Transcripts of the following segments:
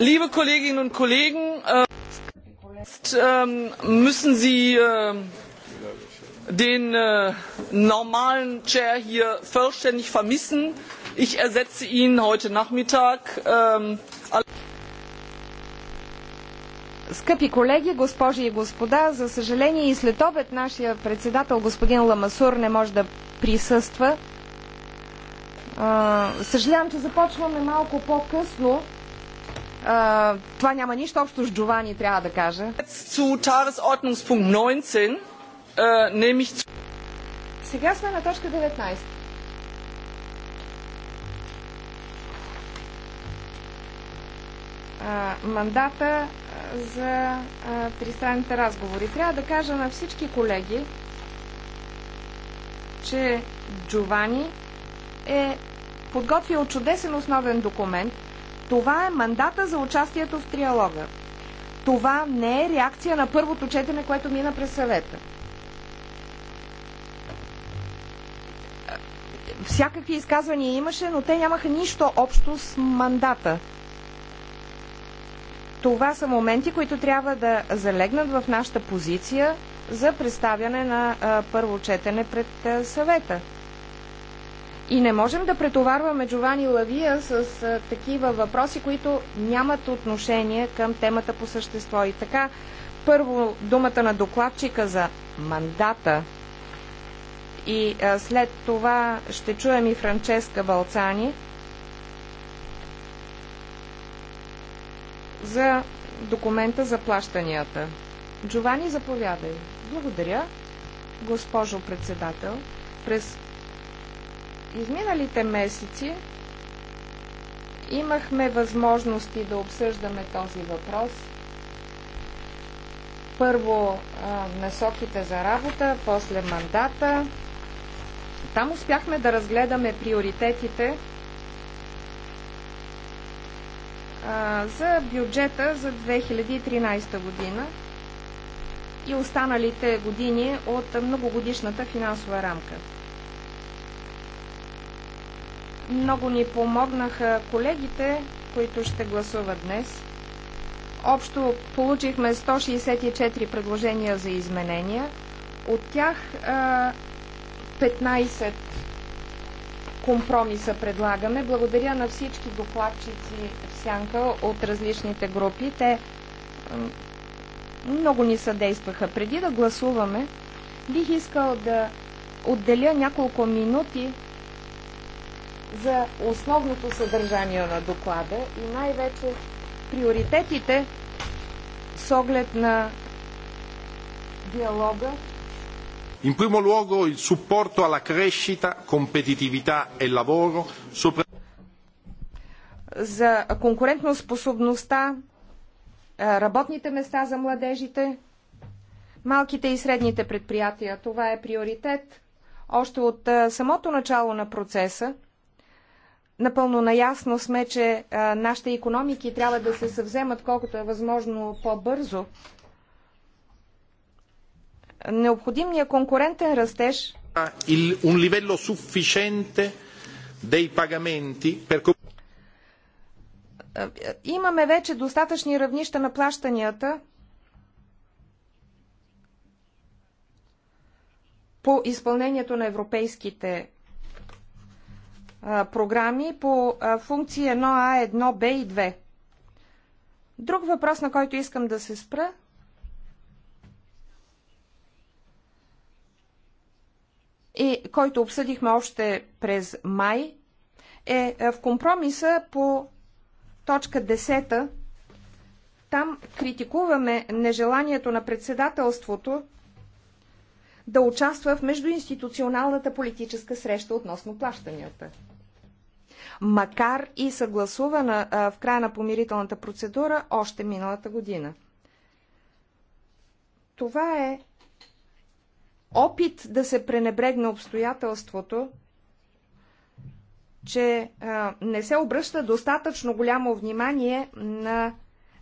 Liebe Kolleginnen und Kollegen, jetzt müssen Sie den normalen Chair hier vollständig vermissen. Ich ersetze ihn heute Nachmittag. Скъпи колеги, госпожи и господа, за съжаление и след обед нашия председател господин Ламасур не може да присъства съжалявам, че започваме малко по-късно. това няма нищо общо с Джовани, трябва да кажа. Äh, Сега сме на точка 19. мандата за тристранните разговори. Трябва да кажа на всички колеги, че Джовани е подготвил чудесен основен документ. Това е мандата за участието в триалога. Това не е реакция на първото четене, което мина през съвета. Всякакви изказвания имаше, но те нямаха нищо общо с мандата. Това са моменти, които трябва да залегнат в нашата позиция за представяне на първо четене пред съвета. И не можем да претоварваме Джовани Лавия с такива въпроси, които нямат отношение към темата по същество. И така, първо думата на докладчика за мандата и а, след това ще чуем и Франческа Балцани за документа за плащанията. Джовани, заповядай. Благодаря, госпожо председател. През изминалите месеци имахме възможности да обсъждаме този въпрос. Първо насоките за работа, после мандата. Там успяхме да разгледаме приоритетите за бюджета за 2013 година и останалите години от многогодишната финансова рамка. Много ни помогнаха колегите, които ще гласуват днес. Общо получихме 164 предложения за изменения. От тях 15 компромиса предлагаме. Благодаря на всички докладчици в Сянка от различните групи. Те много ни съдействаха. Преди да гласуваме, бих искал да отделя няколко минути за основното съдържание на доклада и най-вече приоритетите с оглед на диалога. In primo luogo il supporto alla crescita, competitività e lavoro, sopra... за конкурентоспособността, е, работните места за младежите, малките и средните предприятия. Това е приоритет още от е, самото начало на процеса Напълно наясно сме, че а, нашите економики трябва да се съвземат колкото е възможно по-бързо. Необходимният конкурентен растеж Имаме вече достатъчни равнища на плащанията по изпълнението на европейските програми по функции 1А, 1Б и 2. Друг въпрос, на който искам да се спра, и който обсъдихме още през май, е, е в компромиса по точка 10. Там критикуваме нежеланието на председателството да участва в междуинституционалната политическа среща относно плащанията макар и съгласувана в края на помирителната процедура още миналата година. Това е опит да се пренебрегне обстоятелството, че не се обръща достатъчно голямо внимание на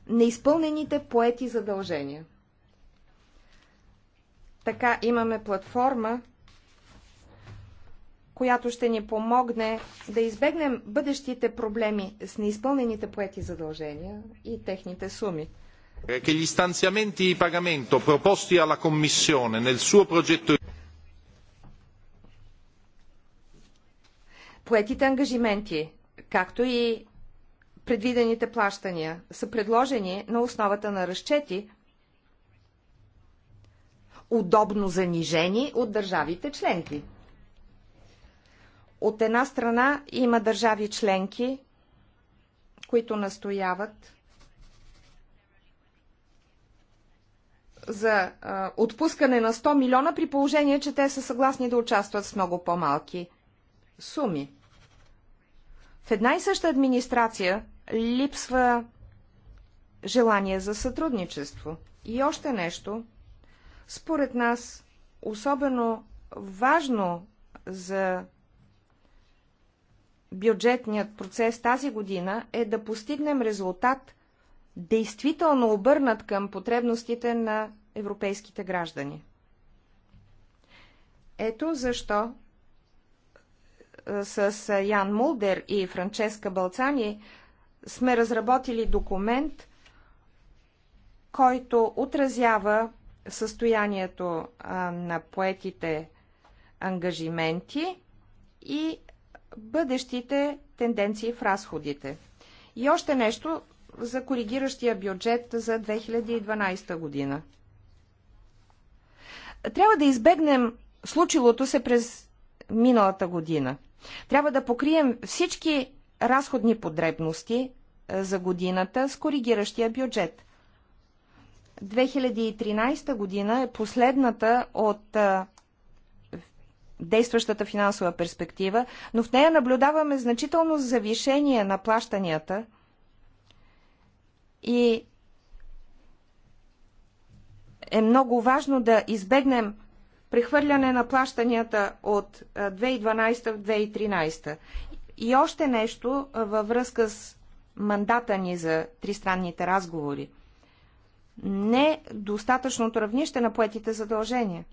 неизпълнените поети задължения. Така имаме платформа която ще ни помогне да избегнем бъдещите проблеми с неизпълнените поети задължения и техните суми. Che gli stanziamenti di pagamento proposti alla Commissione nel suo progetto Поетите ангажименти, както и предвидените плащания, са предложени на основата на разчети, удобно занижени от държавите членки. От една страна има държави членки, които настояват за а, отпускане на 100 милиона при положение, че те са съгласни да участват с много по-малки суми. В една и съща администрация липсва желание за сътрудничество. И още нещо, според нас, особено важно за бюджетният процес тази година е да постигнем резултат, действително обърнат към потребностите на европейските граждани. Ето защо е, с Ян Мулдер и Франческа Балцани сме разработили документ, който отразява състоянието на поетите ангажименти и бъдещите тенденции в разходите. И още нещо за коригиращия бюджет за 2012 година. Трябва да избегнем случилото се през миналата година. Трябва да покрием всички разходни потребности е, за годината с коригиращия бюджет. 2013 година е последната от е, действащата финансова перспектива, но в нея наблюдаваме значително завишение на плащанията и е много важно да избегнем прехвърляне на плащанията от 2012 в 2013. И още нещо във връзка с мандата ни за тристранните разговори. не достатъчното равнище на поетите задължения.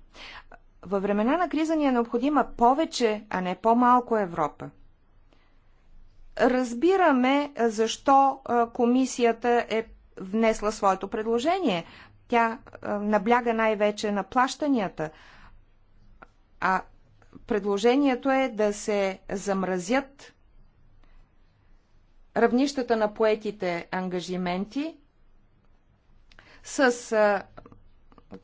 Във времена на криза ни е необходима повече, а не по-малко Европа. Разбираме защо комисията е внесла своето предложение. Тя набляга най-вече на плащанията, а предложението е да се замразят равнищата на поетите ангажименти с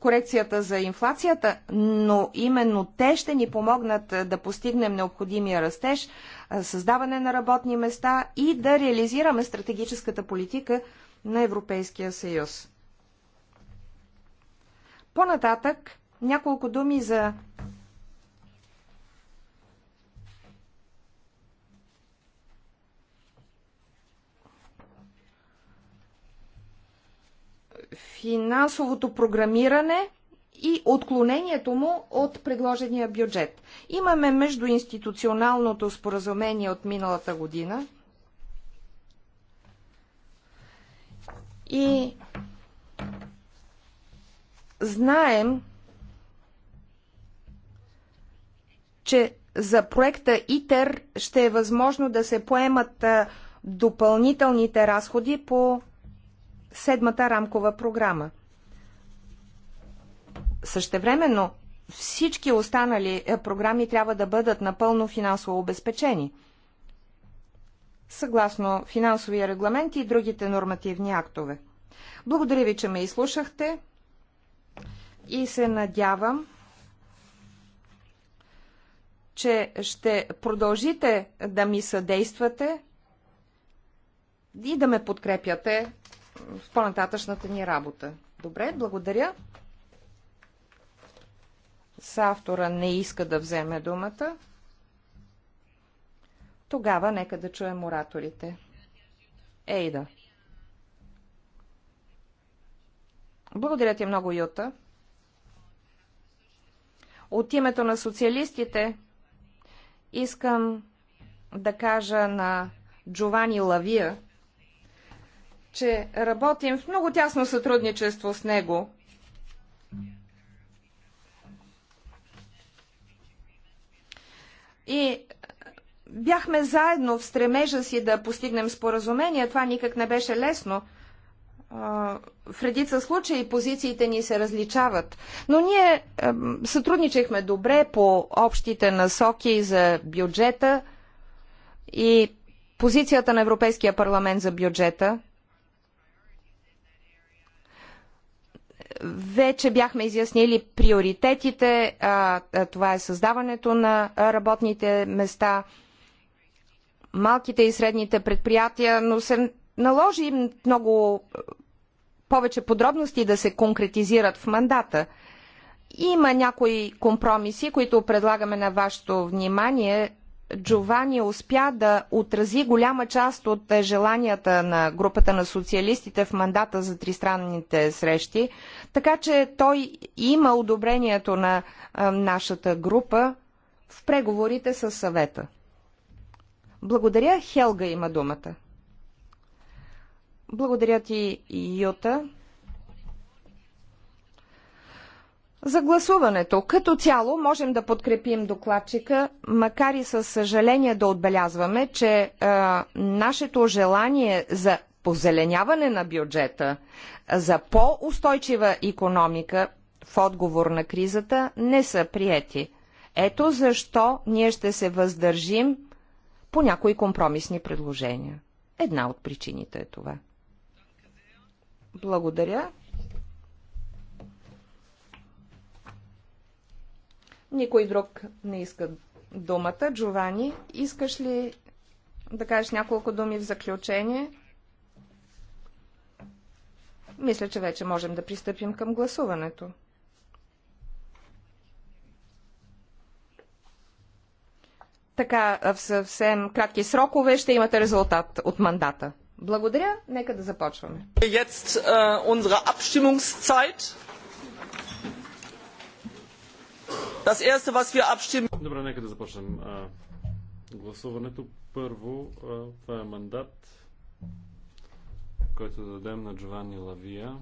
корекцията за инфлацията, но именно те ще ни помогнат да постигнем необходимия растеж, създаване на работни места и да реализираме стратегическата политика на Европейския съюз. По-нататък няколко думи за финансовото програмиране и отклонението му от предложения бюджет. Имаме междуинституционалното споразумение от миналата година и знаем, че за проекта ИТЕР ще е възможно да се поемат допълнителните разходи по седмата рамкова програма. Същевременно всички останали е, програми трябва да бъдат напълно финансово обезпечени, съгласно финансовия регламент и другите нормативни актове. Благодаря ви, че ме изслушахте и се надявам, че ще продължите да ми съдействате и да ме подкрепяте в по-нататъчната ни работа. Добре, благодаря. Савтора не иска да вземе думата. Тогава нека да чуем ораторите. Ейда. Благодаря ти много, Юта. От името на социалистите искам да кажа на Джовани Лавия, че работим в много тясно сътрудничество с него. И бяхме заедно в стремежа си да постигнем споразумение. Това никак не беше лесно. В редица случаи позициите ни се различават. Но ние сътрудничихме добре по общите насоки за бюджета и позицията на Европейския парламент за бюджета – Вече бяхме изяснили приоритетите. Това е създаването на работните места, малките и средните предприятия, но се наложи много повече подробности да се конкретизират в мандата. Има някои компромиси, които предлагаме на вашето внимание Джовани успя да отрази голяма част от е, желанията на групата на социалистите в мандата за тристранните срещи, така че той има одобрението на е, нашата група в преговорите с съвета. Благодаря. Хелга има думата. Благодаря ти, Юта. за гласуването. Като цяло можем да подкрепим докладчика, макар и със съжаление да отбелязваме, че а, нашето желание за позеленяване на бюджета, за по-устойчива економика в отговор на кризата не са приети. Ето защо ние ще се въздържим по някои компромисни предложения. Една от причините е това. Благодаря. Никой друг не иска думата. Джовани, искаш ли да кажеш няколко думи в заключение? Мисля, че вече можем да пристъпим към гласуването. Така, в съвсем кратки срокове ще имате резултат от мандата. Благодаря, нека да започваме. Jetzt, uh, Das erste, was wir abstimmen... Добре, нека да започнем а, гласуването. Първо, а, това е мандат, който да дадем на Джованни Лавия.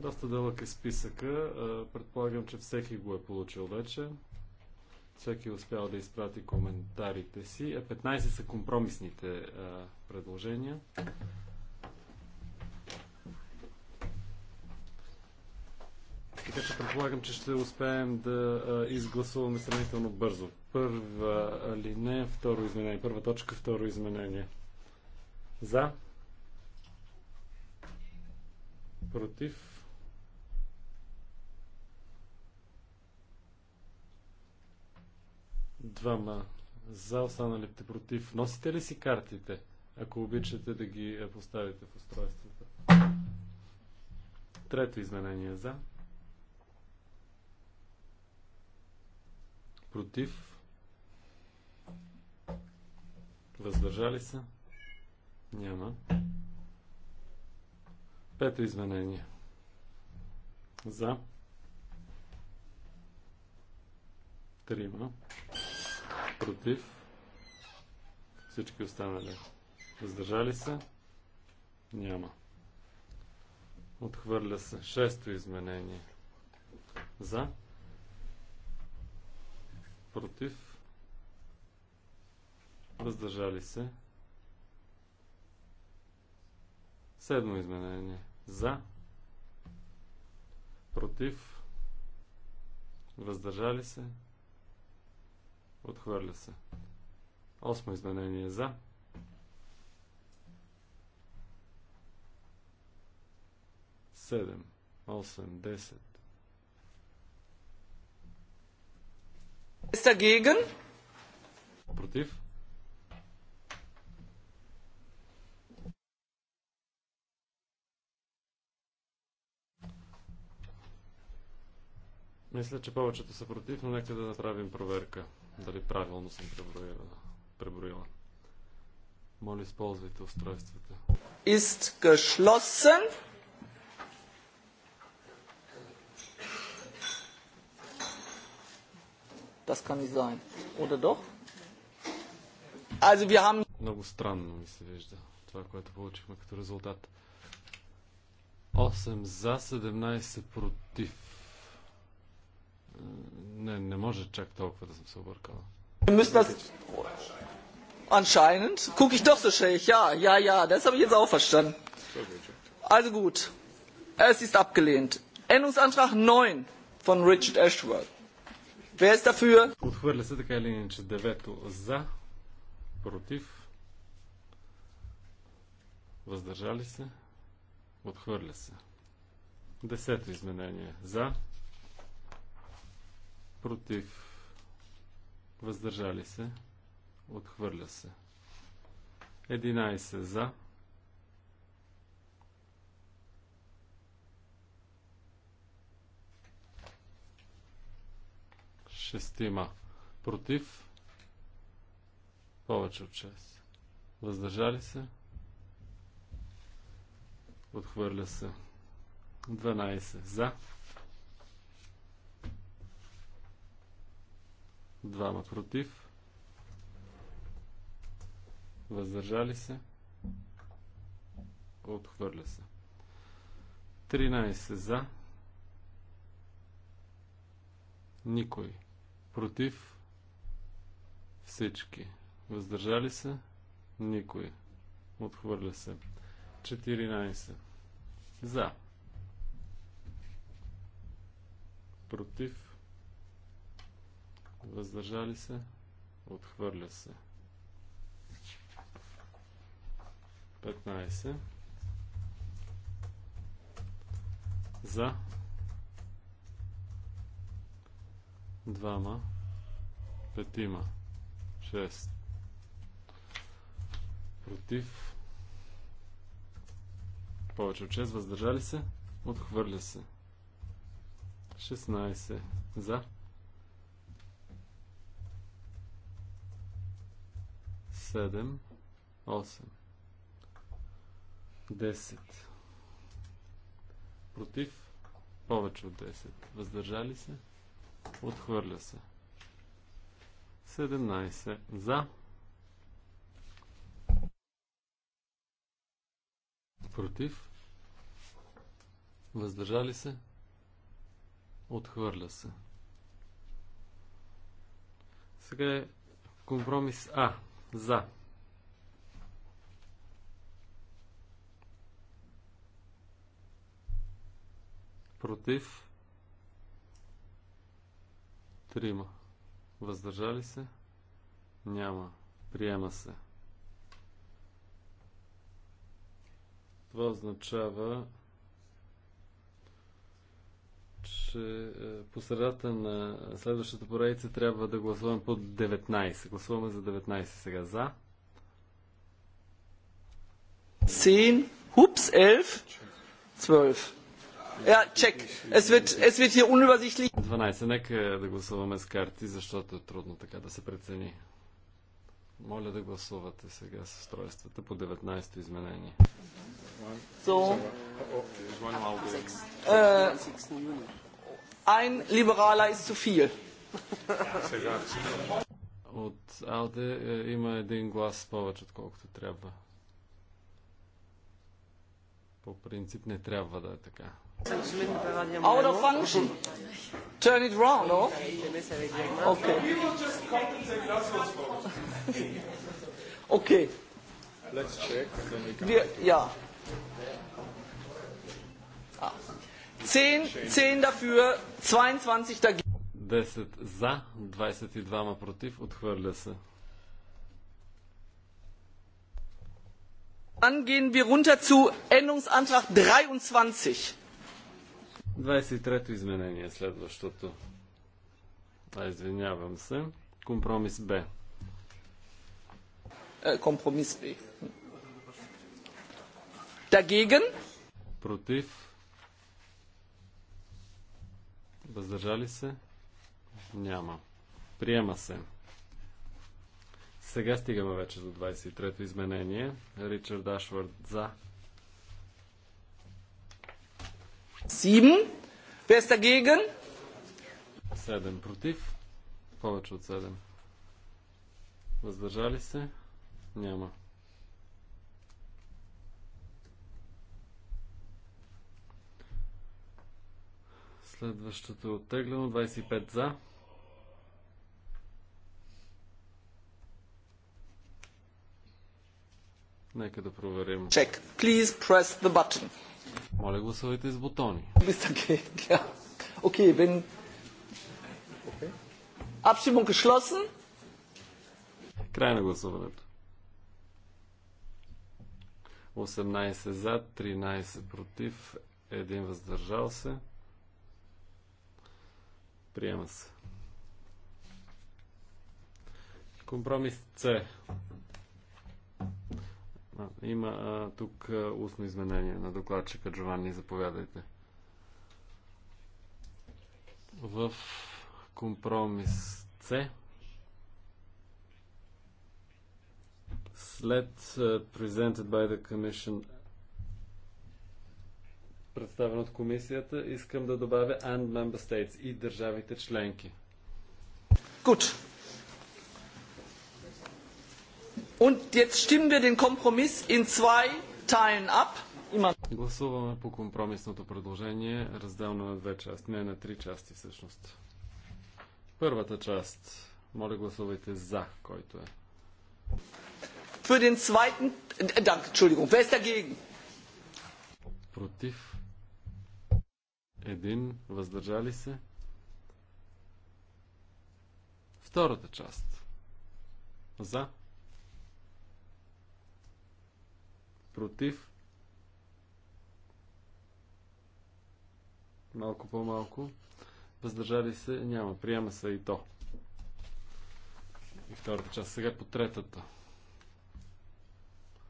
Доста дълъг е списъка. А, предполагам, че всеки го е получил вече. Всеки е успял да изпрати коментарите си. 15 е, са компромисните а, предложения. така че предполагам, че ще успеем да изгласуваме сравнително бързо. Първа линия, второ изменение. Първа точка, второ изменение. За. Против. Двама за, останалите против. Носите ли си картите? Ако обичате да ги поставите в устройството. Трето изменение за. Против? Въздържали се? Няма. Пето изменение. За. Трима. Против. Всички останали. Въздържали се? Няма. Отхвърля се. Шесто изменение. За против, въздържали се. Седмо изменение. За, против, въздържали се, отхвърля се. Осмо изменение. За, седем, осем, десет. Ist dagegen? Против. Мисля, че повечето са против, но нека да направим проверка. Дали правилно съм преброила. преброила. Моля, използвайте устройствата. Ist geschlossen. Das kann nicht sein. Oder doch? Also wir haben... Много странно ми се вижда това, което получихме като резултат. 8 за, 17 против. Не, не може чак толкова да съм се объркала. Anscheinend gucke ich doch so schräg. Ja, ja, ja, das habe ich jetzt auch verstanden. Also gut, es ist abgelehnt. Änderungsantrag 9 von Richard Ashworth. Wer ist Отхвърля се така или иначе. Девето за, против, въздържали се, отхвърля се. Десето изменение. За, против, въздържали се, отхвърля се. 11 за, Шестима. Против. Повече от 6. Въздържали се. Отхвърля се. 12. За. Двама против. Въздържали се. Отхвърля се. 13 за. Никой Против? Всички. Въздържали се? Никой. Отхвърля се. 14. За. Против? Въздържали се? Отхвърля се. 15. За. Двама. Петима. Шест. Против. Повече от 6. Въздържали се. Отхвърля се. 16. За. Седем. Осем. Десет. Против. Повече от 10. Въздържали се. 11. Отхвърля се. 17 за. Против. Въздържали се. Отхвърля се. Сега е компромис А. За. Против. Трима. Въздържали се? Няма. Приема се. Това означава, че е, по средата на следващата поредица трябва да гласуваме по 19. Гласуваме за 19 сега. За. Син. Упс. Елф. 12. Ja, чек. Es wird, es wird 12. Нека да гласуваме с карти, защото е трудно така да се прецени. Моля да гласувате сега с устройствата по 19-то изменение. So. Uh, ein Liberaler ist zu viel. От Алде е, има един глас повече, отколкото трябва. По принцип не трябва да е така. Out of function. Turn it round, no? Okay. We will just compensate Laszlo's vote. okay. Let's check then we can. yeah. ja. Zehn, zehn dafür, 22 dagegen. 10 за, 22 ма против, отхвърля се. Dann gehen wir runter zu Änderungsantrag 23. 23-то изменение е следващото. А, извинявам се. Компромис Б. Е, компромис Б. Дагеген? Против. Въздържали се? Няма. Приема се. Сега стигаме вече до 23-то изменение. Ричард Ашвард за Sieben. Wer ist dagegen? Sieben. против. Повече от 7. Въздържали се? Няма. Следващото е оттеглено. 25 за. Нека да проверим. Check. Please press the button. Моля, гласувайте с бутони. Окей, бен... Абсимум кашлосен. Край на гласуването. 18 за, 13 против, 1 въздържал се. Приема се. Компромис С. Има а, тук а, устно изменение на докладчика Джованни, заповядайте. В компромис С след uh, presented by the commission представен от комисията, искам да добавя and member states и държавите членки. Good. Und jetzt stimmen wir den Kompromiss in zwei Teilen ab. Гласуваме по компромисното предложение, разделно на две части, не на три части всъщност. Първата част. Моля гласувайте за, който е. Für den zweiten... Äh, danke, Entschuldigung. Wer ist dagegen? Против. Един. Въздържали се. Втората част. За. против, малко по-малко, въздържали се, няма, приема се и то. И втората част, сега по третата,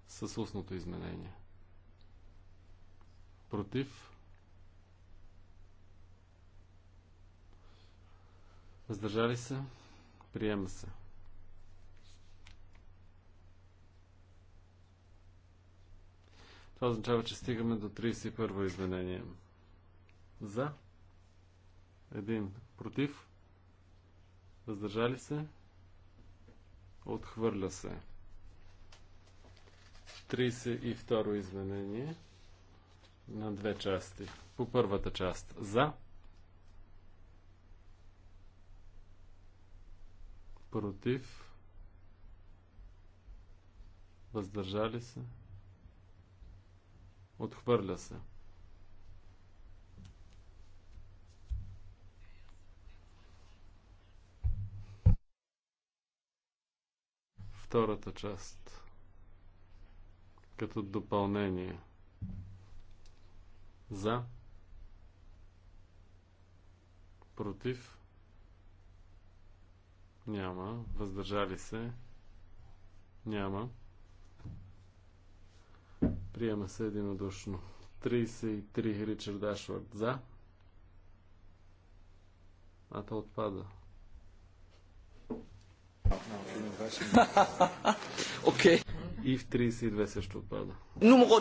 с устното изменение. Против, въздържали се, приема се. Това означава, че стигаме до 31 изменение. За. Един. Против. Въздържали се. Отхвърля се. 32 изменение на две части. По първата част. За. Против. Въздържали се. Отхвърля се. Втората част. Като допълнение. За. Против. Няма. Въздържали се. Няма. Приема се единодушно. 33 Ричард Ашвард за. А то отпада. Окей. И в 32 също отпада. Numero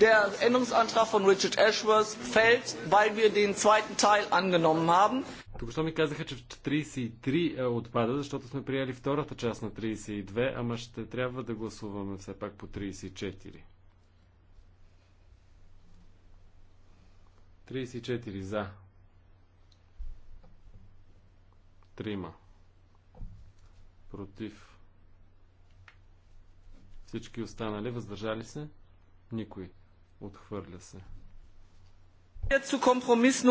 33, der Änderungsantrag von Richard Ashworth fällt, weil wir den zweiten Teil angenommen haben. Току-що ми казаха, че 33 е, отпада, защото сме приели втората част на 32, ама ще трябва да гласуваме все пак по 34. 34 за. Трима. Против. Всички останали въздържали се? Никой. Отхвърля се. Zu Kompromiss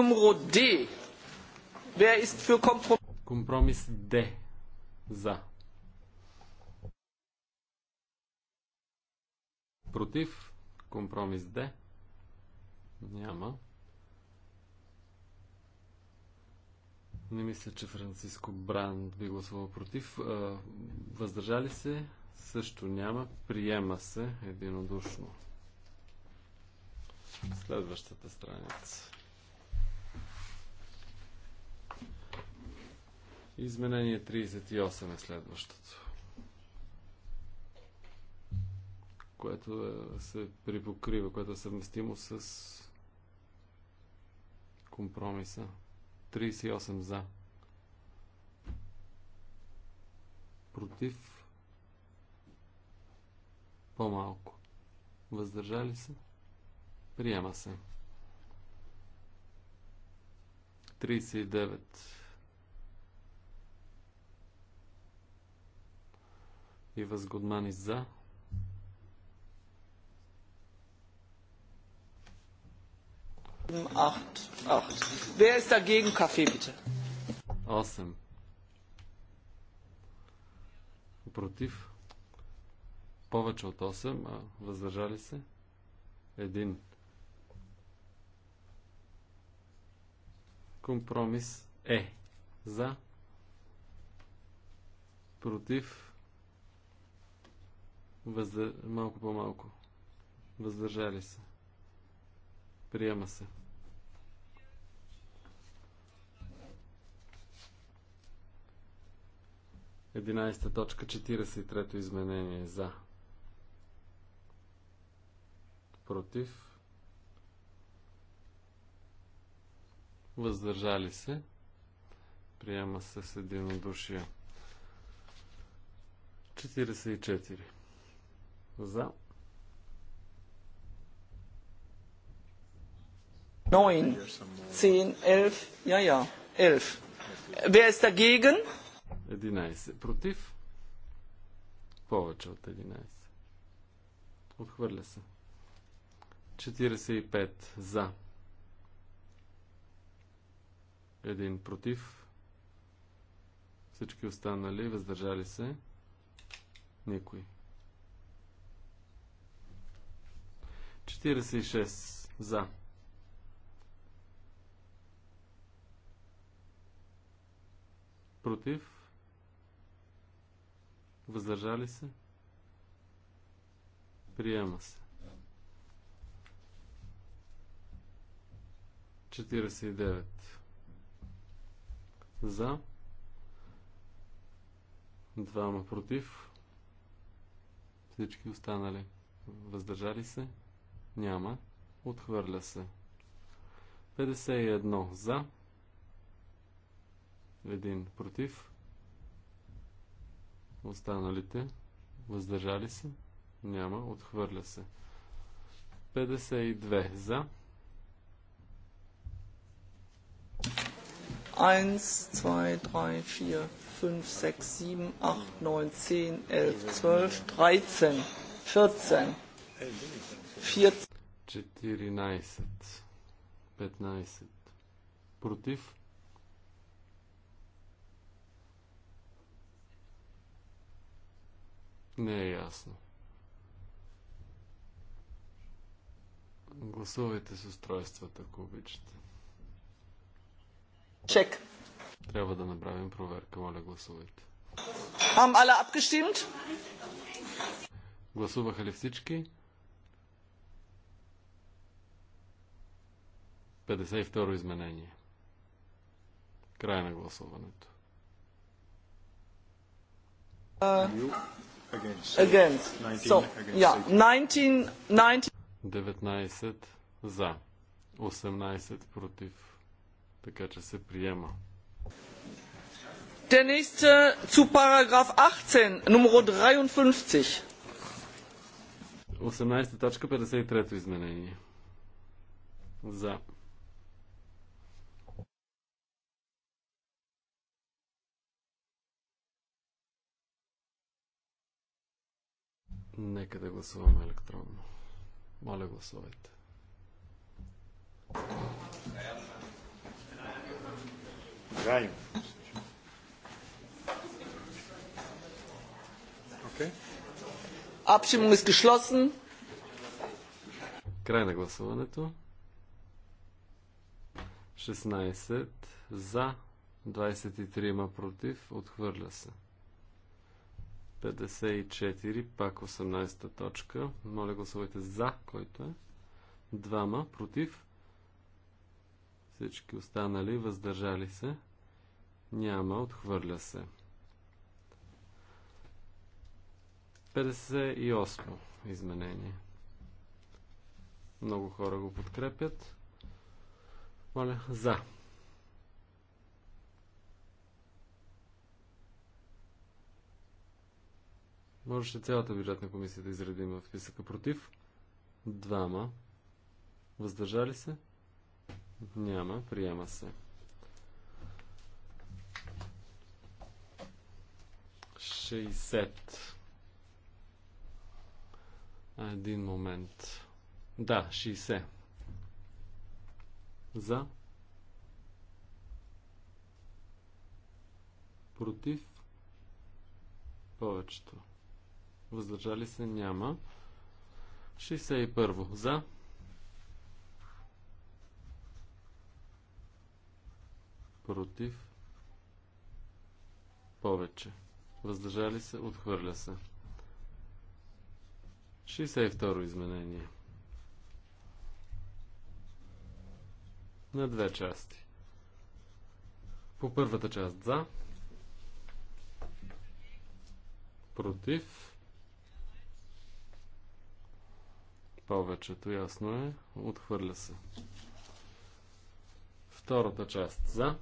Wer ist für Kompromiss? Компромис Д. За. Против. Компромис Д. Няма. Не мисля, че Франциско Бран би гласувал против. Въздържали се? Също няма. Приема се единодушно. Следващата страница. Изменение 38 е следващото. Което е, се припокрива, което е съвместимо с компромиса. 38 за. Против. По-малко. Въздържали се. Приема се. 39 и възгодмани за. Осем. Против. Повече от 8, а въздържали се? Един. Компромис е. За. Против Въздър... Малко по-малко. Въздържали се. Приема се. Единайста точка, 43-то изменение. За. Против. Въздържали се. Приема се с единодушие. 44. За. Neun, zehn, elf, ja, ja, elf. Wer ist dagegen? 11. Против? Повече от 11. Отхвърля се. 45 за. Един против. Всички останали въздържали се. Никой. 46 за. Против. Въздържали се. Приема се. 49 за. Двама против. Всички останали въздържали се. Няма. Отхвърля се. 51 за. Един против. Останалите. Въздържали се. Няма. Отхвърля се. 52 за. 1, 2, 3, 4, 5, 6, 7, 8, 9, 10, 11, 12, 13, 14. 14. 15. Против. Не е ясно. Гласувайте с устройствата, ако обичате. Чек. Трябва да направим проверка. Моля, гласувайте. Haben alle abgestimmt? Гласуваха ли всички? 52 изменение. Край на гласуването. against. 19, 19, за, 18 против. Така че се приема. Der nächste zu paragraf 18, Nummer 53. 18.53 изменение. За. Нека да гласуваме електронно. Моля, гласувайте. Гаем. Okay. Abstimmung ist Край на гласуването. 16 за, 23 против, отхвърля се. 54, пак 18-та точка. Моля гласувайте за, който е. Двама против. Всички останали въздържали се. Няма, отхвърля се. 58 изменение. Много хора го подкрепят. Моля, за. Можеше цялата бюджетна комисия да изредим в списъка против. Двама. Въздържали се? Няма. Приема се. 60. Един момент. Да, 60. За. Против. Повечето въздържали се няма. 61 за, против, повече. Въздържали се, отхвърля се. 62 изменение. На две части. По първата част за, против, повечето, ясно е. Отхвърля се. Втората част за.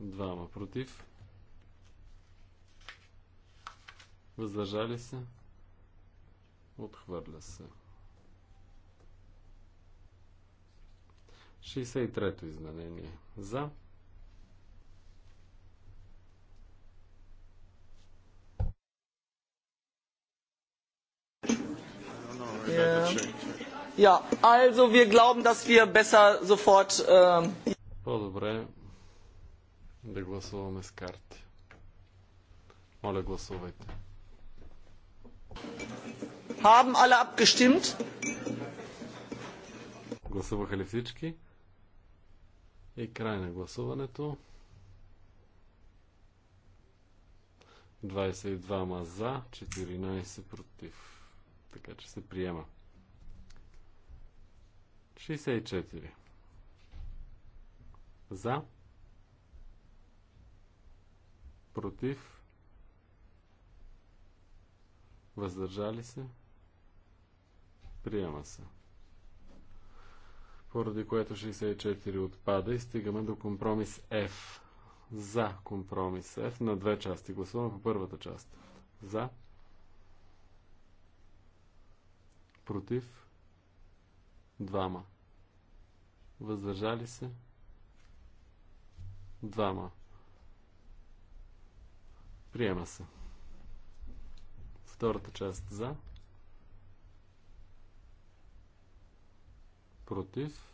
Двама против. Въздържали се. Отхвърля се. 63-то изменение. За. Äh, ja, also wir glauben, dass wir besser sofort. Äh, По-добре да гласуваме с карти. Моля, гласувайте. Haben alle abgestimmt? Гласуваха ли всички? И край на гласуването. 22 ма за, 14 против така че се приема. 64. За. Против. Въздържали се. Приема се. Поради което 64 отпада и стигаме до компромис F. За компромис F на две части. Гласуваме по първата част. За. против, двама. Въздържали се, двама. Приема се. Втората част за. Против.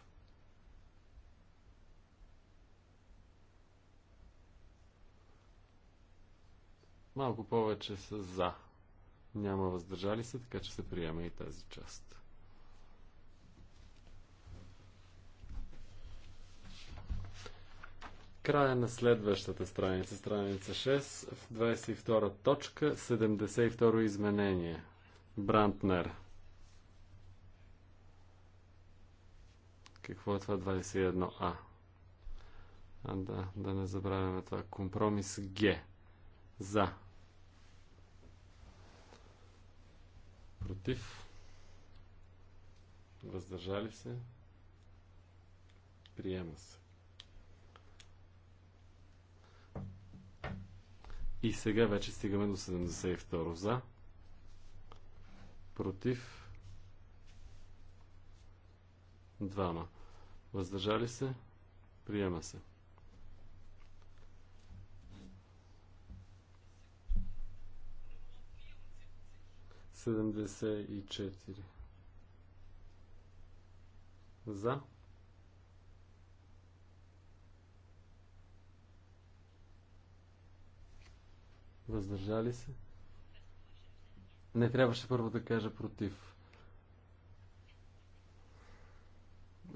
Малко повече са за. Няма въздържали се, така че се приема и тази част. Края на следващата страница, страница 6, в 22 точка, 72 изменение. Брантнер. Какво е това 21А? А, да, да не забравяме това. Компромис Г. За. против, въздържали се, приема се. И сега вече стигаме до 72 за, против, двама, въздържали се, приема се. 74. За. Въздържали се? Не трябваше първо да кажа против.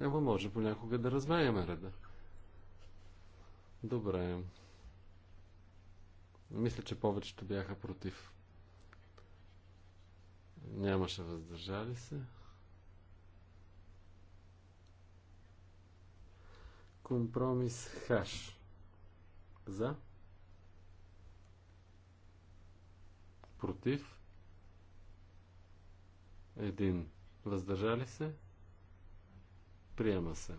Ема може понякога да размеяме реда. Добре. Мисля, че повечето бяха против. Нямаше въздържали се. Компромис хаш. За. Против. Един. Въздържали се. Приема се.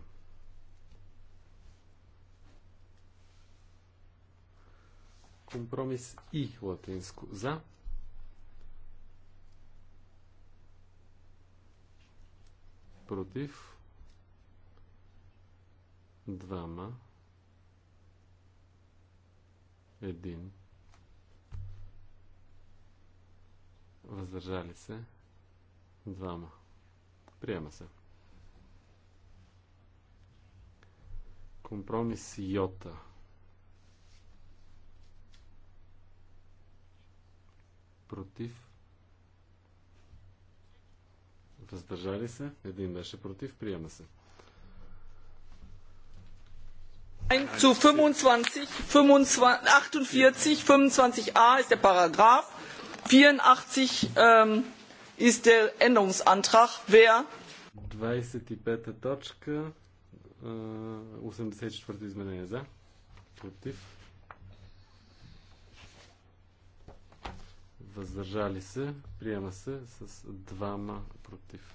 Компромис и латинско. За. против, двама, един, въздържали се, двама. Приема се. Компромис Йота. Против въздържали се, един беше против, приема се. 1 zu 25, 25, 48, 25a ist der Paragraph, 84 ähm, ist der Änderungsantrag. Wer? 25. точка, 84 изменение за, против, въздържали се, приема се с двама против.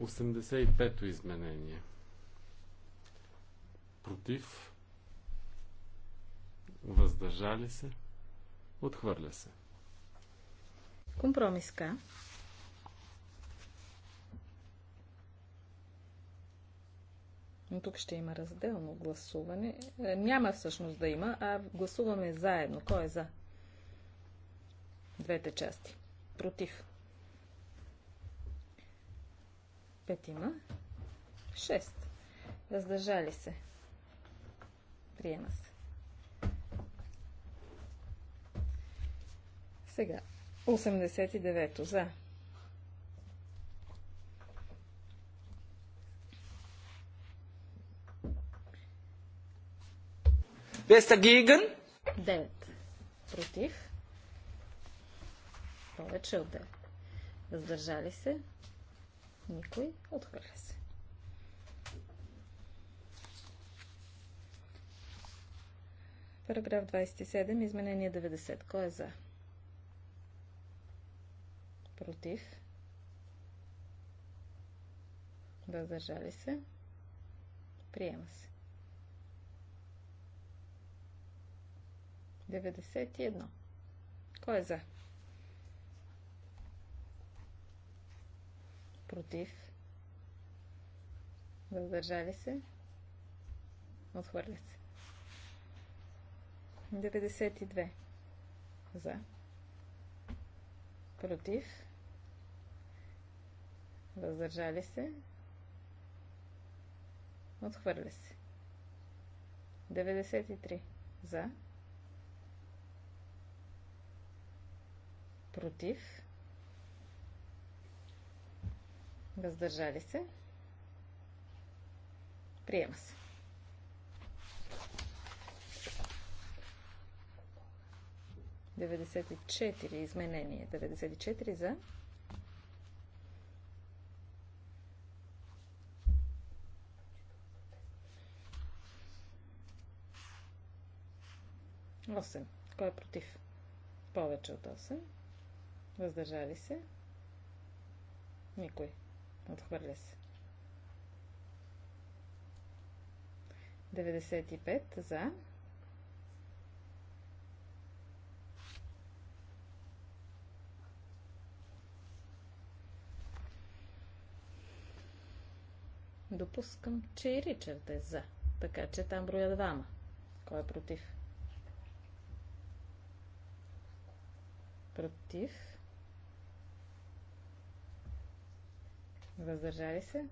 85-то изменение. Против, въздържали се, отхвърля се. Компромиска. Но тук ще има разделно гласуване. Е, няма всъщност да има, а гласуваме заедно. Кой е за? Двете части. Против. Петима. Шест. Въздържали се. Приема се. Сега. 89-то. За. Без дагиген? Девет Против. Повече от 9. Въздържали се? Никой. Отхвърля се. Параграф 27. Изменение 90. Кой е за? Против? Въздържали се? Приема се. 91. Кой е за? против, въздържали се, отхвърля се. 92 за, против, въздържали се, отхвърля се. 93 за, против, Въздържали се. Приема се. Деведесет и четири изменение. Деведесет и четири за. Осем. Кой е против? Повече от осем. Въздържали се? Никой. Никой. Отхвърля се. 95 за. Допускам, че и Ричард е за. Така че там броя двама. Кой е против? Против. Въздържали се.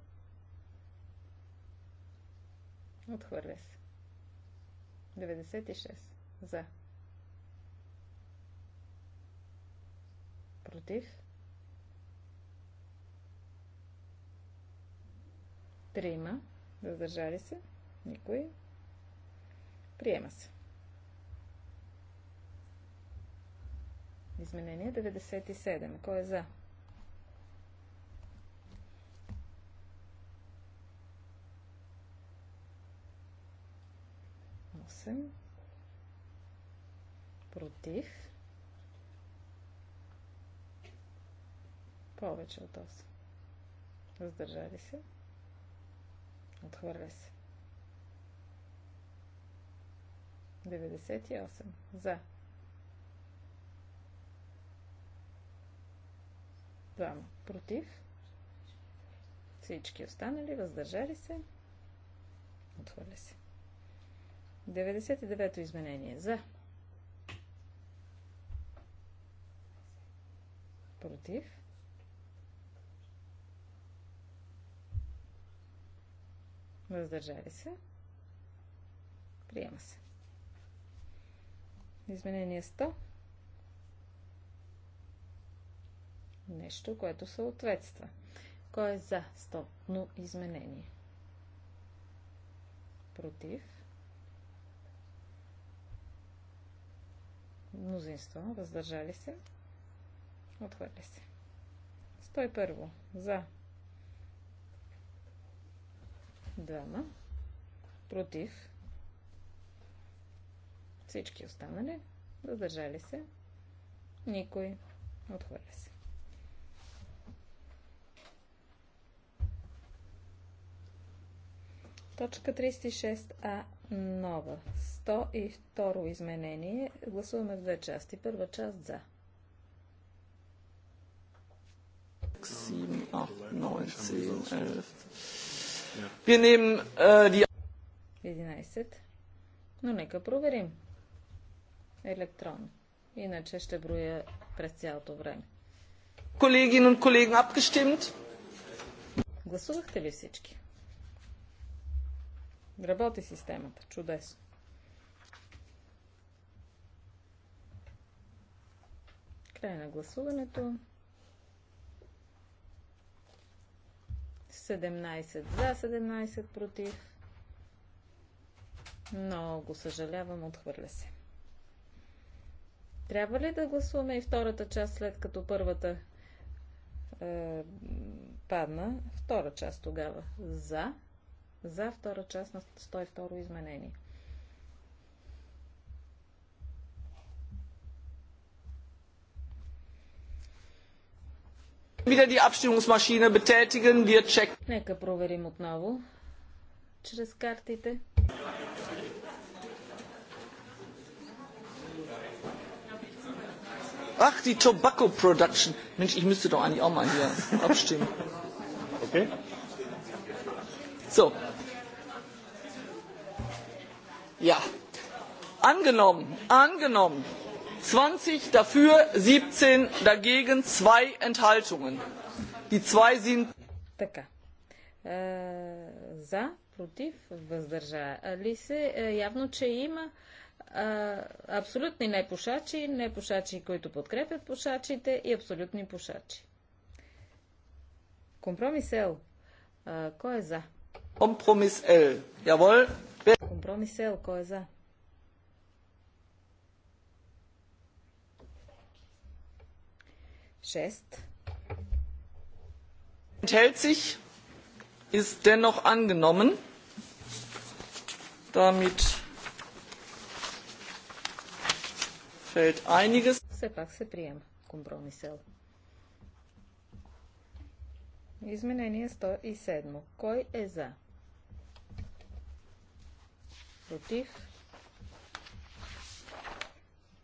Отхвърля се. 96. За. Против. Трима. Въздържали се. Никой. Приема се. Изменение 97. Кой е за? 8 против повече от 8 въздържали се отхвърля се 98 за двама против всички останали въздържали се отхвърля се 99-то изменение. За. Против. Въздържали се. Приема се. Изменение 100. Нещо, което съответства. Кой е за 100 изменение? Против. мнозинство, въздържали се, отхвърля се. 101. За. Двама. Против. Всички останали. Въздържали се. Никой. Отхвърля се. Точка 36а нова. 102 изменение. Гласуваме в две части. Първа част за. 7, 11. Но нека проверим. Електрон. Иначе ще броя през цялото време. Колеги и колеги, абгестимт. Гласувахте ли всички? Работи системата. Чудесно. Край на гласуването. 17 за, 17 против. Много съжалявам, отхвърля се. Трябва ли да гласуваме и втората част, след като първата е, падна? Втора част тогава. За за втора част на 102 изменение. Wieder die Abstimmungsmaschine betätigen. Wir checken. Нека проверим отново чрез картите. Ach, die Tobacco Production. Mensch, ich müsste doch eigentlich auch mal hier abstimmen. Okay. So, Ja. Angenommen. Angenommen. zwanzig dafür, siebzehn dagegen, zwei Enthaltungen. Die zwei sind. Така. Е, за, против, въздържали се. Е, явно, че има е, абсолютни непушачи, непушачи, които подкрепят пушачите и абсолютни пушачи. Компромис Л. Кой е за? Компромис Л. Явол. Компромис Л. Кой е за? Шест. Enthält sich, ist dennoch angenommen. Damit fällt einiges. Все пак се приема компромис Изменение 107. Кой е за? против,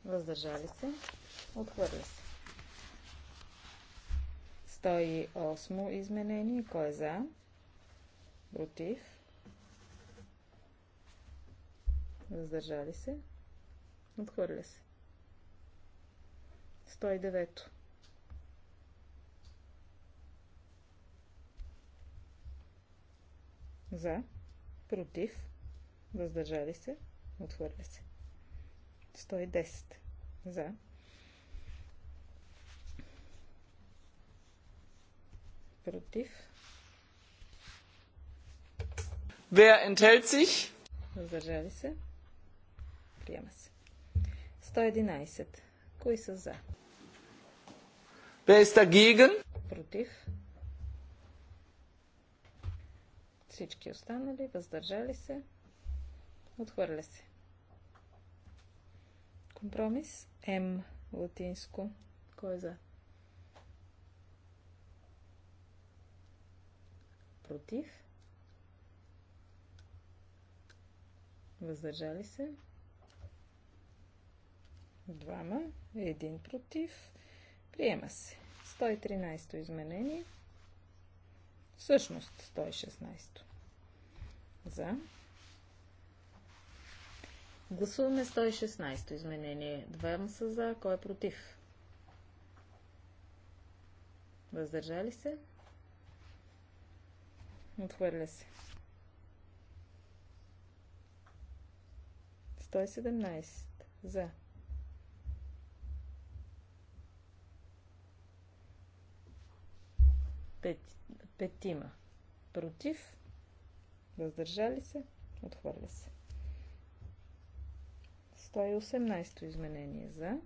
въздържали се, отхвърля се. 108 изменение. Кой е за? Против. Въздържали се. Отхвърля се. 109. За. Против въздържали се, отхвърля се. 110 за. Против. Wer enthält sich? Въздържали се. Приема се. 111. Кои са за? Wer ist dagegen? Против. Всички останали въздържали се. Отхвърля се. Компромис М латинско. Кой е за? Против. Въздържали се. Двама. Един против. Приема се. 113 то изменение. Всъщност 116. За. Гласуваме 116 изменение. Двама са за, кой е против? Въздържали се? Отхвърля се. 117 за. Пет, петима. Против. Въздържали се. Отхвърля се. 118 изменение за.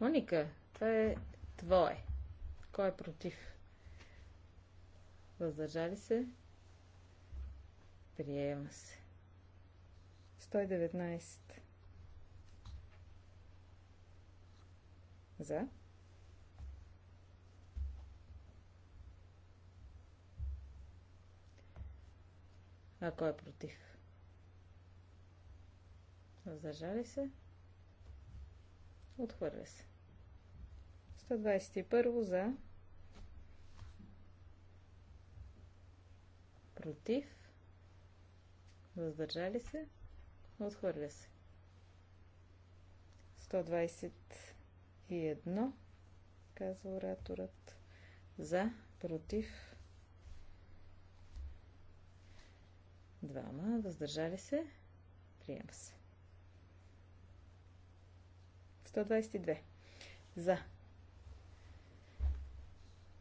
Моника, това е твое. Кой е против? Въздържали се? Приема се. 119. За. А кой е против? Въздържали се? Отхвърля се. 121 за. Против. Въздържали се? Отхвърля се. 121, казва ораторът. За, против, Двама. Въздържали се. Приема се. 122. За.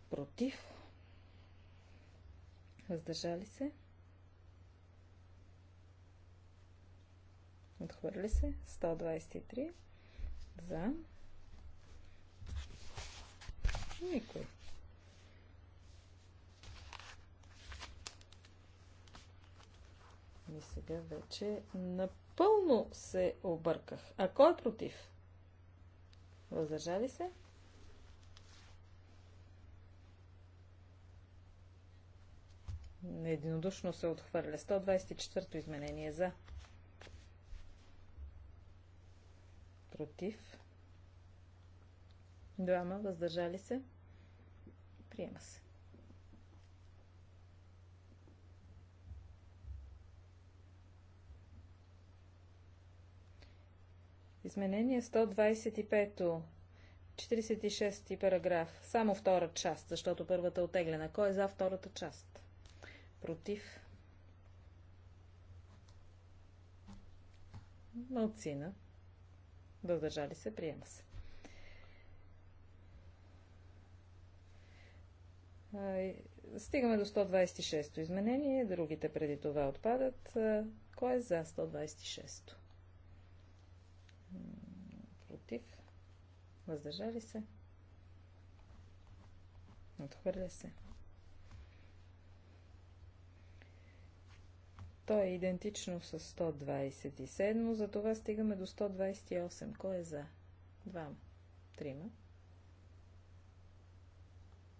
Против. Въздържали се. Отхвърли се. 123. За. Никой Ми сега вече напълно се обърках. А кой е против? Въздържали се? Единодушно се отхвърля. 124-то изменение за. Против. Двама въздържали се. Приема се. Изменение 125. 46 параграф. Само втора част, защото първата е отеглена. Кой е за втората част? Против. Малцина. Въздържали се, приема се. Стигаме до 126-то изменение, другите преди това отпадат. Кой е за 126-то? против, въздържали се, отхвърля се. То е идентично с 127, затова стигаме до 128. Кой е за? Двама. Трима.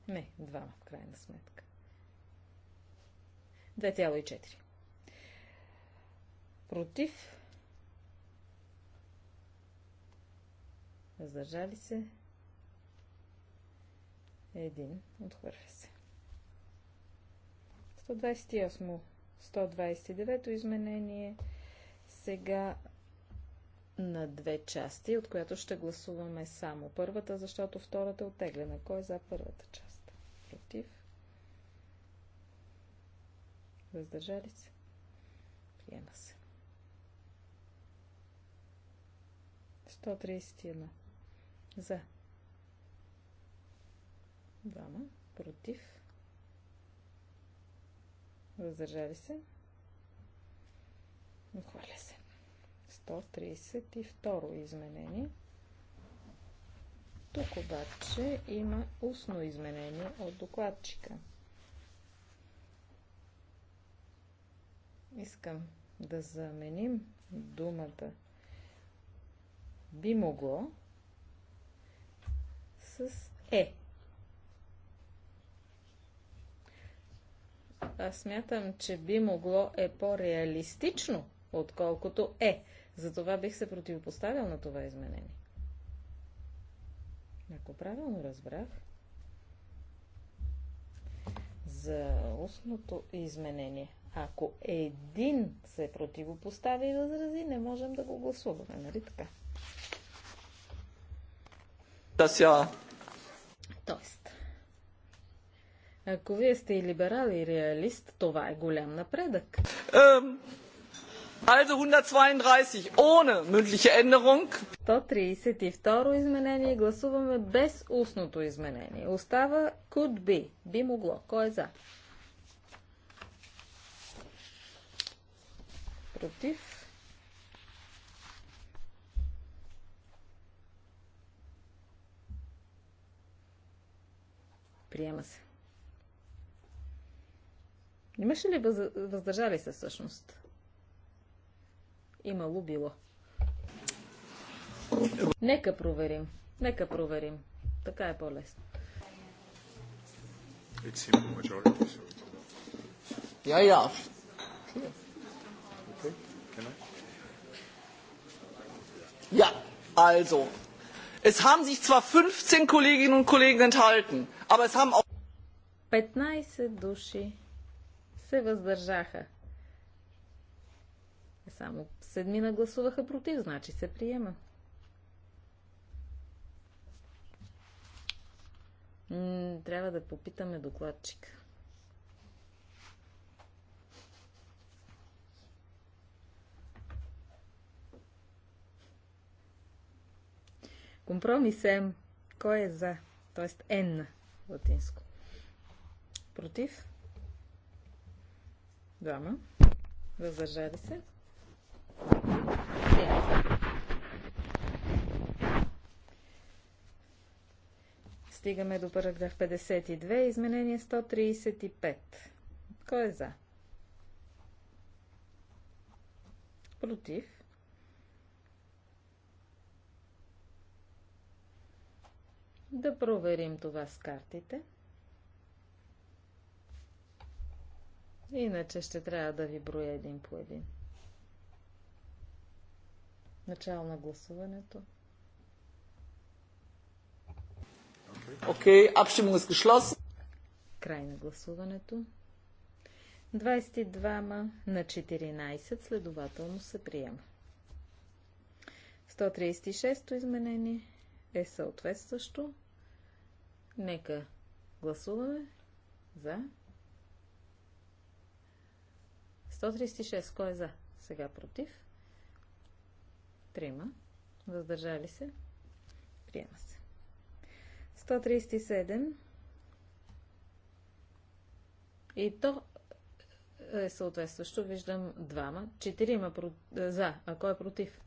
Не, двама в крайна сметка. 2,4. Против Въздържали се. Един. Отхвърля се. 128. 129 изменение. Сега на две части, от която ще гласуваме само първата, защото втората е оттеглена. Кой е за първата част? Против? Въздържали се? Приема се. 131. За. Двама. Против. Въздържали се. Отхвърля се. 132 изменение. Тук обаче има устно изменение от докладчика. Искам да заменим думата би могло с Е. Аз смятам, че би могло е по-реалистично, отколкото е. Затова бих се противопоставил на това изменение. Ако правилно разбрах, за устното изменение, ако един се противопостави и възрази, не можем да го гласуваме, нали така? Да, сега Тоест, ако вие сте и либерал и реалист, това е голям напредък. Um, also 132, ohne mündliche Änderung. 132 изменение гласуваме без устното изменение. Остава could be, би могло. Кой е за? Против? Приема се. Имаше ли въз... въздържали се всъщност? Имало било. Нека проверим. Нека проверим. Така е по-лесно. Я, я. Ja, also, Es haben sich zwar 15 Kolleginnen und Kollegen enthalten, aber es haben auch 15 души се въздържаха. Е, само седмина гласуваха против, значи се приема. Трябва да попитаме докладчика. Компромис М. Кой е за? Тоест на латинско. Против? Двама. Въздържали се. Стигаме до параграф 52, изменение 135. Кой е за? Против? Да проверим това с картите. Иначе ще трябва да ви броя един по един. Начало на гласуването. Окей, Абшимунг изгешлос. Край на гласуването. 22 на 14, следователно се приема. 136-то изменение е съответстващо. Нека гласуваме за. 136. Кой е за? Сега против. Трима. Въздържали се. Приема се. 137. И то е съответстващо. Виждам двама. Четирима за. А кой е против?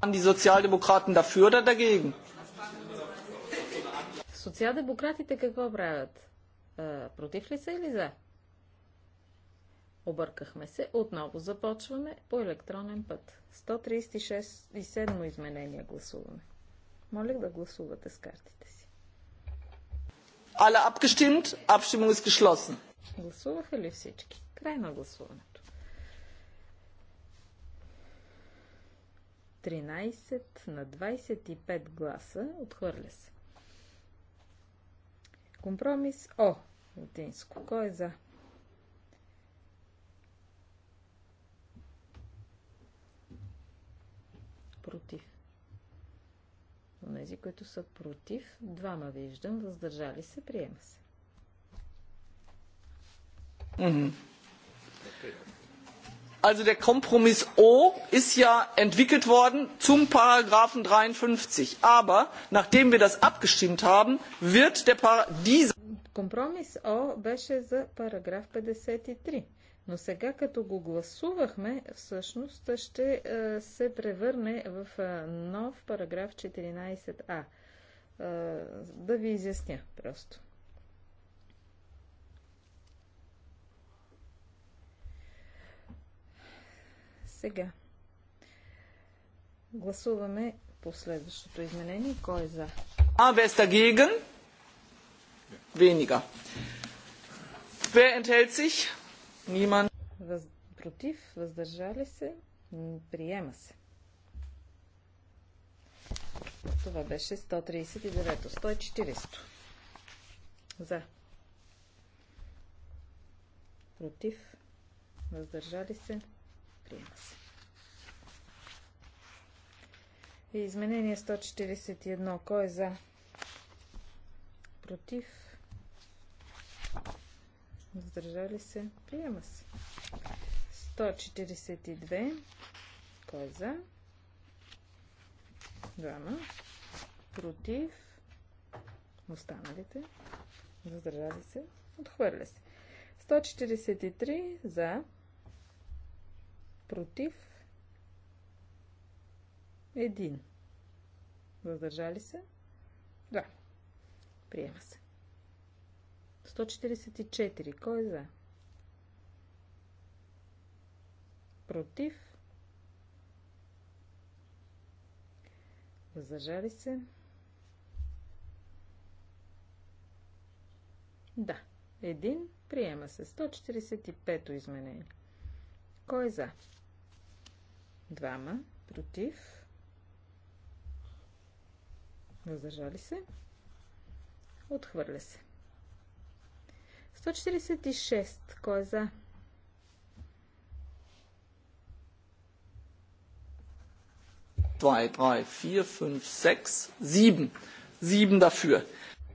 Waren die Sozialdemokraten dafür oder dagegen? Социал-демократите какво правят? против ли са или за? Объркахме се. Отново започваме по електронен път. 136 и 7 изменения гласуваме. Моля да гласувате с картите си. Alle abgestimmt, Abstimmung ist geschlossen. Гласуваха ли всички? Край на гласуване. 13 на 25 гласа. Отхвърля се. Компромис О. Латинско. Кой е за? Против. Онези, които са против, двама виждам, въздържали се, приема се. Mm-hmm also der kompromiss o ist ja entwickelt worden zum paragraphen dreiundfünfzig aber nachdem wir das abgestimmt haben wird der dieser Компромис О беше за параграф 53, но сега като го гласувахме, всъщност ще се превърне в нов параграф 14А. Да ви изясня просто. Сега гласуваме последващото изменение. Кой е за? А, wer ist dagegen? Weniger. Wer enthält Против, въздържали се, приема се. Това беше 139 140 За. Против, въздържали се, Приема се. Изменение 141. Кой е за? Против? Въздържали се? Приема се. 142. Кой е за? Двама. Против? Останалите? Въздържали се? Отхвърля се. 143 за, против 1. Въздържали се? Да. Приема се. 144. Кой е за? Против? Въздържали се? Да. Един. Приема се. 145 изменение. Кой е за? Двама. Против. Въздържали се. Отхвърля се. 146. Кой е за? Zwei, drei, vier,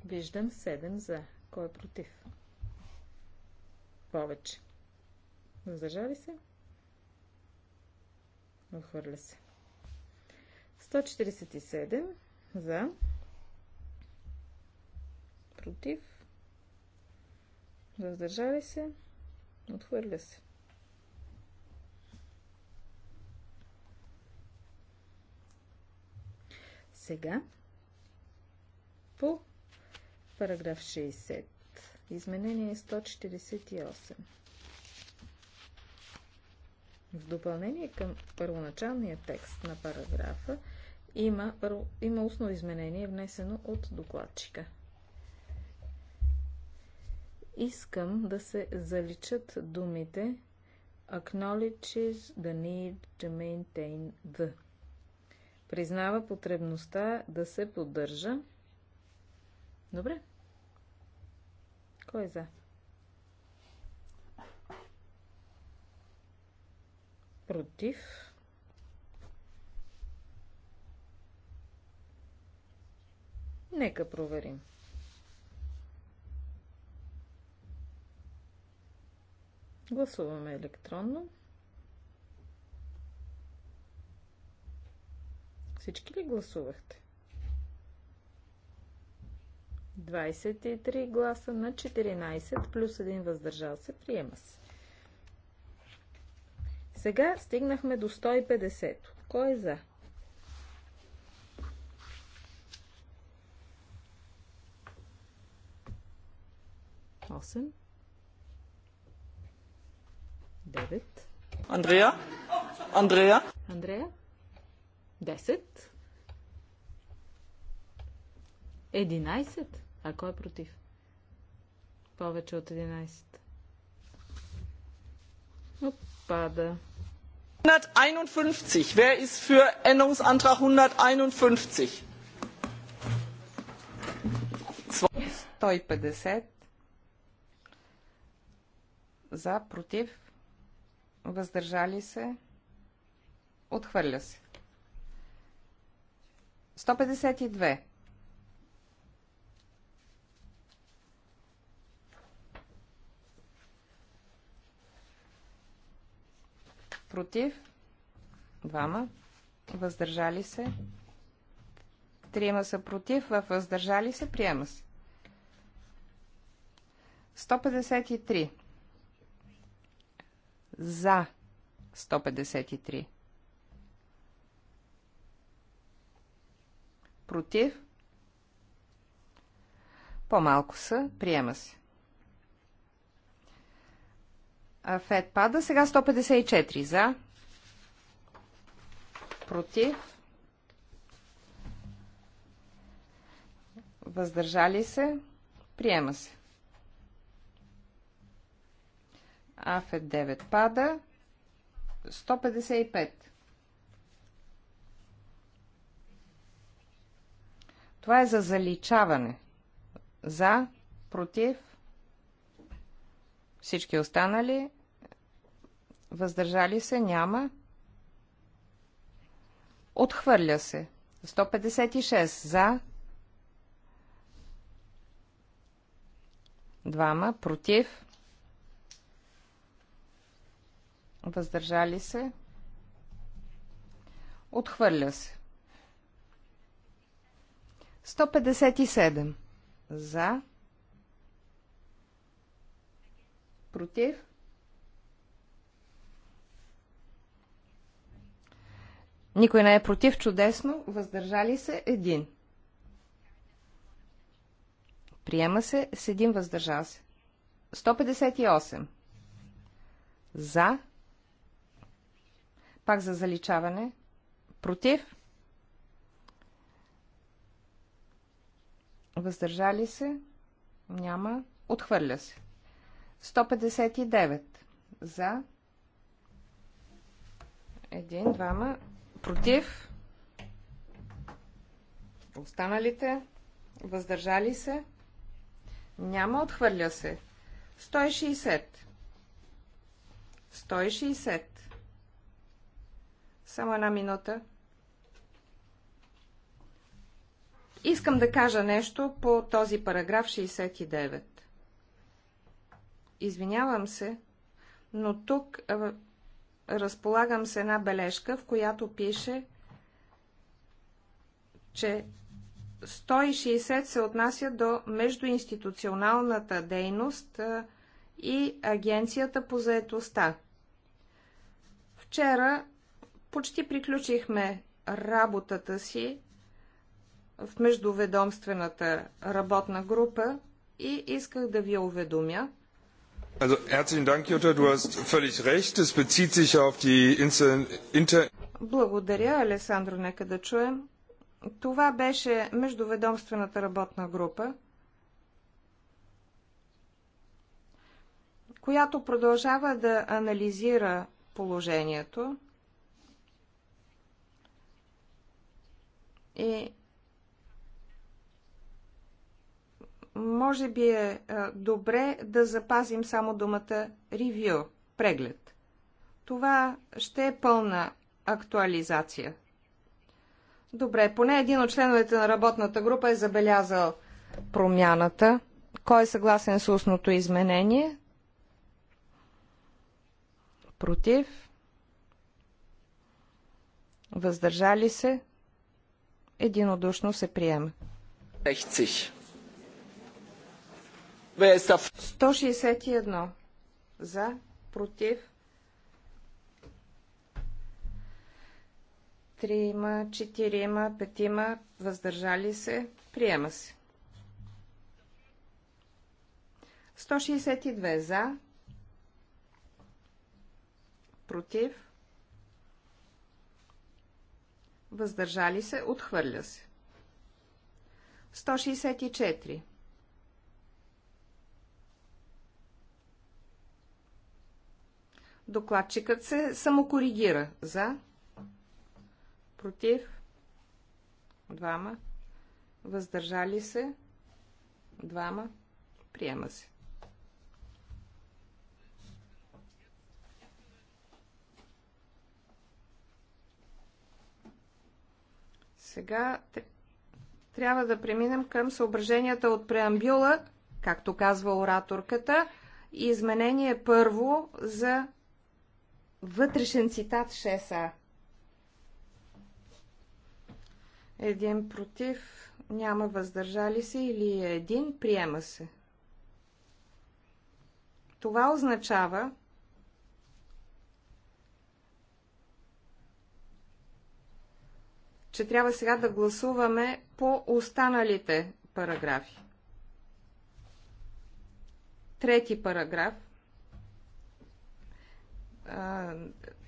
Виждам 7 за. Кой е против? Повече. Въздържали се? Отхвърля се. 147 за. Против. Въздържали се. Отхвърля се. Сега по параграф 60. Изменение 148. В допълнение към първоначалния текст на параграфа има, има устно изменение, внесено от докладчика. Искам да се заличат думите acknowledges the need to maintain the. Признава потребността да се поддържа. Добре. Кой е за? против, нека проверим. Гласуваме електронно. Всички ли гласувахте? 23 гласа на 14 плюс 1 въздържал се. Приема се. Сега стигнахме до 150. Кой е за? Осем. Девет. Андрея? Андрея? Андрея? Десет. Единайсет? А кой е против? Повече от единайсет. Опада einhunderteinundfünfzig wer ist für änderungsantrag einhunderteinundfünfzig? против, двама, въздържали се, трима са против, в въздържали се, приема се. 153. За 153. Против. По-малко са. Приема се. Афет пада. Сега 154 за. Против. Въздържали се. Приема се. Афет 9 пада. 155. Това е за заличаване. За, против, всички останали? Въздържали се? Няма. Отхвърля се. 156 за. Двама против. Въздържали се. Отхвърля се. 157 за. против. Никой не е против, чудесно. Въздържали се един. Приема се с един въздържал се. 158. За. Пак за заличаване. Против. Въздържали се. Няма. Отхвърля се. 159 за. Един, двама. Против. Останалите. Въздържали се. Няма. Отхвърля се. 160. 160. Само една минута. Искам да кажа нещо по този параграф 69. Извинявам се, но тук разполагам с една бележка, в която пише, че 160 се отнася до междуинституционалната дейност и Агенцията по заетостта. Вчера почти приключихме работата си в междуведомствената работна група и исках да ви уведомя, Also, herzlichen Dank, Jutta. Du hast völlig recht. Es bezieht sich auf die Inter... Благодаря, Алесандро. Нека да чуем. Това беше междуведомствената работна група, която продължава да анализира положението и може би е, е добре да запазим само думата ревю, преглед. Това ще е пълна актуализация. Добре, поне един от членовете на работната група е забелязал промяната. Кой е съгласен с устното изменение? Против? Въздържали се? Единодушно се приема. 161 за, против, трима, четирима, петима, въздържали се, приема се. 162 за, против, въздържали се, отхвърля се. 164 Докладчикът се самокоригира. За. Против. Двама. Въздържали се. Двама. Приема се. Сега трябва да преминем към съображенията от преамбюла, както казва ораторката, и изменение първо за вътрешен цитат 6а. Един против, няма въздържали се или един, приема се. Това означава, че трябва сега да гласуваме по останалите параграфи. Трети параграф –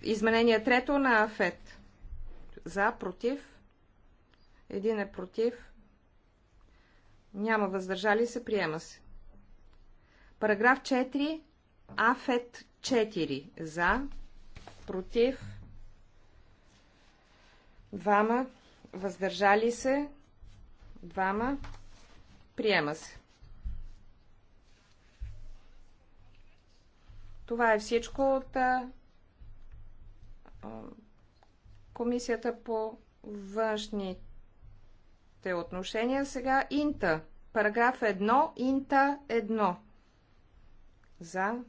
Изменение трето на Афет. За, против. Един е против. Няма въздържали се, приема се. Параграф 4. Афет 4. За, против. Двама. Въздържали се. Двама. Приема се. Това е всичко от Комисията по външните отношения. Сега Инта. Параграф 1. Инта 1. За.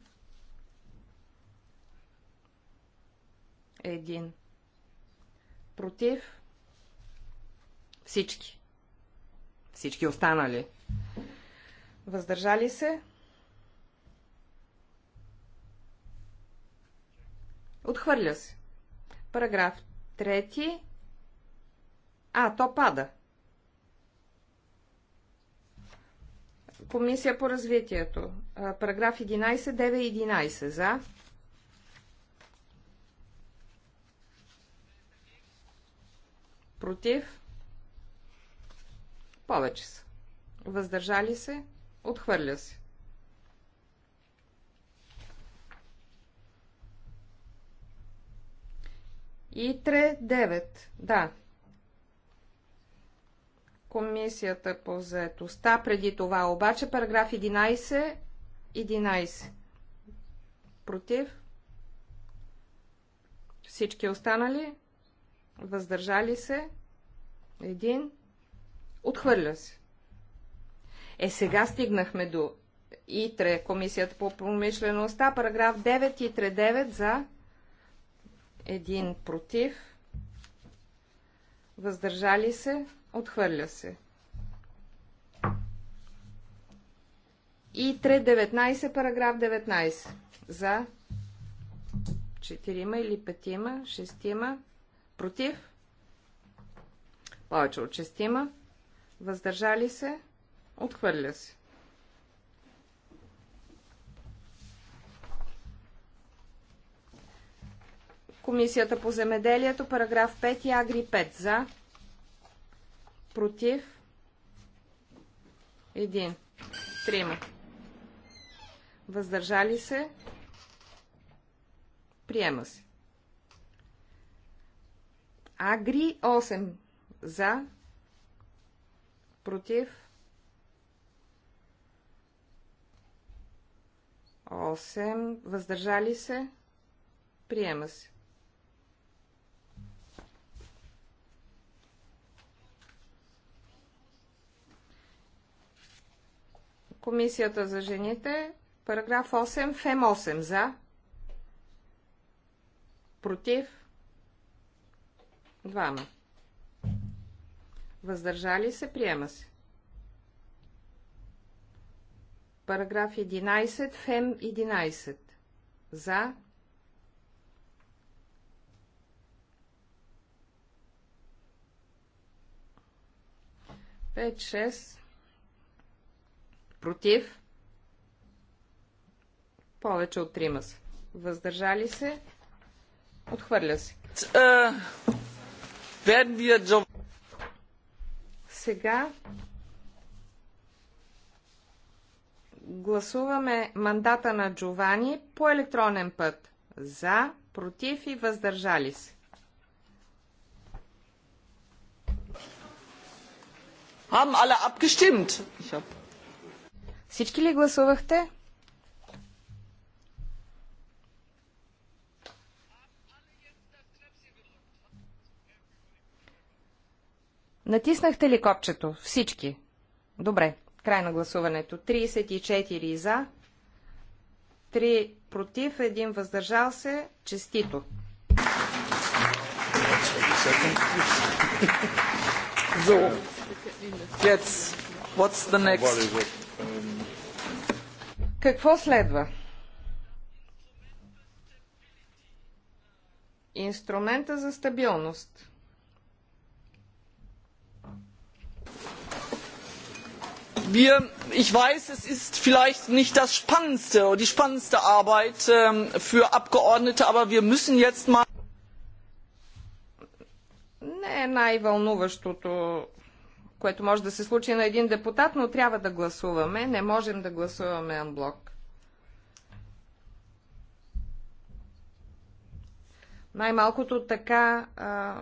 Един. Против. Всички. Всички останали. Въздържали се. Отхвърля се. Параграф 3. А, то пада. Комисия по развитието. Параграф 11, 9 и 11. За. Против. Повече са. Въздържали се. Отхвърля се. И 9 Да. Комисията по заетостта. Преди това обаче параграф 11. 11. Против. Всички останали. Въздържали се. Един. Отхвърля се. Е, сега стигнахме до ИТРЕ, Комисията по промишлеността, параграф 9, ИТРЕ 9 за един против, въздържали се, отхвърля се. И 3.19, параграф 19. За 4 или 5, 6, против, повече от 6, въздържали се, отхвърля се. Комисията по земеделието, параграф 5 и Агри 5. За. Против. Един. Трима. Въздържали се. Приема се. Агри 8. За. Против. 8. Въздържали се. Приема се. Комисията за жените, параграф 8, ФЕМ 8 за, против, двама. Въздържали се, приема се. Параграф 11, ФЕМ 11 за, пет, шест, против, повече от трима са. Въздържали се, отхвърля се. Е, Сега гласуваме мандата на Джовани по електронен път. За, против и въздържали се. Хам аля abgestimmt? Ich всички ли гласувахте? Натиснахте ли копчето? Всички. Добре. Край на гласуването. 34 за, 3 против, 1 въздържал се. Честито. So, jetzt, what's the next? Какво следва? Инструмента за стабилност. wir ich weiß es ist vielleicht nicht das spannendste oder die spannendste arbeit für abgeordnete aber wir müssen jetzt mal Не е най-вълнуващото което може да се случи на един депутат, но трябва да гласуваме. Не можем да гласуваме анблок. Най-малкото така а,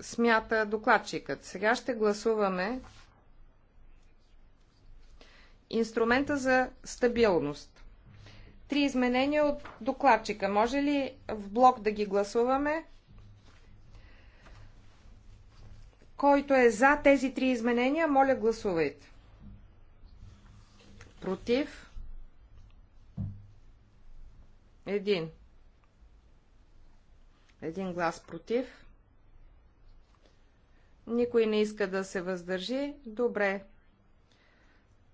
смята докладчикът. Сега ще гласуваме инструмента за стабилност. Три изменения от докладчика. Може ли в блок да ги гласуваме? Който е за тези три изменения, моля гласувайте. Против. Един. Един глас против. Никой не иска да се въздържи. Добре.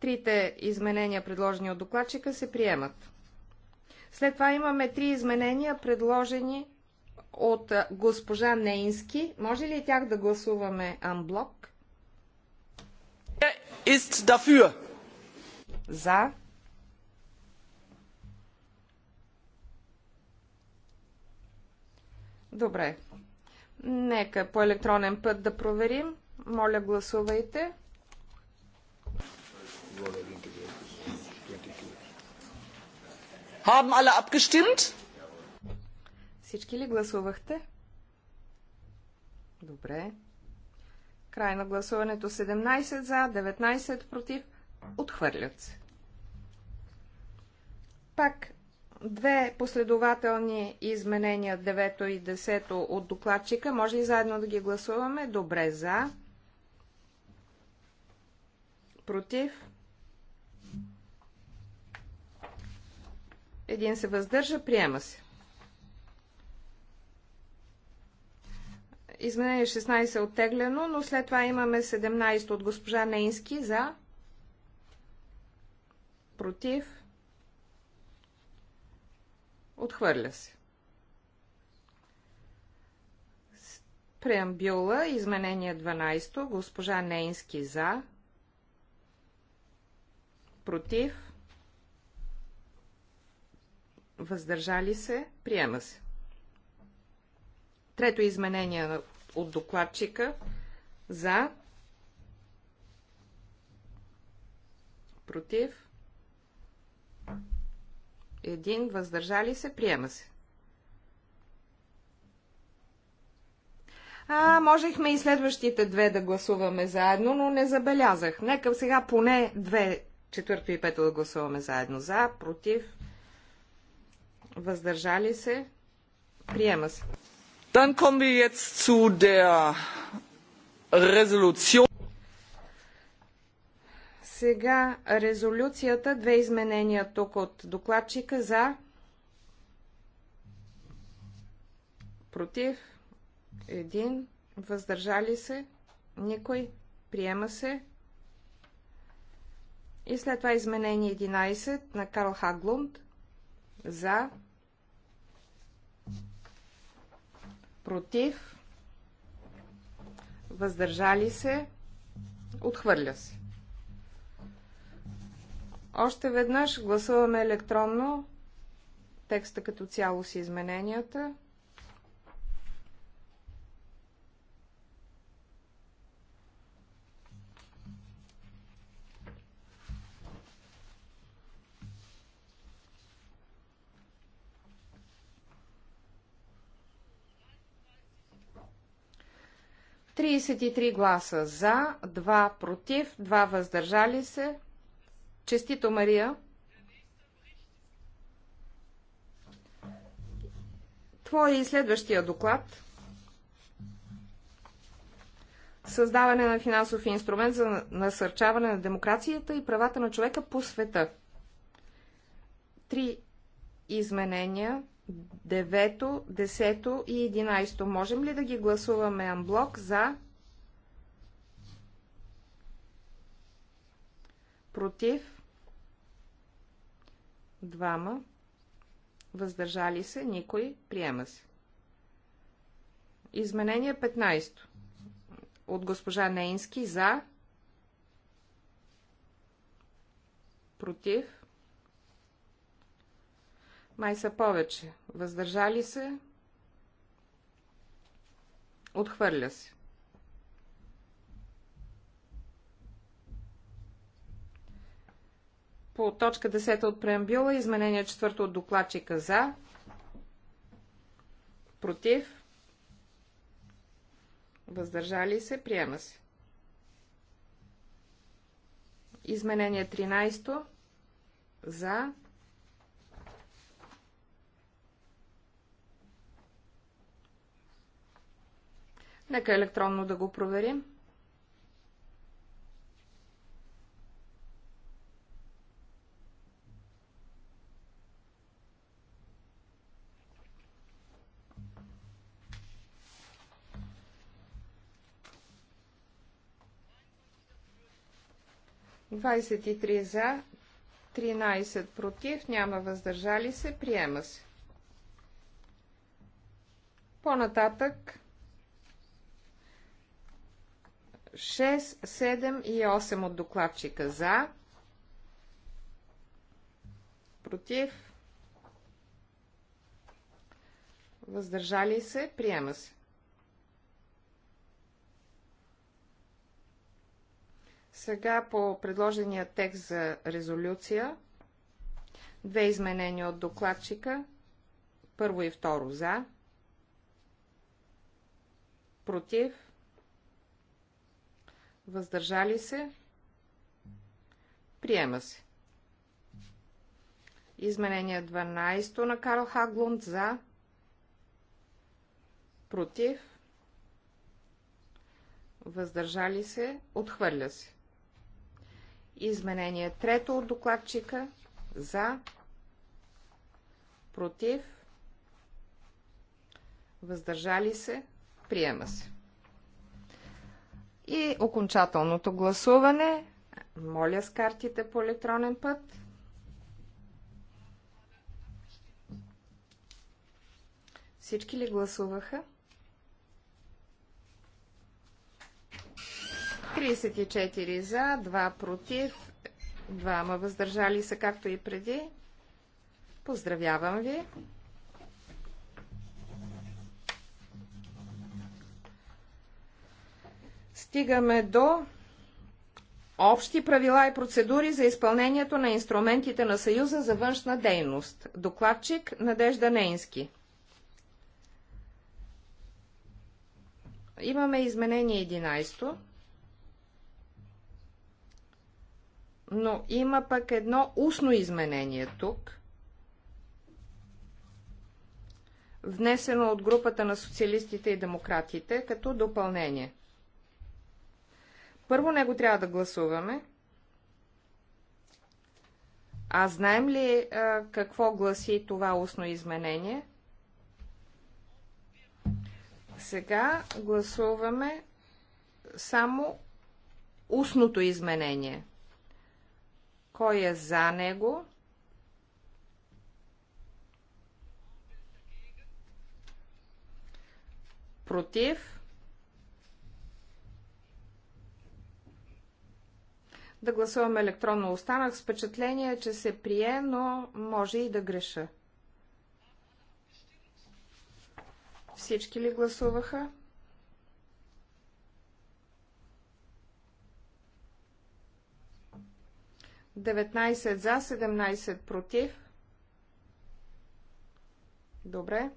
Трите изменения, предложени от докладчика, се приемат. След това имаме три изменения, предложени от госпожа Нейнски. Може ли тях да гласуваме анблок? Ist За. Добре. Нека по електронен път да проверим. Моля, гласувайте. Haben alle abgestimmt? Всички ли гласувахте? Добре. Край на гласуването 17 за, 19 против. Отхвърлят се. Пак две последователни изменения, 9 и 10 от докладчика. Може ли заедно да ги гласуваме? Добре, за. Против. Един се въздържа, приема се. Изменение 16 е оттеглено, но след това имаме 17 от госпожа Нейнски за, против, отхвърля се. Преамбюла, изменение 12, госпожа Нейнски за, против, въздържали се, приема се. Трето изменение от докладчика за, против, един, въздържали се, приема се. А, можехме и следващите две да гласуваме заедно, но не забелязах. Нека сега поне две, четвърто и пето да гласуваме заедно. За, против, въздържали се, приема се. Dann kommen wir jetzt zu der Resolution. Сега резолюцията, две изменения тук от докладчика за против, един, въздържали се, никой, приема се. И след това изменение 11 на Карл Хаглунд за против, въздържали се, отхвърля се. Още веднъж гласуваме електронно текста като цяло с измененията. 33 гласа за, 2 против, 2 въздържали се. Честито Мария! Твой и следващия доклад. Създаване на финансов инструмент за насърчаване на демокрацията и правата на човека по света. Три изменения 9, 10 и 11. Можем ли да ги гласуваме анблок за? Против? Двама. Въздържали се? Никой. Приема се. Изменение 15. От госпожа Нейнски за? Против? Май са повече. Въздържали се? Отхвърля се. По точка 10 от преамбюла, изменение 4 от докладчика за, против, въздържали се, приема се. Изменение 13 за, Нека електронно да го проверим. Двадесет и три за, 13 против, няма въздържали се, приема се. По-нататък 6, 7 и 8 от докладчика за, против, въздържали се, приема се. Сега по предложения текст за резолюция, две изменения от докладчика, първо и второ за, против, въздържали се, приема се. Изменение 12 на Карл Хаглунд за, против, въздържали се, отхвърля се. Изменение трето от докладчика за, против, въздържали се, приема се. И окончателното гласуване. Моля с картите по електронен път. Всички ли гласуваха? 34 за, 2 против, 2 въздържали са, както и преди. Поздравявам ви! стигаме до общи правила и процедури за изпълнението на инструментите на Съюза за външна дейност. Докладчик Надежда Нейнски. Имаме изменение 11 но има пък едно устно изменение тук, внесено от групата на социалистите и демократите като допълнение. Първо него трябва да гласуваме. А знаем ли а, какво гласи това устно изменение? Сега гласуваме само устното изменение. Кой е за него? Против? да гласуваме електронно. Останах с впечатление, че се прие, но може и да греша. Всички ли гласуваха? Деветнайсет за, седемнайсет против. Добре.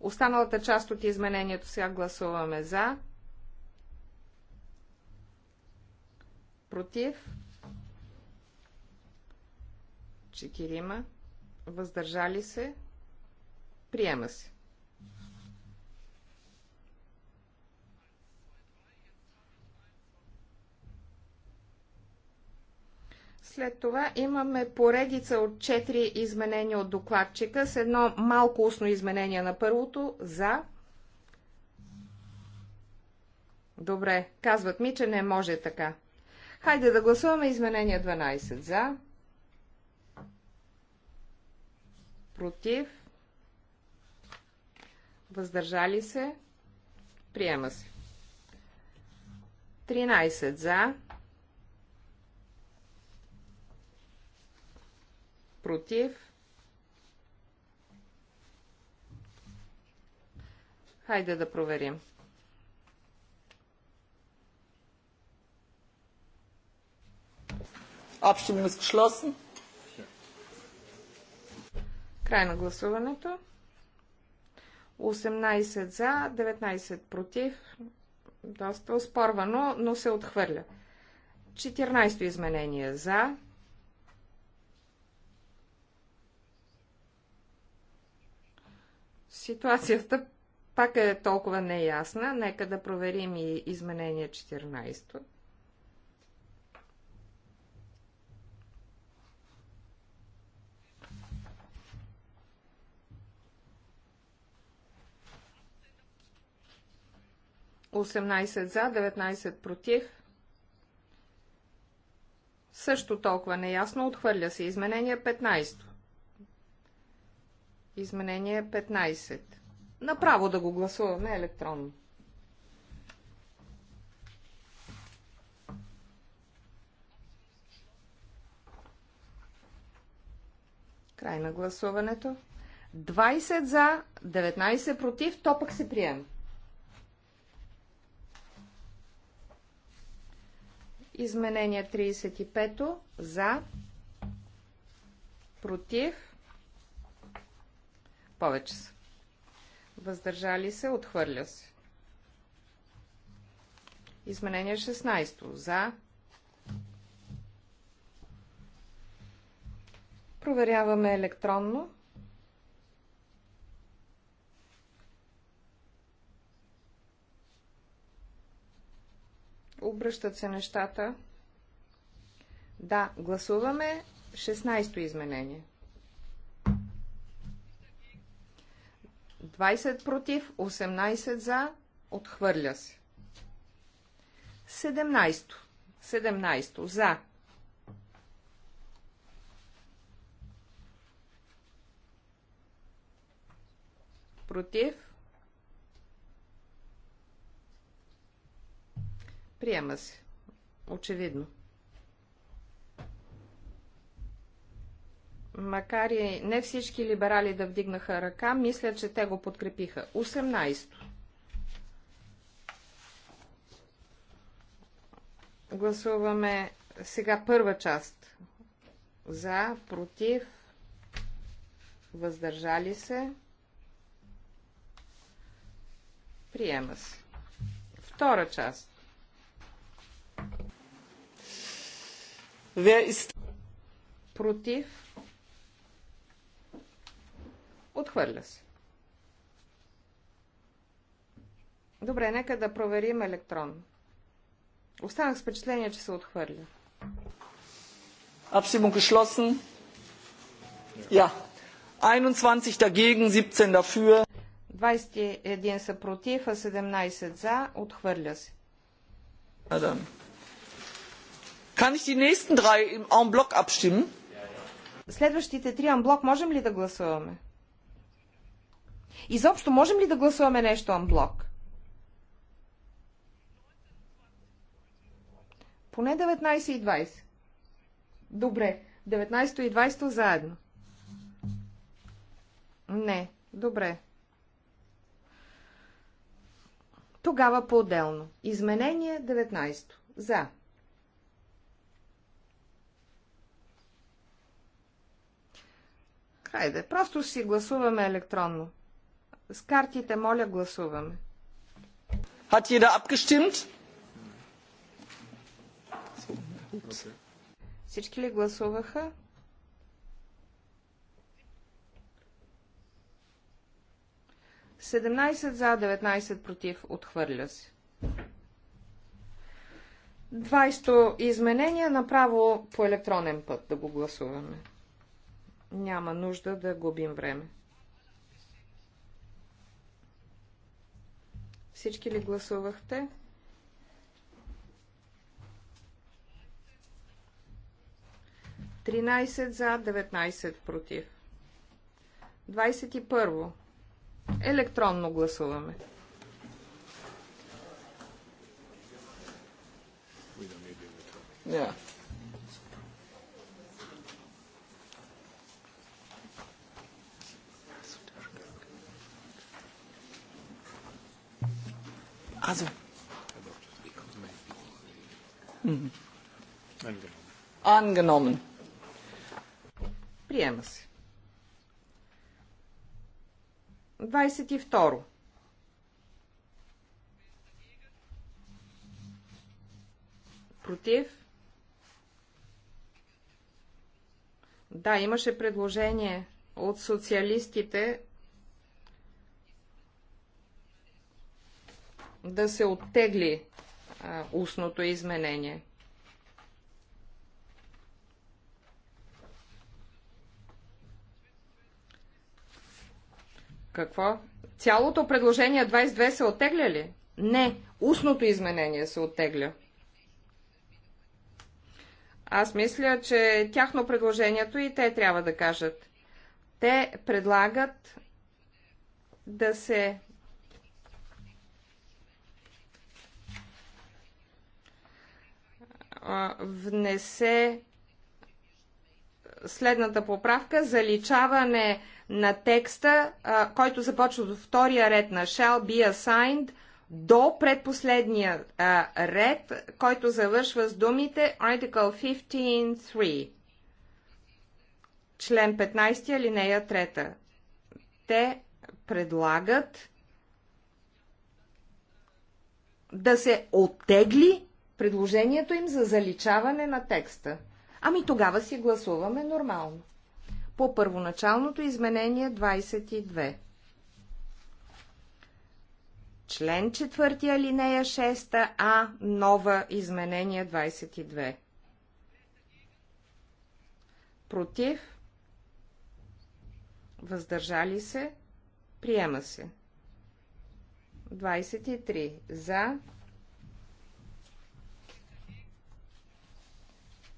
Останалата част от изменението сега гласуваме за. против, четирима, въздържали се, приема се. След това имаме поредица от 4 изменения от докладчика с едно малко устно изменение на първото за. Добре, казват ми, че не може така. Хайде да гласуваме изменение 12 за. Против. Въздържали се. Приема се. 13 за. Против. Хайде да проверим. 13. Abstimmung ist geschlossen. Край на гласуването. 18 за, 19 против. Доста оспорвано, но се отхвърля. 14 изменение за. Ситуацията пак е толкова неясна. Нека да проверим и изменение 14. 18 за, 19 против. Също толкова неясно отхвърля се. Изменение 15. Изменение 15. Направо да го гласуваме електронно. Край на гласуването. 20 за, 19 против, то пък се приема. Изменение 35 за, против, повече са. Въздържали се, отхвърля се. Изменение 16 за, проверяваме електронно. Обръщат се нещата. Да, гласуваме 16-то изменение. 20 против, 18 за, отхвърля се. 17. 17 за. Против Приема се. Очевидно. Макар и не всички либерали да вдигнаха ръка, мисля, че те го подкрепиха. 18. Гласуваме сега първа част. За, против, въздържали се. Приема се. Втора част. Wer ist против? Отхвърля се. Добре, нека да проверим електрон. Останах с впечатление, че се отхвърля. Abstimmung geschlossen. Ja. 21 dagegen, 17 dafür. 21 са против, а 17 за. Отхвърля се. Адам ich die nächsten drei en bloc abstimmen? Следващите три анблок можем ли да гласуваме? Изобщо можем ли да гласуваме нещо анблок? Поне 19 и 20. Добре. 19 и 20 заедно. Не. Добре. Тогава по-отделно. Изменение 19. За. Хайде, просто си гласуваме електронно. С картите, моля, гласуваме. Hat jeder abgestimmt? Всички ли гласуваха? Седемнайсет за, 19 против, отхвърля се. Двайсто изменение направо по електронен път да го гласуваме. Няма нужда да губим време. Всички ли гласувахте? Тринайсет за, 19 против. 21. Електронно гласуваме. Yeah. Also. Angenommen. Приема се. 22. Против? Да, имаше предложение от социалистите да се оттегли а, устното изменение. Какво? Цялото предложение 22 се оттегля ли? Не, устното изменение се оттегля. Аз мисля, че тяхно предложението и те трябва да кажат. Те предлагат да се внесе следната поправка заличаване на текста, който започва до втория ред на shall be assigned до предпоследния ред, който завършва с думите Article 15.3, член 15, алинея 3. Те предлагат да се оттегли предложението им за заличаване на текста. Ами тогава си гласуваме нормално. По първоначалното изменение 22. Член 4 алинея 6 А, нова изменение 22. Против. Въздържали се. Приема се. 23. За.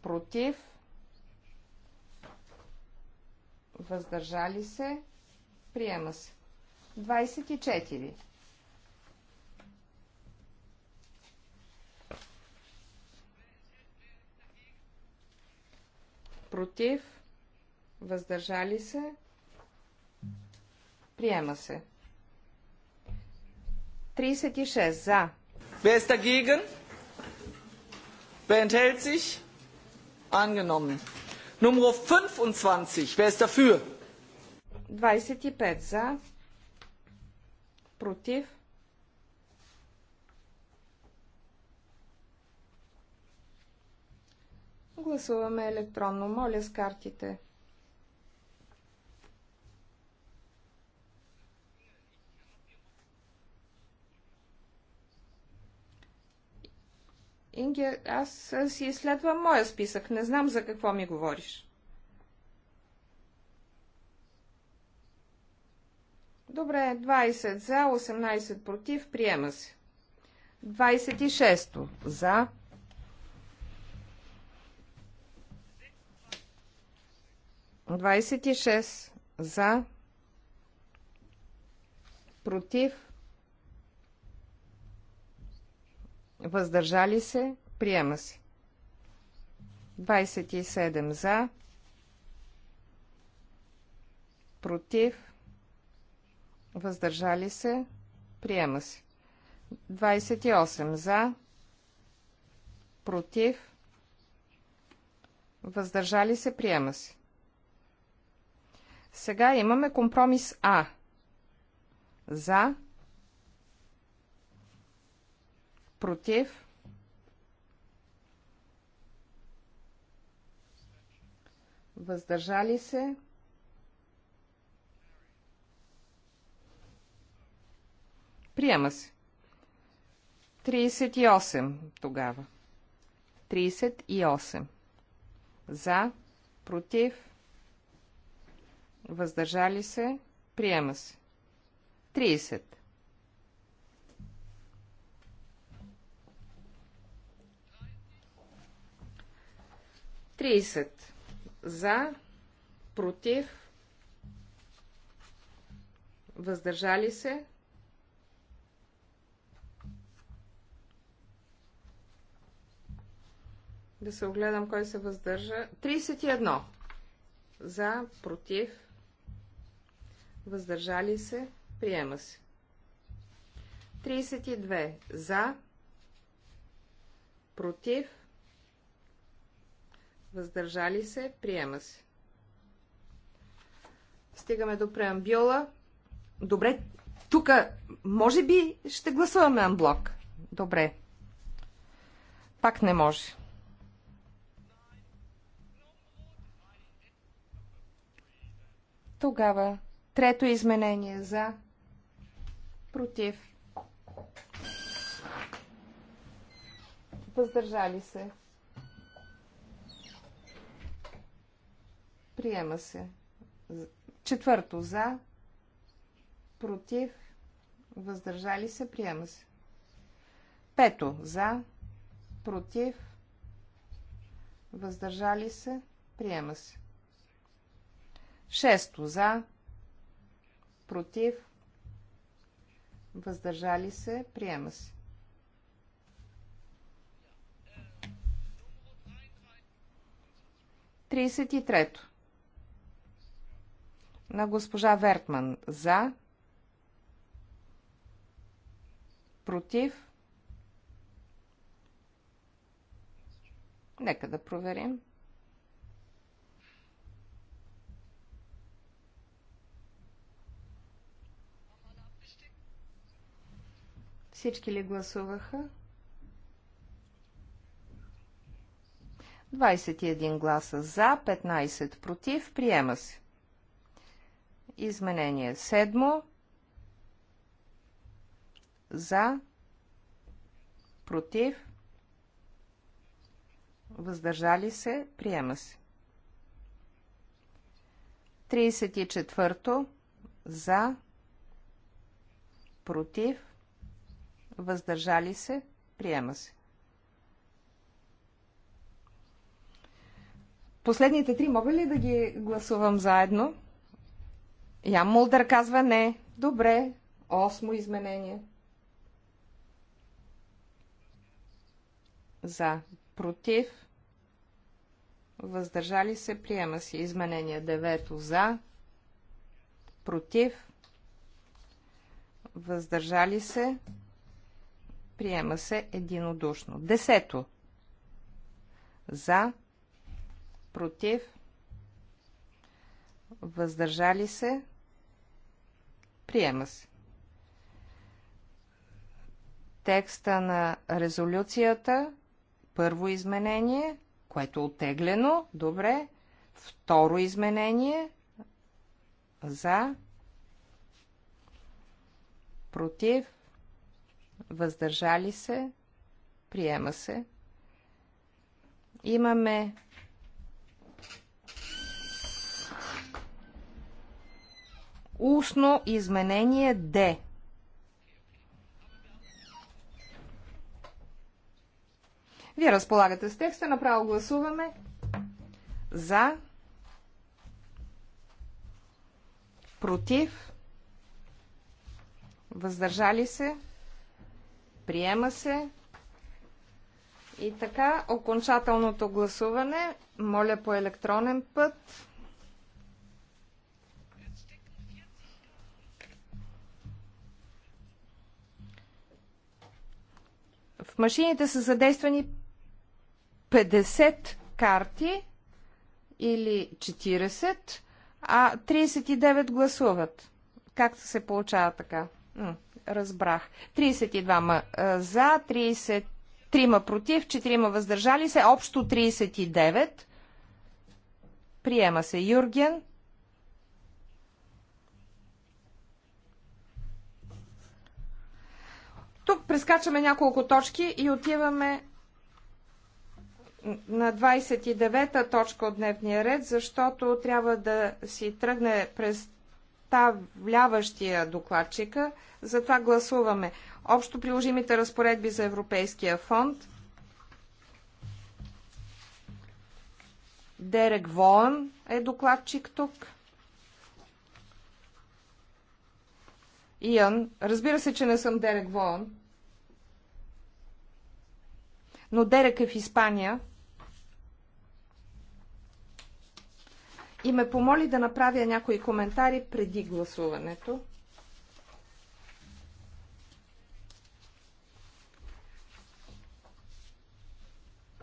против, въздържали се, приема се. 24. Против, въздържали се, приема се. 36. За. Wer ist dagegen? Wer enthält sich? Angenommen. Nummer 25. Wer ist dafür? 25 за. Против. Гласуваме електронно. Моля с картите. Инги, аз си изследвам моя списък. Не знам за какво ми говориш. Добре, 20 за, 18 против, приема се. 26 за. Двадесет и шест за, против, въздържали се, приема се. 27 за, против, въздържали се, приема се. 28 за, против, въздържали се, приема се. Сега имаме компромис А. За, против, въздържали се, приема се. 38 тогава. 38. За, против, въздържали се, приема се. 30. 30. За, против, въздържали се. Да се огледам кой се въздържа. 31. За, против, въздържали се, приема се. 32. За, против, въздържали се, приема се. Стигаме до преамбюла. Добре, тук може би ще гласуваме анблок. Добре. Пак не може. Тогава трето изменение за против. Въздържали се. Приема се. Четвърто за, против, въздържали се, приема се. Пето за, против, въздържали се, приема се. Шесто за, против, въздържали се, приема се. Тридесет и трето на госпожа Вертман. За. Против. Нека да проверим. Всички ли гласуваха? 21 гласа за, 15 против. Приема се. Изменение Седмо. за, против, въздържали се, приема се. 34 за, против, въздържали се, приема се. Последните три мога ли да ги гласувам заедно? Ян Мулдър казва не. Добре. Осмо изменение. За. Против. Въздържали се. Приема се изменение. Девето. За. Против. Въздържали се. Приема се единодушно. Десето. За. Против. Въздържали се приемас. Текста на резолюцията, първо изменение, което е отеглено, добре. Второ изменение, за, против, въздържали се, приема се. Имаме устно изменение Д. Вие разполагате с текста, направо гласуваме за, против, въздържали се, приема се. И така, окончателното гласуване, моля по електронен път. В машините са задействани 50 карти или 40, а 39 гласуват. Как се получава така? М, разбрах. 32 а, за, 33 ма против, 4 въздържали се, общо 39. Приема се Юрген. Тук прескачаме няколко точки и отиваме на 29-та точка от дневния ред, защото трябва да си тръгне представляващия докладчика. Затова гласуваме общо приложимите разпоредби за Европейския фонд. Дерек Воен е докладчик тук. Иан. Разбира се, че не съм Дерек Воан. Но Дерек е в Испания. И ме помоли да направя някои коментари преди гласуването.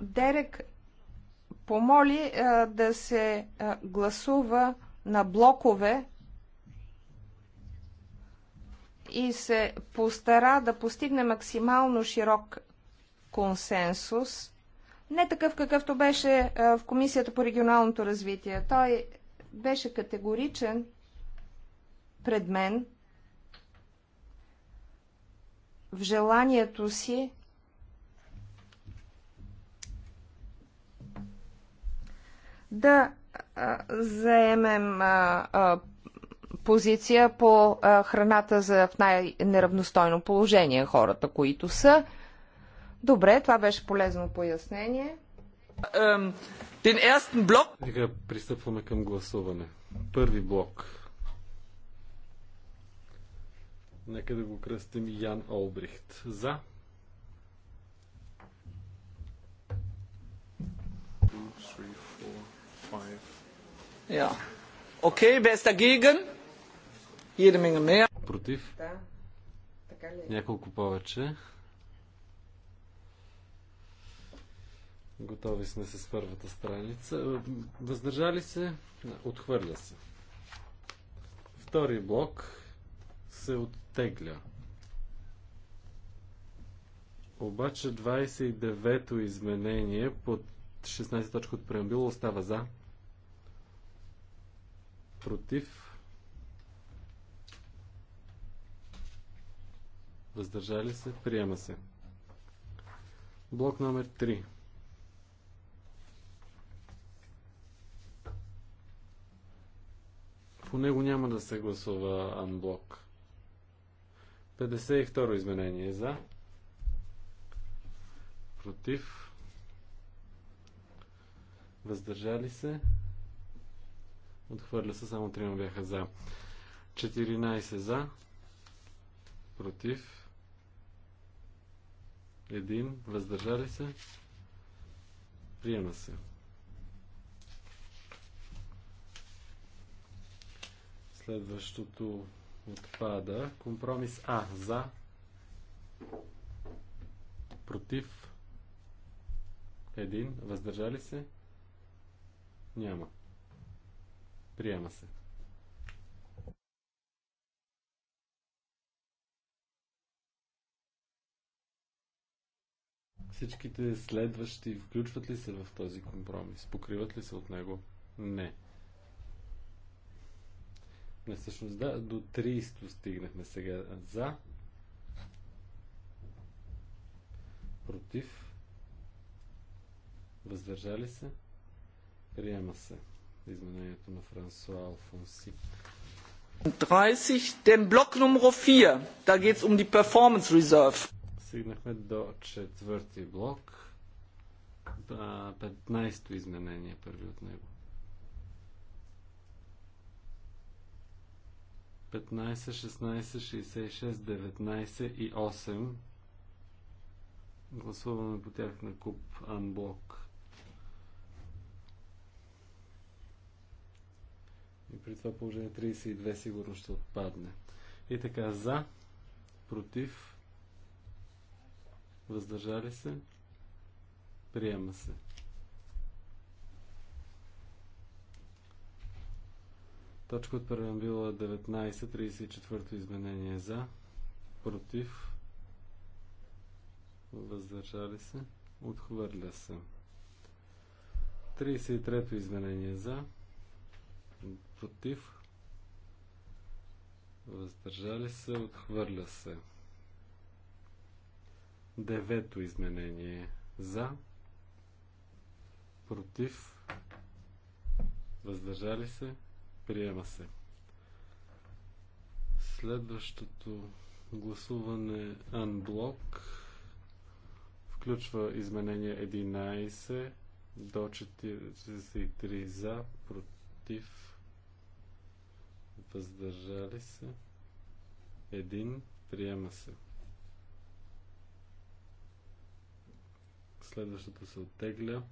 Дерек помоли а, да се а, гласува на блокове и се постара да постигне максимално широк консенсус, не такъв какъвто беше е, в Комисията по регионалното развитие. Той беше категоричен пред мен в желанието си да заемем позиция по храната за в най-неравностойно положение хората, които са. Добре, това беше полезно пояснение. Den ерстен блок. Сега пристъпваме към гласуване. Първи блок. Нека да го кръстим Ян Олбрихт. За. Ja. Okay, wer ist dagegen? Против? Да. Така ли? Е? Няколко повече. Готови сме с първата страница. Въздържали се? Отхвърля се. Втори блок се оттегля. Обаче 29-то изменение под 16 точка от преамбила остава за. Против. въздържали се, приема се. Блок номер 3. По него няма да се гласува анблок. 52 изменение е за. Против. Въздържали се. Отхвърля се, само 3 бяха за. 14 за. Против един, въздържали се, приема се. Следващото отпада. Компромис А. За. Против. Един. Въздържали се? Няма. Приема се. Всичките следващи включват ли се в този компромис? Покриват ли се от него? Не. Не, всъщност да, до 30 стигнахме сега. За. Против. Въздържали се. Приема се изменението на Франсуа Алфонси. 30, den Block Nummer 4, da geht es um die Performance Reserve стигнахме до четвърти блок. 15-то изменение, първи от него. 15, 16, 66, 19 и 8. Гласуваме по тях на куп Unblock. И при това положение 32 сигурно ще отпадне. И така, за, против, въздържали се, приема се. Точка от преамбила 19, 34 изменение за, против, въздържали се, отхвърля се. 33-то изменение за, против, въздържали се, отхвърля се. Девето изменение за, против, въздържали се, приема се. Следващото гласуване анблок включва изменение 11 до 43 за, против, въздържали се, 1, приема се. следващата се оттегля.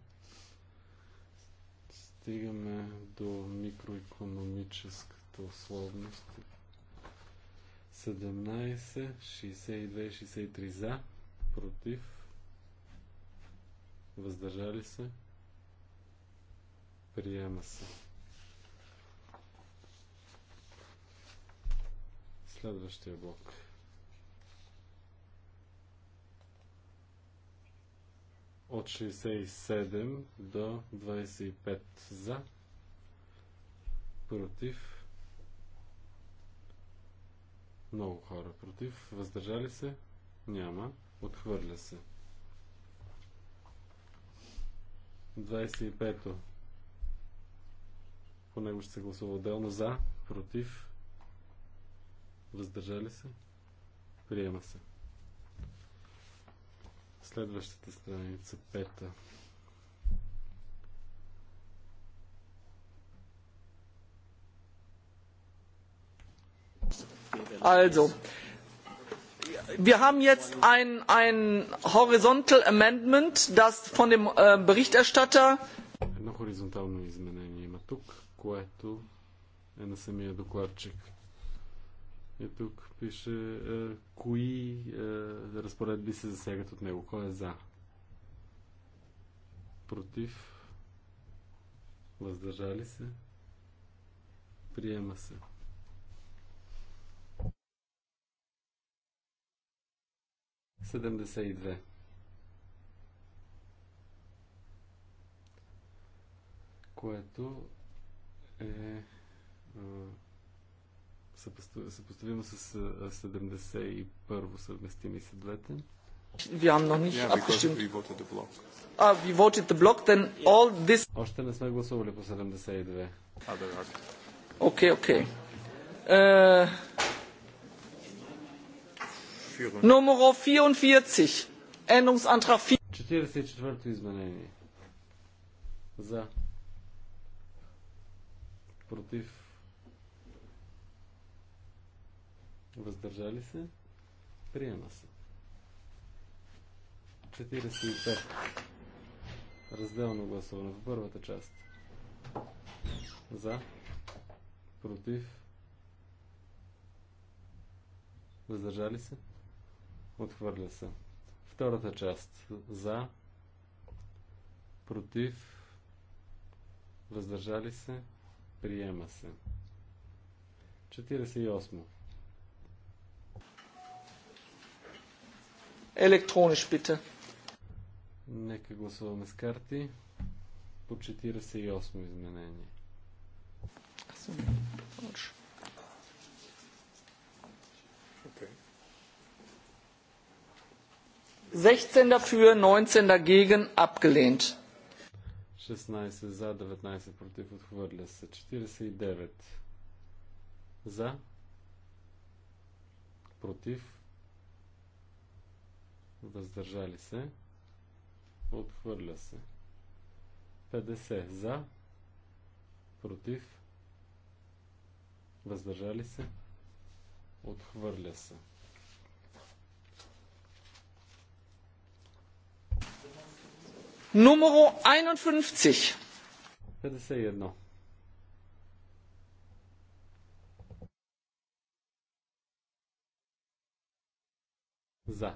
Стигаме до микроекономическата условност. 17, 62, 63 за, против, въздържали се, приема се. Следващия блок. от 67 до 25 за, против, много хора против, въздържали се, няма, отхвърля се. 25-то. По него ще се гласува отделно за, против, въздържали се, приема се. Следващата страница, пета. Also, wir haben jetzt ein, ein Horizontal Amendment, das von dem äh, Berichterstatter. Едно хоризонтално изменение има тук, което е на самия докладчик. И тук пише е, кои е, разпоредби се засягат от него. Кой е за? Против? Въздържали се? Приема се. Седемдесет и две. Което е, е съпоставимо с 71-во съвместими са двете. Още не сме гласували по 72. Окей, окей. Е, номеро 44. Еннонсантрах 44-то изменение. За. Против. Въздържали се? Приема се. 45. Разделно гласуване в първата част. За. Против. Въздържали се? Отхвърля се. Втората част. За. Против. Въздържали се? Приема се. 48. електронеш, bitte. Нека гласуваме с карти по 48 изменение. Okay. 16 dafür, 19 dagegen, abgelehnt. 16 за, 19 против, отхвърля се. 49 за, против, въздържали се, отхвърля се. 50 за, против, въздържали се, отхвърля се. Numero 51. 51. За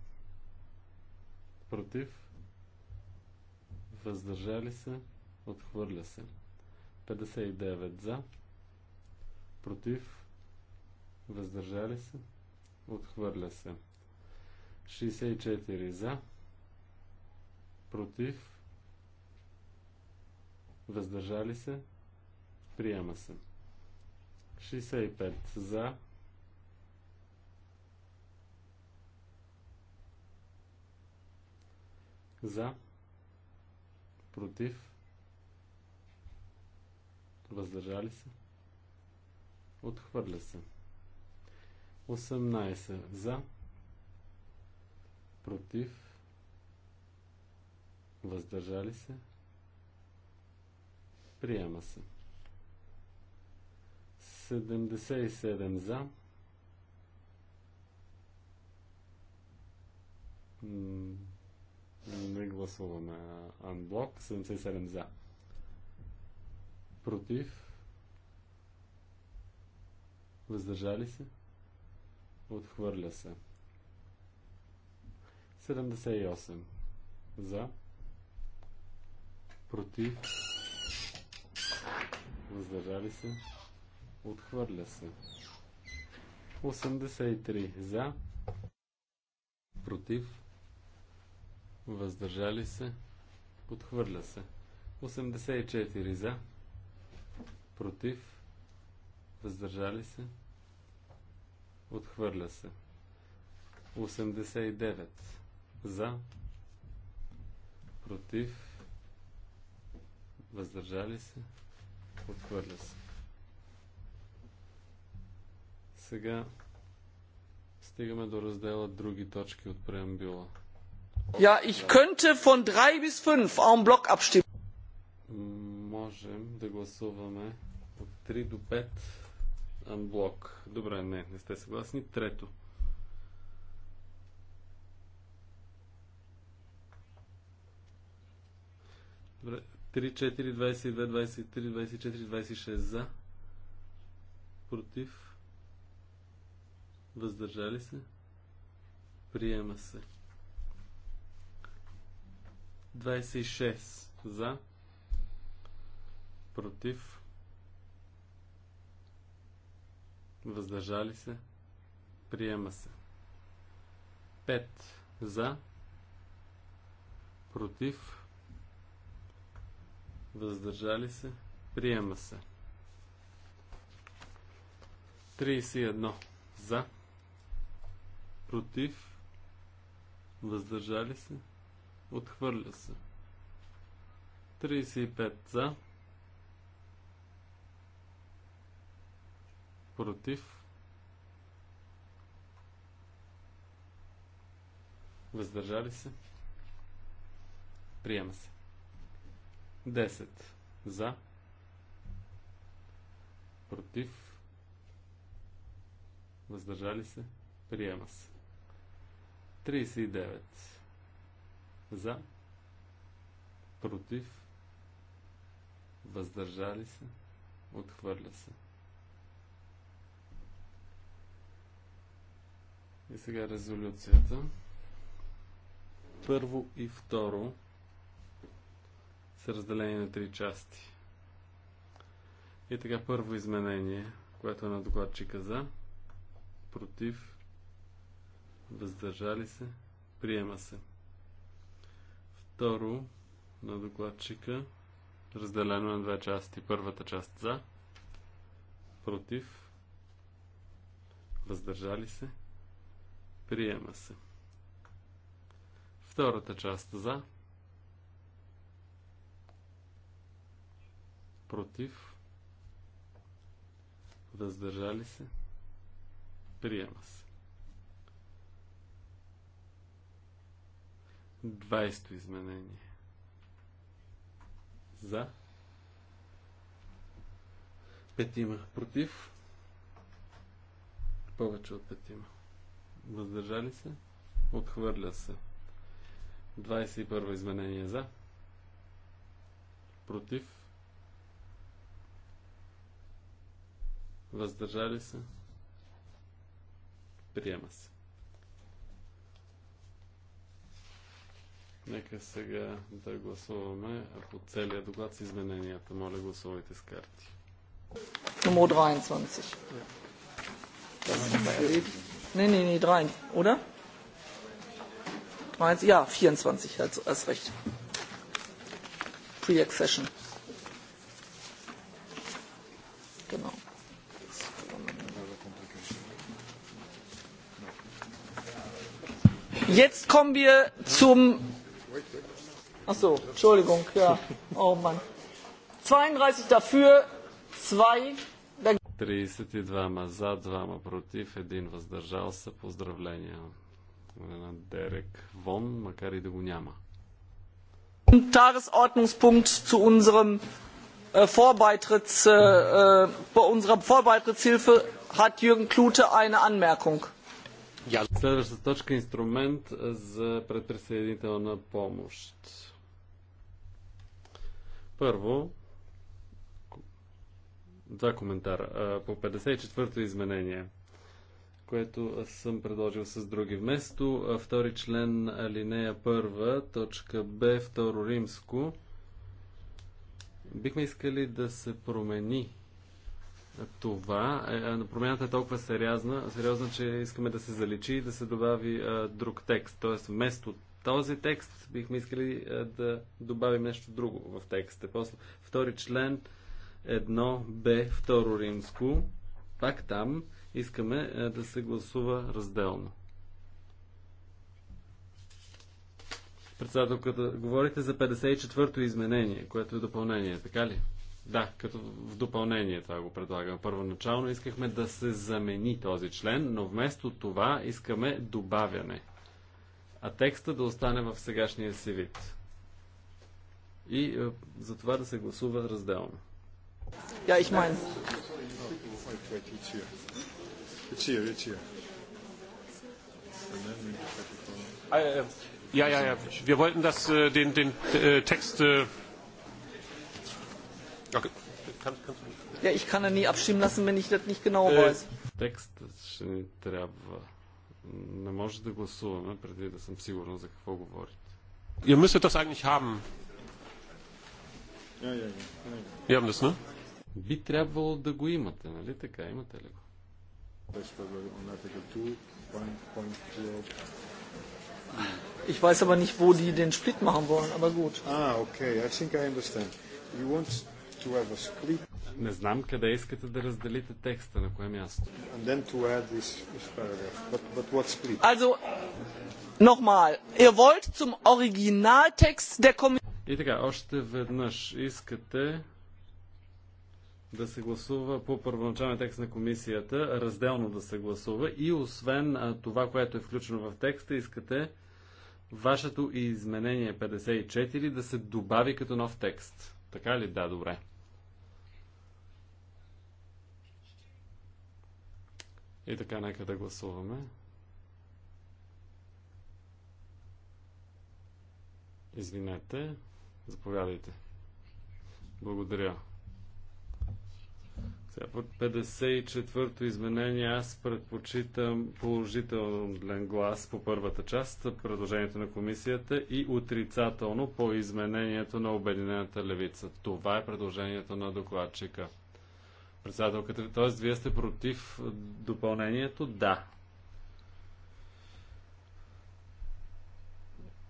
против, въздържали се, отхвърля се. 59 за, против, въздържали се, отхвърля се. 64 за, против, въздържали се, приема се. 65 за, за, против, въздържали се, отхвърля се. 18 за, против, въздържали се, приема се. 77 за, м- не гласуваме анблок. 77 за. Против. Въздържали се. Отхвърля се. 78 за. Против. Въздържали се. Отхвърля се. 83 за. Против въздържали се, отхвърля се. 84 за, против, въздържали се, отхвърля се. 89 за, против, въздържали се, отхвърля се. Сега стигаме до раздела други точки от преамбюла. Ja, ich könnte von 3 bis 5 en bloc abstimmen. Можем да гласуваме от 3 до 5 блок. Добре, не, не сте съгласни. Трето. Добре, 3, 4, 22, 23, 24, 26 за. Против. Въздържали се. Приема се. 26 за, против, въздържали се, приема се. 5 за, против, въздържали се, приема се. 31 за, против, въздържали се, Отхвърля се. 35 за. Против. Въздържали се. Приема се. 10 за. Против. Въздържали се. Приема се. 39 за, против, въздържали се, отхвърля се. И сега резолюцията. Първо и второ са разделени на три части. И така първо изменение, което е на докладчика за, против, въздържали се, приема се. Второ, на докладчика, разделено на две части. Първата част за, против, въздържали се, приема се. Втората част за, против, въздържали се, приема се. 20 изменение. За. Петима. Против. Повече от петима. Въздържали се? Отхвърля се. 21 изменение за. Против. Въздържали се? Приема се. Нека сега да гласуваме по целия доклад с измененията. Моля, гласувайте с карти. Номер 23. Не, не, не, 3, oder? 23, ja, 24, als, als recht. Pre-accession. Genau. Jetzt kommen wir zum Ach so, Entschuldigung, ja. Oh Mann. 32 dafür, 2 32 за, 2 против, 1 въздържал се. Поздравления на Дерек Вон, макар и да го няма. Tagesordnungspunkt zu unserem Vorbeitritts, bei unserer Vorbeitrittshilfe hat Jürgen Klute eine Anmerkung. Следващата точка инструмент за предприсъединителна помощ. Първо, два коментара. По 54-то изменение, което съм предложил с други. Вместо втори член алинея 1, точка Б, второ римско, бихме искали да се промени това. Е, промяната е толкова сериозна, сериозна, че искаме да се заличи и да се добави друг текст. Тоест, вместо този текст бихме искали е, да добавим нещо друго в текста. После, втори член, 1Б, второ римско. Пак там искаме е, да се гласува разделно. Председателката, говорите за 54-то изменение, което е допълнение, така ли? Да, като в допълнение това го предлагам. Първоначално искахме да се замени този член, но вместо това искаме добавяне а текста да остане в сегашния си вид. И е, за това да се гласува разделно. Ja, ich meine. Ja, ja, ja. Wir wollten das, äh, den, den äh, Text. Äh okay. Kann, Ja, ich kann ja nie abstimmen lassen, wenn ich das nicht genau äh, weiß. Text, das трябва не може да гласуваме преди да съм сигурен за какво говорите. Ihr müsstet das eigentlich haben. Ihr habt das, ne? Би трябвало да го имате, нали така? Имате ли го? Ich weiß aber nicht, wo die den Split machen wollen, aber gut. Ah, okay. I think I understand. You want е Не знам къде искате да разделите текста, на кое място. This, this also, nochmal, ihr wollt zum Originaltext der Kommission... И така, още веднъж искате да се гласува по първоначалния текст на комисията, разделно да се гласува и освен това, което е включено в текста, искате вашето изменение 54 да се добави като нов текст. Така ли? Да, добре. И така, нека да гласуваме. Извинете, заповядайте. Благодаря. Сега под 54-то изменение аз предпочитам положителен глас по първата част, предложението на комисията и отрицателно по изменението на Обединената левица. Това е предложението на докладчика. Председателката, т.е. вие сте против допълнението? Да.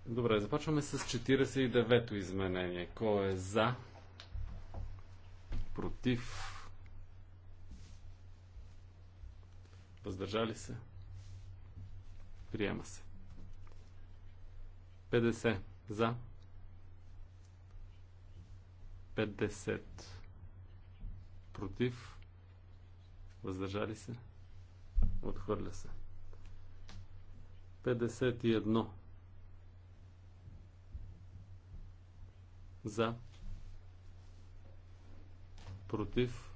Добре, започваме с 49-то изменение. Кой е за? Против? Въздържали се? Приема се. 50 за. 50 против, въздържали се, отхвърля се. 51 за, против,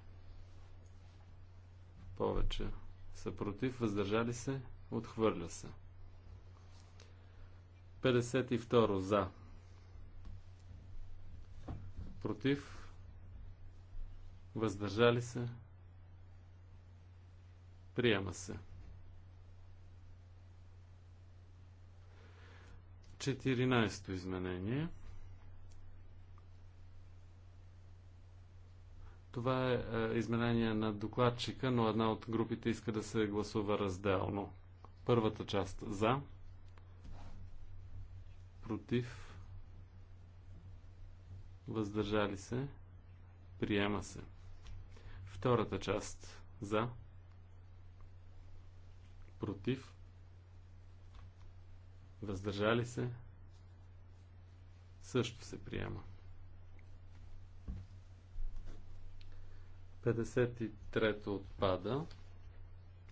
повече са против, въздържали се, отхвърля се. 52 за, против, въздържали се, приема се. 14-то изменение. Това е, е изменение на докладчика, но една от групите иска да се гласува разделно. Първата част за, против, въздържали се, приема се. Втората част за, против, въздържали се, също се приема. 53-то отпада,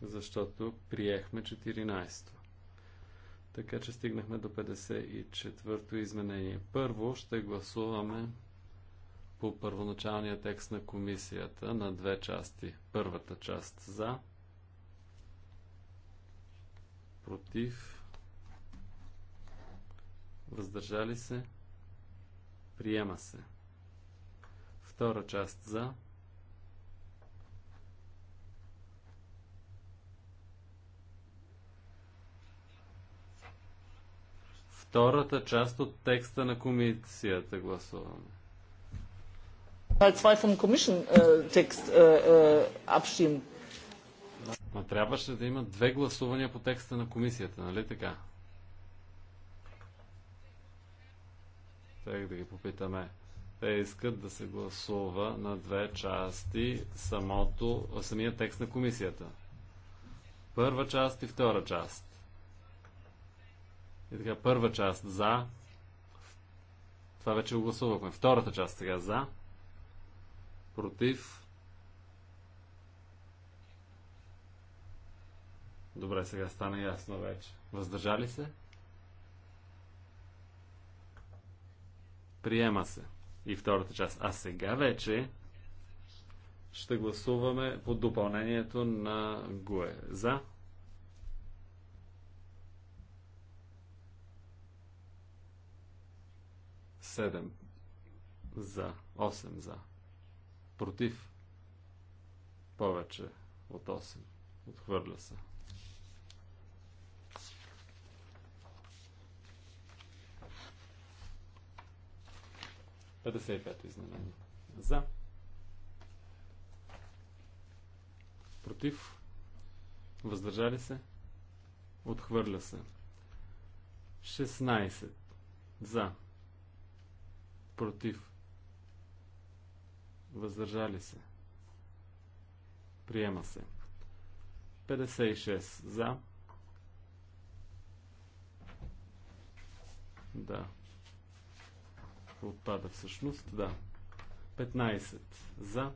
защото приехме 14-то. Така че стигнахме до 54-то изменение. Първо ще гласуваме по първоначалния текст на комисията на две части. Първата част за, против, въздържали се, приема се. Втора част за, втората част от текста на комисията гласуваме. Teil 2 vom Commission-Text äh, äh, abstimmen. Ма трябваше да има две гласувания по текста на комисията, нали така? Трябва да ги попитаме. Те искат да се гласува на две части самото, самия текст на комисията. Първа част и втора част. И така, първа част за. Това вече го гласувахме. Втората част сега за против. Добре, сега стана ясно вече. Въздържали се? Приема се. И втората част. А сега вече ще гласуваме по допълнението на ГУЕ. За? Седем. За. Осем за. Против. Повече от 8. Отхвърля се. Петдесет пето изменение. За. Против. Въздържали се. Отхвърля се. 16. За. Против. Въздържали се. Приема се. 56 за. Да. Отпада всъщност, да. 15 за.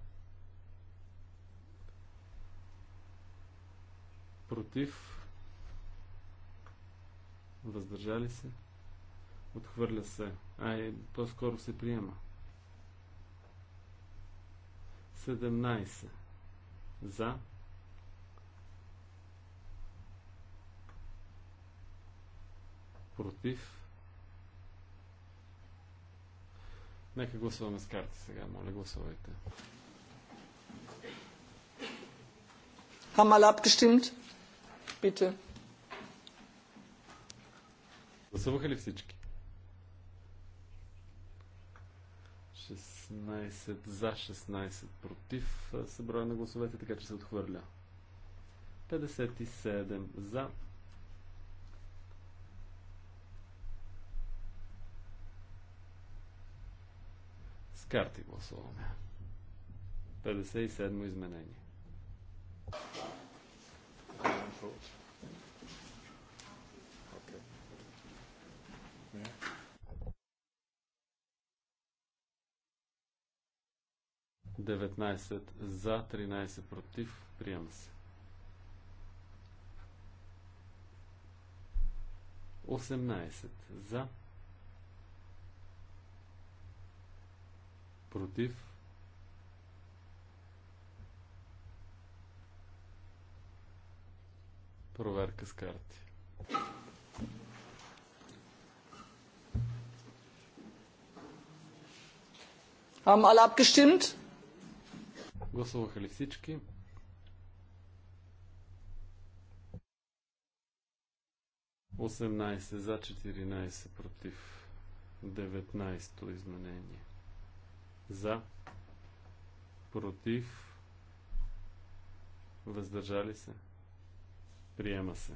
Против. Въздържали се. Отхвърля се. Ай, по-скоро се приема. 15. 17. За. Против. Нека гласуваме с карти сега. Моля, гласувайте. Хамал alle abgestimmt? Bitte. Гласуваха ли всички? 16. 16 за, 16 против съброя на гласовете, така че се отхвърля. 57 за. С карти гласуваме. 57 изменение. Thank you. 19 за, 13 против. Приема се. 18 за, против. Проверка с карти. Haben alle abgestimmt? Гласуваха ли всички? Осемнайсет за, 14 против. 19 изменение. За, против, въздържали се, приема се.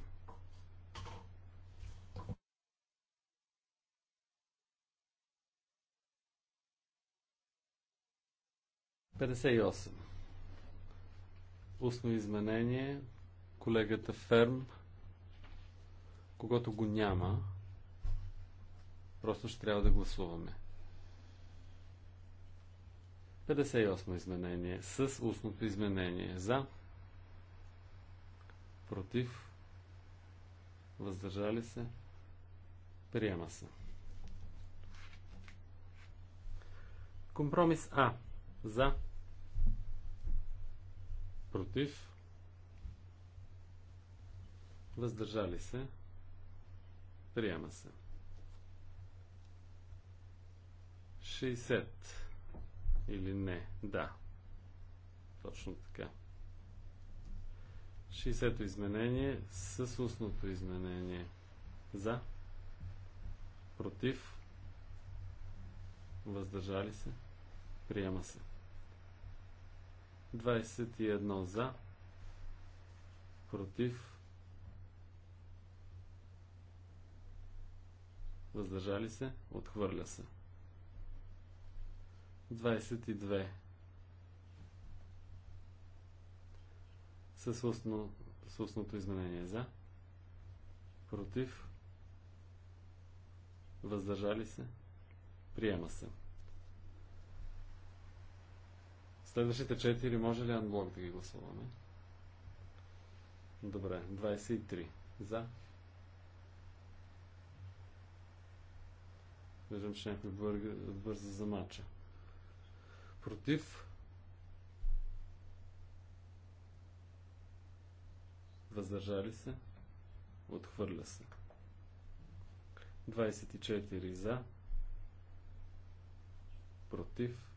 Петдесет и осем. Устно изменение. Колегата Ферм, когато го няма, просто ще трябва да гласуваме. 58 изменение. С устното изменение. За. Против. Въздържали се. Приема се. Компромис А. За против, въздържали се, приема се. 60 или не, да, точно така. 60-то изменение с устното изменение. За, против, въздържали се, приема се. 21 за, против, въздържали се, отхвърля се. 22 с, устно, с устното изменение за, против, въздържали се, приема се. Следващите 4 може ли анблок да ги гласуваме? Добре, 23. За. Виждам, че някой бърза за мача. Против. Въздържали се. Отхвърля се. 24 за. Против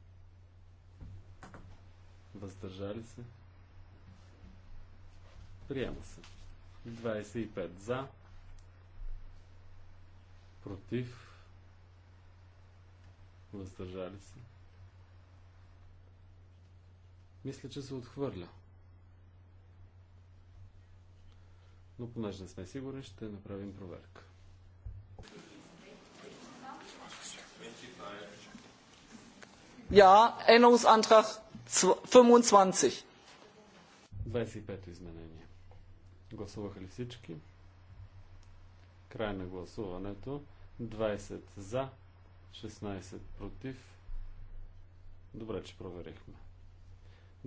въздържали се, приема се. 25 за, против, въздържали се. Мисля, че се отхвърля. Но понеже не сме сигурни, ще направим проверка. Ja, Änderungsantrag 25. 25 изменение. Гласуваха ли всички? Край на гласуването. 20 за, 16 против. Добре, че проверихме.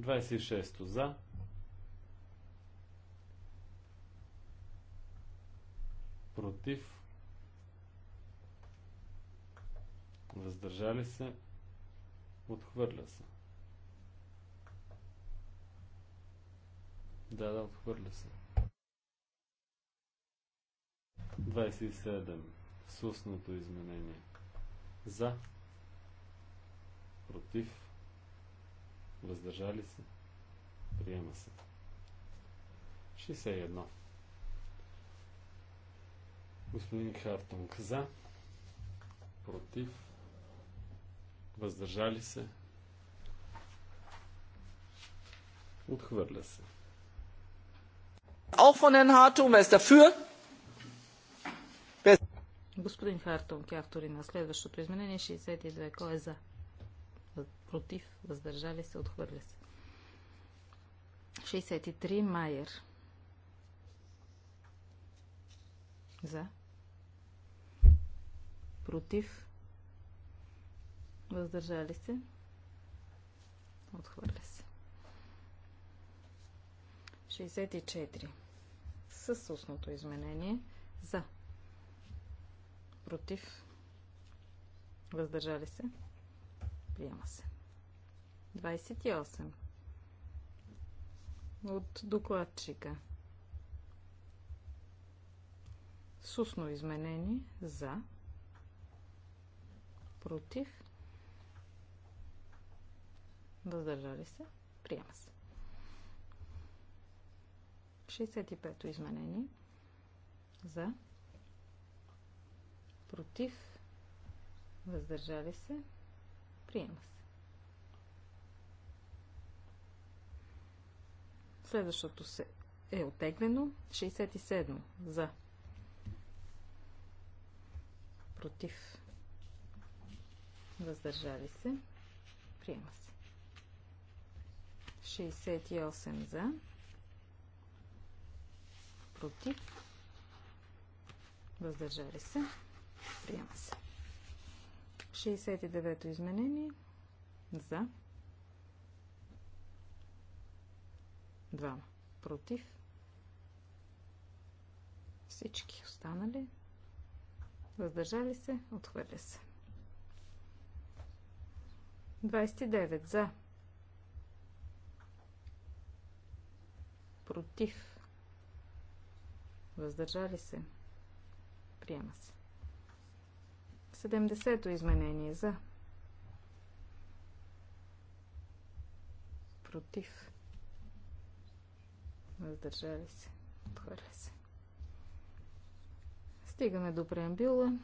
26 за. Против. Въздържали се. Отхвърля се. Да, да, отхвърля се. 27. Сусното изменение. За. Против. Въздържали се. Приема се. 61. Господин Хартунг. За. Против. Въздържали се. Отхвърля се. 62. Auch von Herrn Hartung, wer ist dafür? Господин Хартунг, е автори на следващото изменение 62. Кой е за? Против, въздържали се, отхвърля се. 63. Майер. За. Против. Въздържали се. Отхвърля се. 64 с устното изменение за против въздържали се приема се 28 от докладчика с устно изменение за против въздържали се приема се 65-то изменение. За. Против. Въздържали се. Приема се. Следващото се е отеглено. 67 за. Против. Въздържали се. Приема се. 68 за против, въздържали се, приема се. 69-то изменение за 2. против всички останали въздържали се, отхвърля се. 29 за против Въздържали се. Приема се. 70-то изменение за. Против. Въздържали се. Отхвърля се. Стигаме до преамбюла.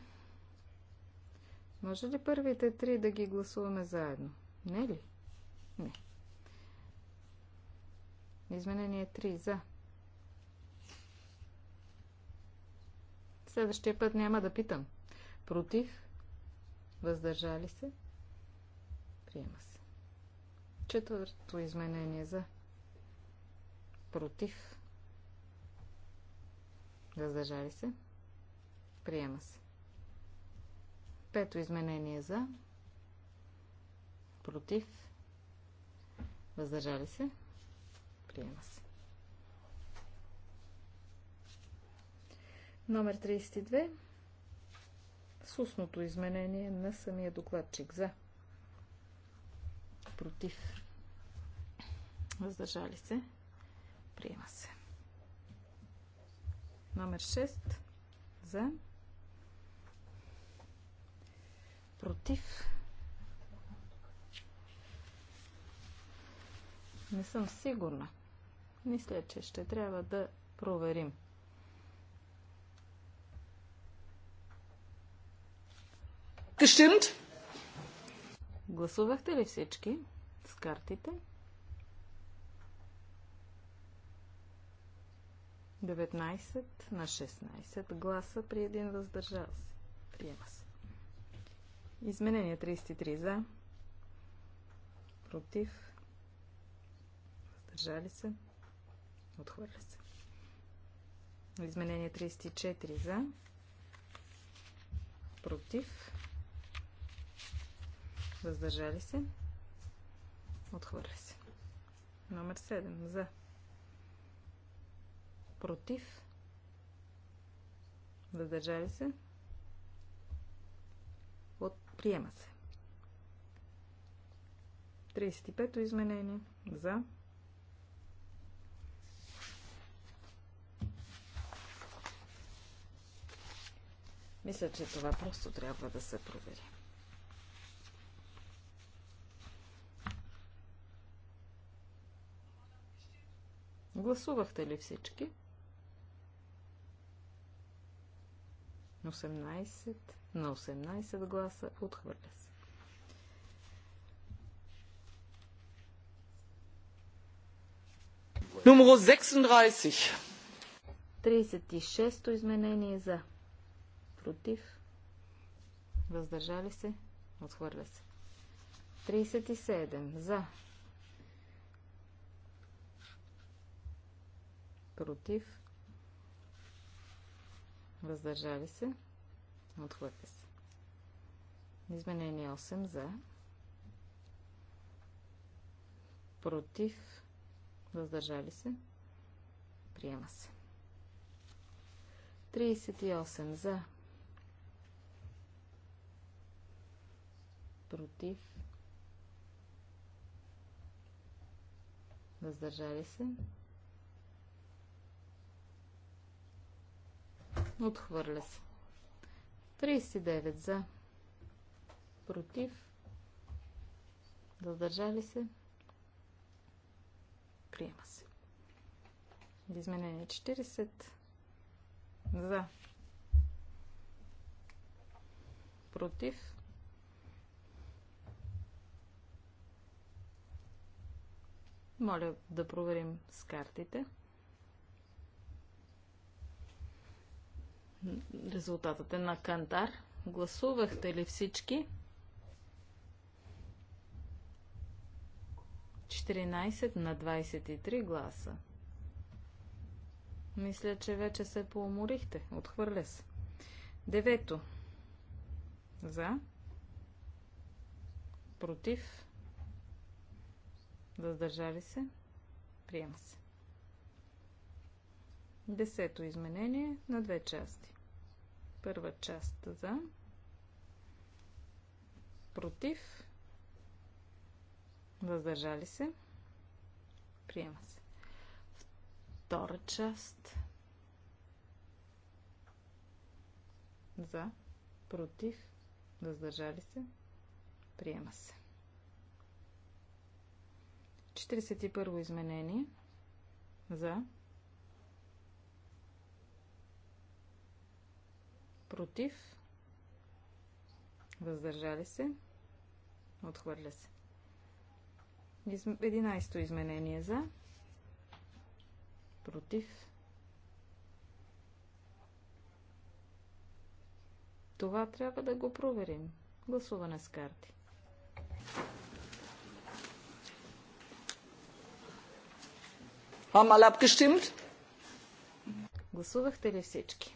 Може ли първите три да ги гласуваме заедно? Не ли? Не. Изменение 3 за. Следващия път няма да питам. Против? Въздържали се? Приема се. Четвърто изменение за против. Въздържали се? Приема се. Пето изменение за против. Въздържали се? Приема се. Номер 32. С устното изменение на самия докладчик. За. Против. Въздържали се. Приема се. Номер 6. За. Против. Не съм сигурна. Мисля, че ще трябва да проверим. Gestimmt? Гласувахте ли всички с картите? 19 на 16 гласа при един въздържал се. Приема се. Изменение 33 за. Против. Въздържали се. Отхвърля се. Изменение 34 за. Против. Въздържали се. Отхвърля се. Номер 7. За. Против. Въздържали се. От приема се. 35-то изменение. За. Мисля, че това просто трябва да се провери. Гласувахте ли всички? 18 на 18 гласа отхвърля се. Номеро 36. 36-то изменение за. Против. Въздържали се. Отхвърля се. 37 за. против, въздържали се, отхвърля се. Изменение 8 за, против, въздържали се, приема се. 38 за, против, въздържали се, Отхвърля се. 39 за. Против. Въздържали се. Приема се. Изменение 40. За. Против. Моля да проверим с картите. Резултатът е на Кантар. Гласувахте ли всички? 14 на 23 гласа. Мисля, че вече се поуморихте. Отхвърля се. Девето. За. Против. Въздържали се. Приема се. Десето изменение на две части. Първа част за. Против. Въздържали се. Приема се. Втора част. За. Против. Въздържали се. Приема се. 41 изменение. За. против, въздържали се, отхвърля се. 11-то изменение за, против. Това трябва да го проверим. Гласуване с карти. Гласувахте ли всички?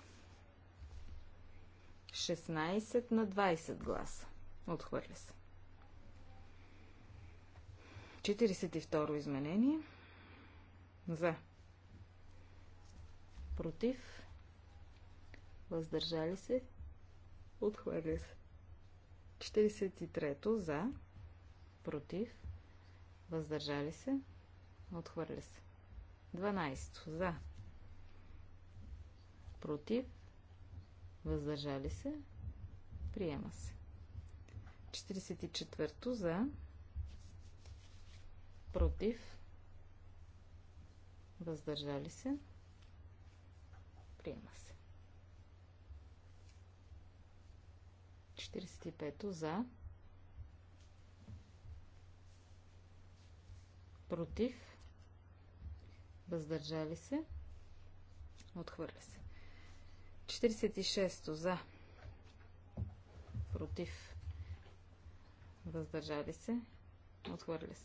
16 на 20 гласа. Отхвърля се. 42 изменение. За. Против. Въздържали се. Отхвърля се. 43 за. Против. Въздържали се. Отхвърля се. 12 за. Против въздържали се, приема се. 44-то за, против, въздържали се, приема се. 45-то за, против, въздържали се, отхвърля се. 46 за. Против. Въздържали се. Отхвърля се.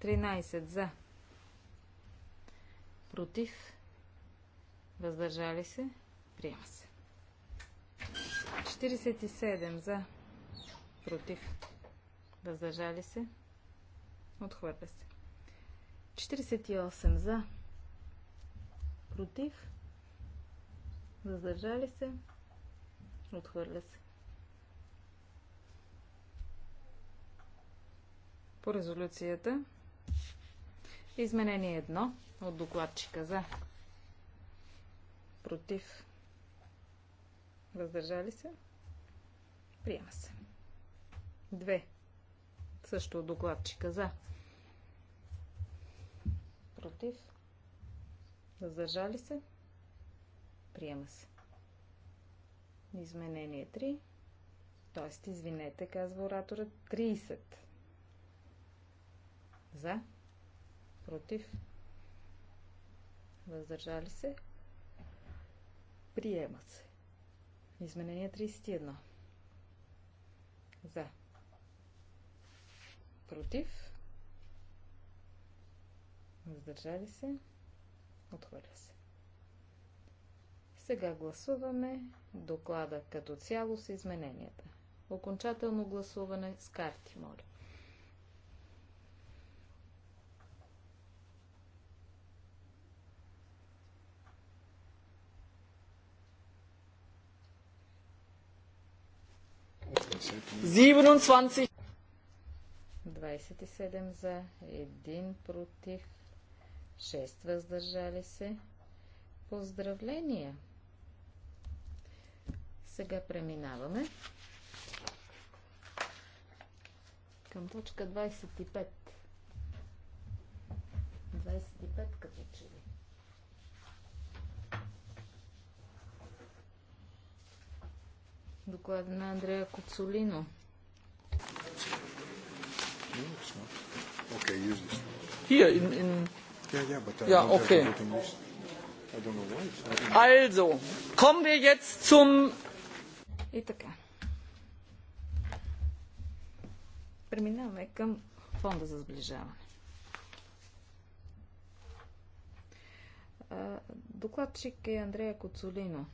13 за. Против. Въздържали се. Приема се. 47 за. Против. Въздържали се. Отхвърля се. 48 за. Против. Задържали се. Отхвърля се. По резолюцията. Изменение 1 от докладчика за. Против. Въздържали се. Приема се. 2. Също от докладчика за. Против. Въздържали се. Приема се. Изменение 3. Тоест, извинете, казва оратора, 30. За. Против. Въздържали се. Приема се. Изменение 31. За. Против. Въздържали се. Отхвърля се. Сега гласуваме доклада като цяло с измененията. Окончателно гласуване с карти, моля. Сибрунцванци. 27 за, 1 против, 6 въздържали се. Поздравления! Сега преминаваме към точка 25. 25 като че ли. Доклад на Андрея Коцолино. Okay, use this. Here in, in... Yeah, yeah, but I yeah, okay. know I don't why. Also, kommen wir jetzt zum и така. Преминаваме към фонда за сближаване. Докладчик е Андрея Коцолино.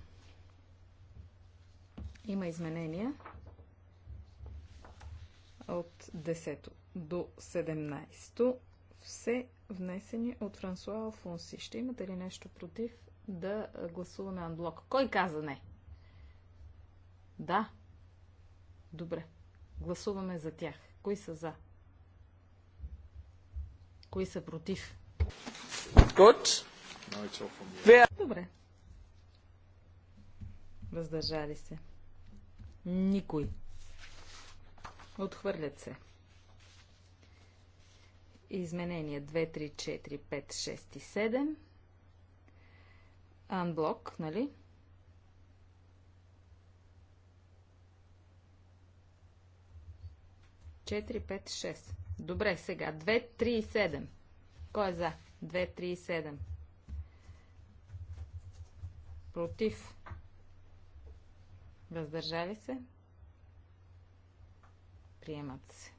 Има изменения от 10 до 17 все внесени от Франсуа Алфонси. Ще имате ли нещо против да гласуваме анблок? Кой каза не? Да. Добре. Гласуваме за тях. Кои са за? Кои са против? Good. Добре. Въздържали се. Никой. Отхвърлят се. Изменения 2, 3, 4, 5, 6 и 7. Анблок, нали? 4, 5, 6. Добре, сега 2, 3 7. Кой е за? 2, 3 7. Против. Въздържали се? Приемат се.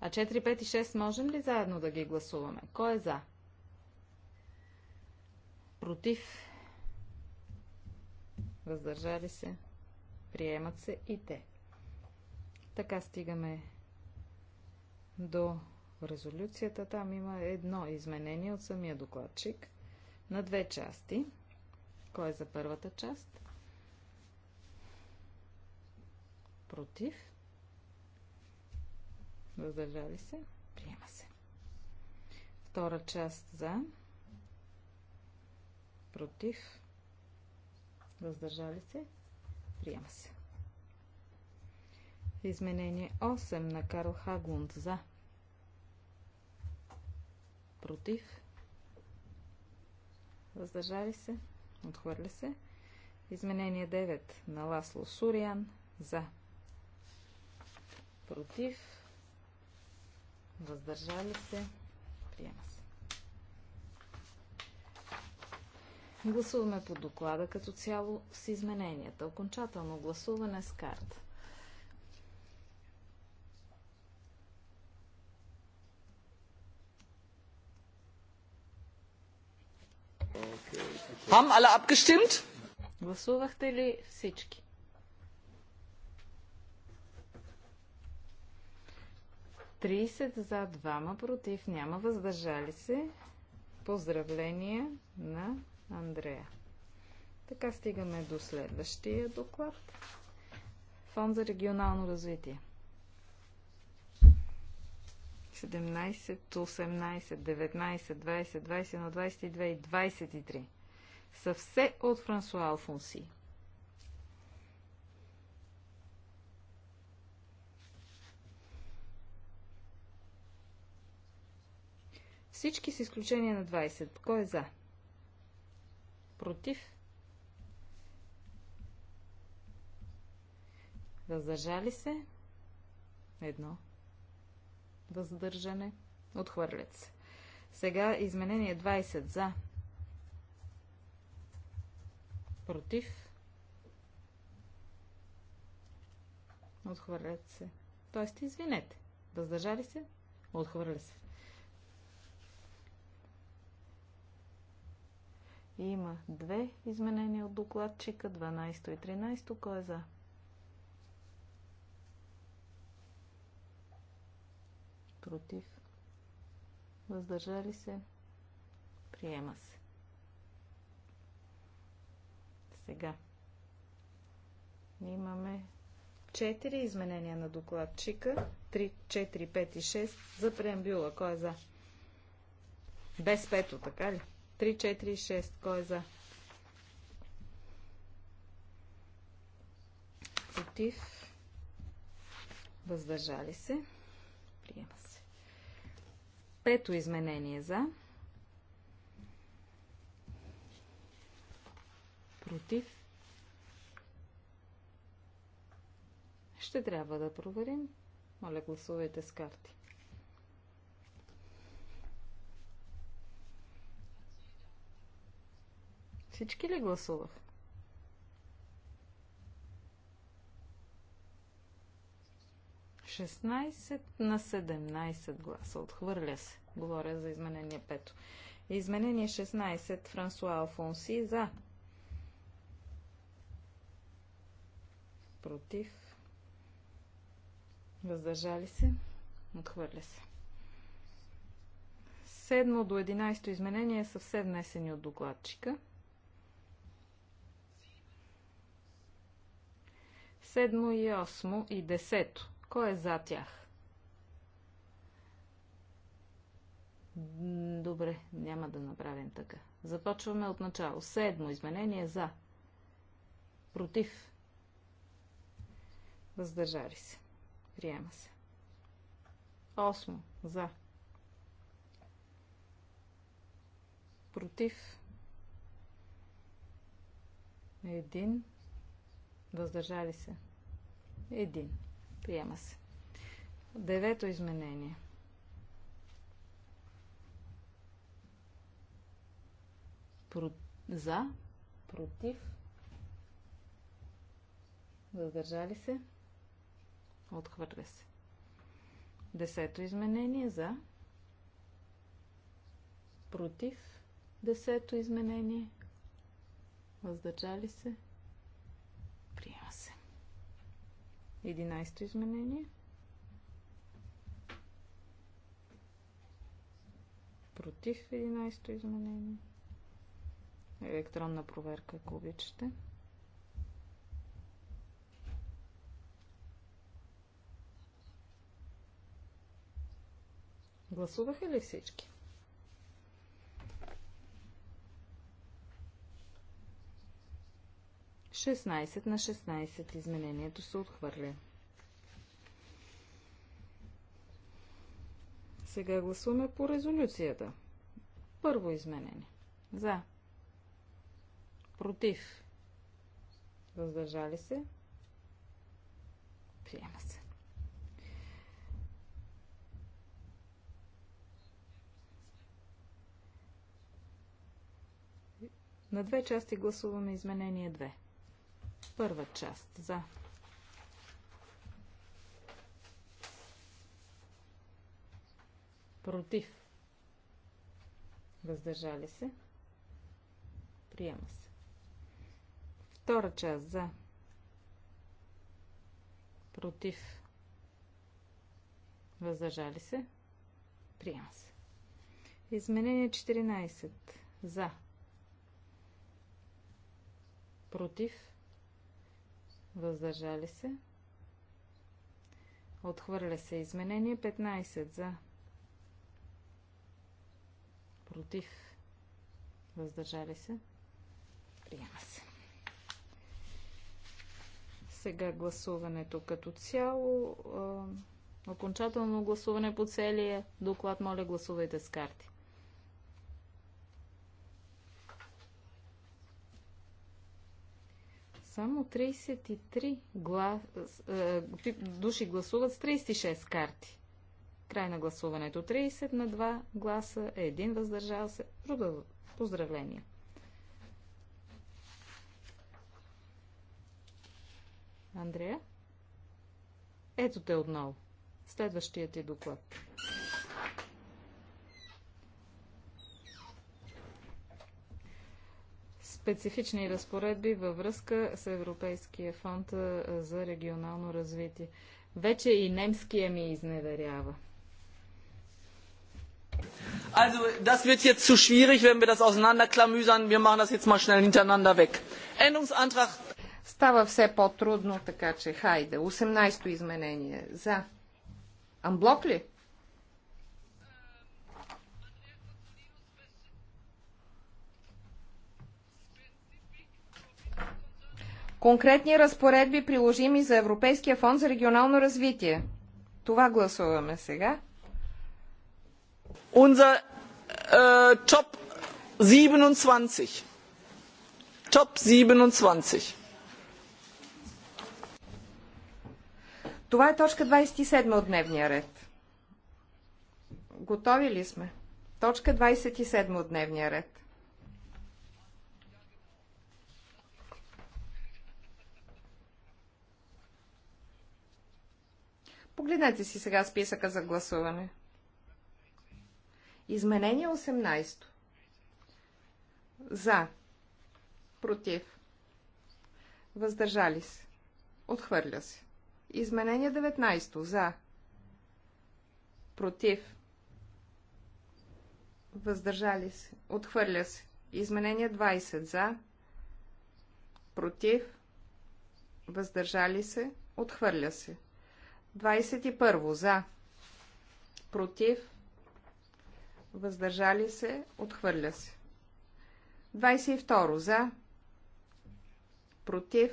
А 4, 5 и 6 можем ли заедно да ги гласуваме? Кой е за? Против. Въздържали се? Приемат се и те. Така стигаме до резолюцията. Там има едно изменение от самия докладчик на две части. Кой е за първата част? Против. Въздържали се. Приема се. Втора част за. Против. Въздържали се. Приема се. Изменение 8 на Карл Хагунд за. Против. Въздържали се. Отхвърля се. Изменение 9 на Ласло Суриан. за. Против. Въздържали се. Приема се. Гласуваме по доклада като цяло с измененията. Окончателно гласуване с карта. Haben alle abgestimmt? Гласувахте ли всички? за, против, няма въздържали се. Поздравления на Андрея. Така стигаме до следващия доклад. Фонд за регионално развитие. 17, 18, 19, 20, 21, 22 и 23 са все от Франсуа Алфонси. Всички с изключение на 20. Кой е за? Против? Въздържали се? Едно. Въздържане. Отхвърлят се. Сега изменение 20 за против, отхвърлят се. Тоест, извинете, въздържали се, отхвърля се. Има две изменения от докладчика, 12 и 13. Кой е за? Против. Въздържали се. Приема се. сега. Имаме 4 изменения на докладчика. 3, 4, 5 и 6 за преамбюла. Кой е за? Без 5, така ли? 3, 4 и 6. Кой е за? Против. Въздържали се. Приема се. Пето изменение за. против. Ще трябва да проверим. Моля, гласувайте с карти. Всички ли гласувах? Шестнайсет на 17 гласа. Отхвърля се. Говоря за изменение 5. Изменение 16. Франсуа Алфонси за. против, въздържали се, отхвърля се. Седмо до 11 изменение са все внесени от докладчика. Седмо и осмо и десето. Кой е за тях? Добре, няма да направим така. Започваме от начало. Седмо изменение за. Против. Въздържали се. Приема се. Осмо. За. Против. Един. Въздържали се. Един. Приема се. Девето изменение. Про... За. Против. Въздържали се. Отхвърля се. Десето изменение за. Против. Десето изменение. Въздържали се. Приема се. Единайсто изменение. Против 11-то изменение. Електронна проверка, ако обичате. Гласуваха ли всички? Шестнайсет на 16 изменението се отхвърля. Сега гласуваме по резолюцията. Първо изменение. За. Против. Въздържали се. Приема се. На две части гласуваме изменение 2. Първа част за. Против. Въздържали се. Приема се. Втора част за. Против. Въздържали се. Приема се. Изменение 14. За против, въздържали се. Отхвърля се изменение 15 за против, въздържали се. Приема се. Сега гласуването като цяло. Окончателно гласуване по целия доклад. Моля, гласувайте с карти. Само 33 глас, э, души гласуват с 36 карти. Край на гласуването 30 на 2 гласа, е един въздържал се. Поздравления! Андрея? Ето те отново. Следващият ти доклад. специфични разпоредби във връзка с Европейския фонд за регионално развитие. Вече и немския ми изневерява. Also, das wird jetzt zu schwierig, wenn wir das auseinanderklamüsern. Wir machen das jetzt mal schnell hintereinander weg. Änderungsantrag. Става все по-трудно, така че хайде. 18-то изменение. За. Амблок ли? Конкретни разпоредби, приложими за Европейския фонд за регионално развитие. Това гласуваме сега. Унза е, топ 27. Топ 27. Това е точка 27 от дневния ред. Готови ли сме? Точка 27 от дневния ред. Погледнете си сега списъка за гласуване. Изменение 18. За. Против. Въздържали се. Отхвърля се. Изменение 19. За. Против. Въздържали се. Отхвърля се. Изменение 20. За. Против. Въздържали се. Отхвърля се. 21. За. Против. Въздържали се. Отхвърля се. 22. За. Против.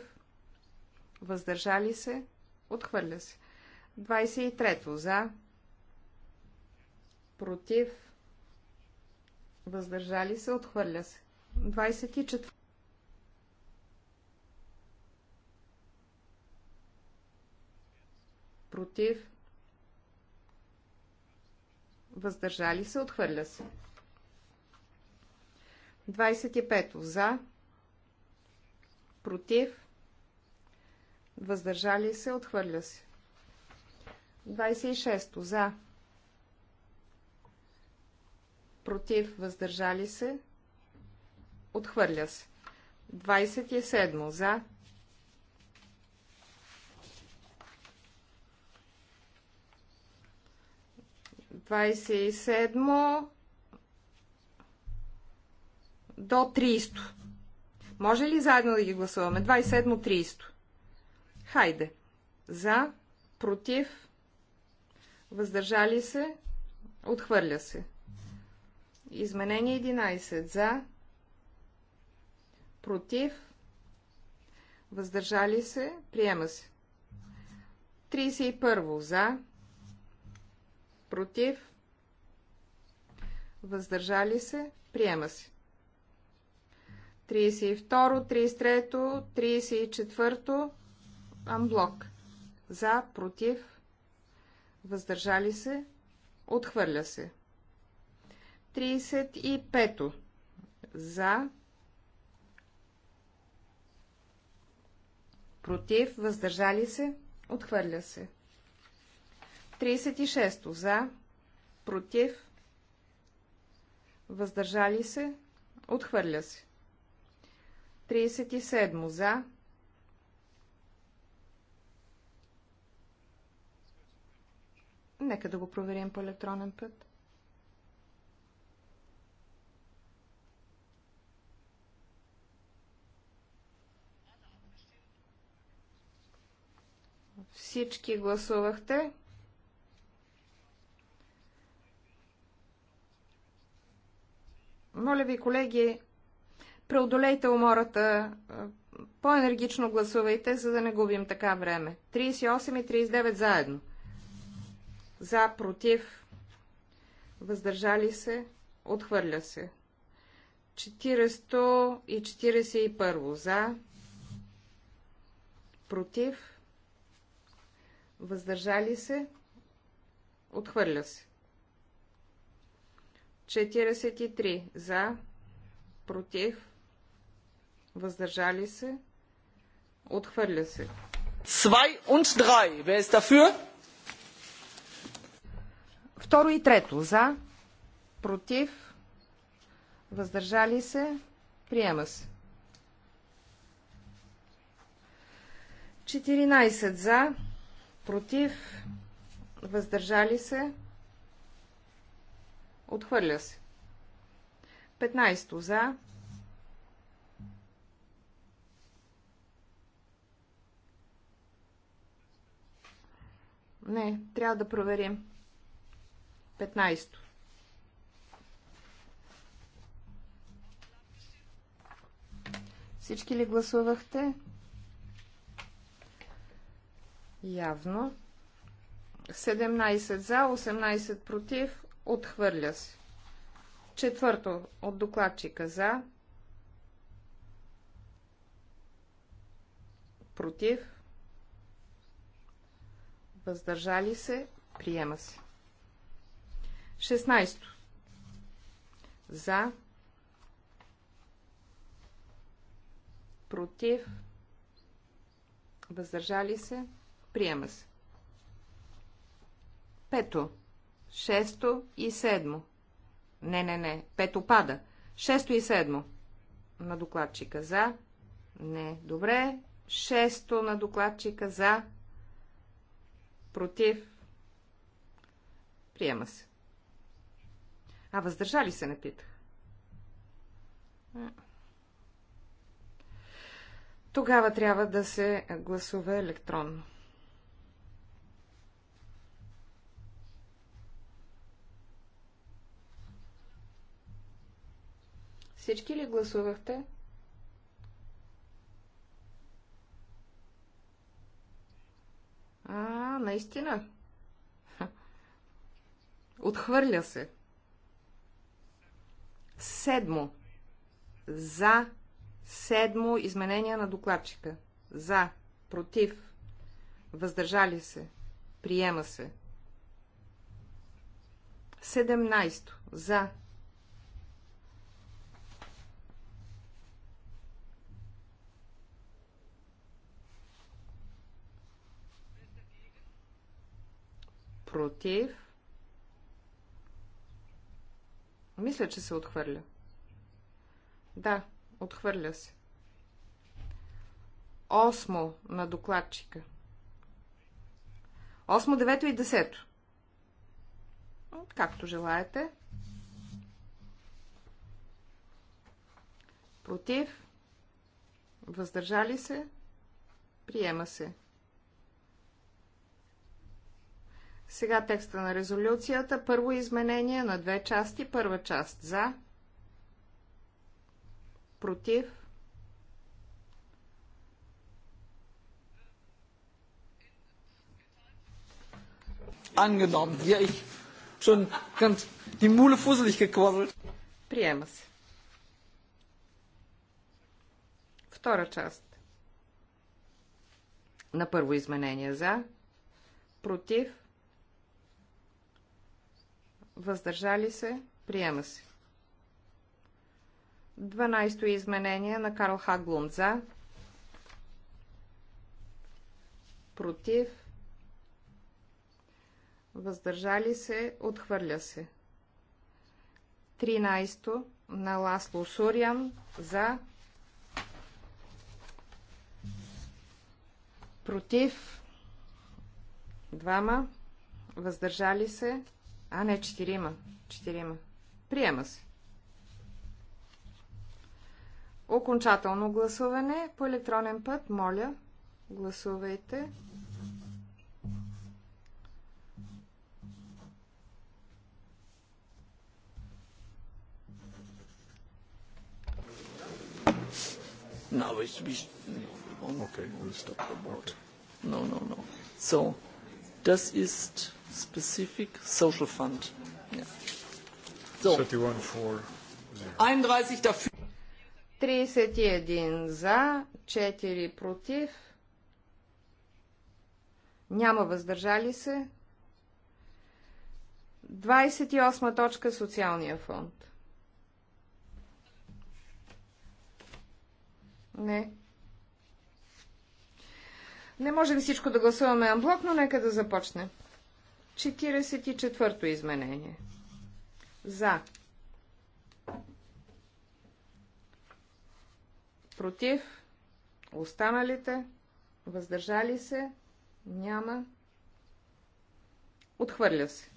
Въздържали се. Отхвърля се. 23. За. Против. Въздържали се. Отхвърля се. 24. против, въздържали се, отхвърля се. 25. За, против, въздържали се, отхвърля се. 26. За, против, въздържали се, отхвърля се. 27. За, против, 27 до 30. Може ли заедно да ги гласуваме? 27-30. Хайде. За, против, въздържали се, отхвърля се. Изменение 11. За, против, въздържали се, приема се. 31. За, против, въздържали се, приема се. 32, 33, 34, амблок. За, против, въздържали се, отхвърля се. 35. За, против, въздържали се, отхвърля се. 36. 36 за, против, въздържали се, отхвърля се. 37 за, Нека да го проверим по електронен път. Всички гласувахте. Моля ви, колеги, преодолейте умората, по-енергично гласувайте, за да не губим така време. 38 и 39 заедно. За, против, въздържали се, отхвърля се. 40 и 41 за, против, въздържали се, отхвърля се. 43 за, против, въздържали се, отхвърля се. 2 und 3. Wer ist dafür? Второ и трето за, против, въздържали се, приема се. 14 за, против, въздържали се, Отхвърля се. 15 за. Не, трябва да проверим. 15. Всички ли гласувахте? Явно. 17 за, 18 против, Отхвърля се. Четвърто от докладчика за. Против. Въздържали се. Приема се. 16. За. Против. Въздържали се. Приема се. Пето. Шесто и седмо. Не, не, не. Пето пада. Шесто и седмо. На докладчика за. Не. Добре. Шесто на докладчика за. Против. Приема се. А въздържали се, не питах. Тогава трябва да се гласува електронно. Всички ли гласувахте? А, наистина. Отхвърля се. Седмо. За. Седмо изменение на докладчика. За. Против. Въздържали се. Приема се. Седемнайсто. За. против. Мисля, че се отхвърля. Да, отхвърля се. Осмо на докладчика. Осмо, девето и десето. Както желаете. Против. Въздържали се. Приема се. Сега текста на резолюцията. Първо изменение на две части. Първа част за, против, angenommen. Ja, ich schon ganz die Mule fusselig gequasselt. Приема се. Втора част. На първо изменение за, против, въздържали се, приема се. 12-то изменение на Карл Хаглунд за, против, въздържали се, отхвърля се. 13-то на Ласло Сурян за, против, двама, въздържали се, а, не, четирима. Четирима. Приема се. Окончателно гласуване по електронен път. Моля, гласувайте. Now it's okay, we'll stop the board. No, no, no. So, das ist specific social fund. Yeah. So. 31 for 31 31 за, 4 против, няма въздържали се. 28 точка социалния фонд. Не. Не можем всичко да гласуваме анблок, но нека да започне. 44-то изменение. За. Против. Останалите. Въздържали се. Няма. Отхвърля се.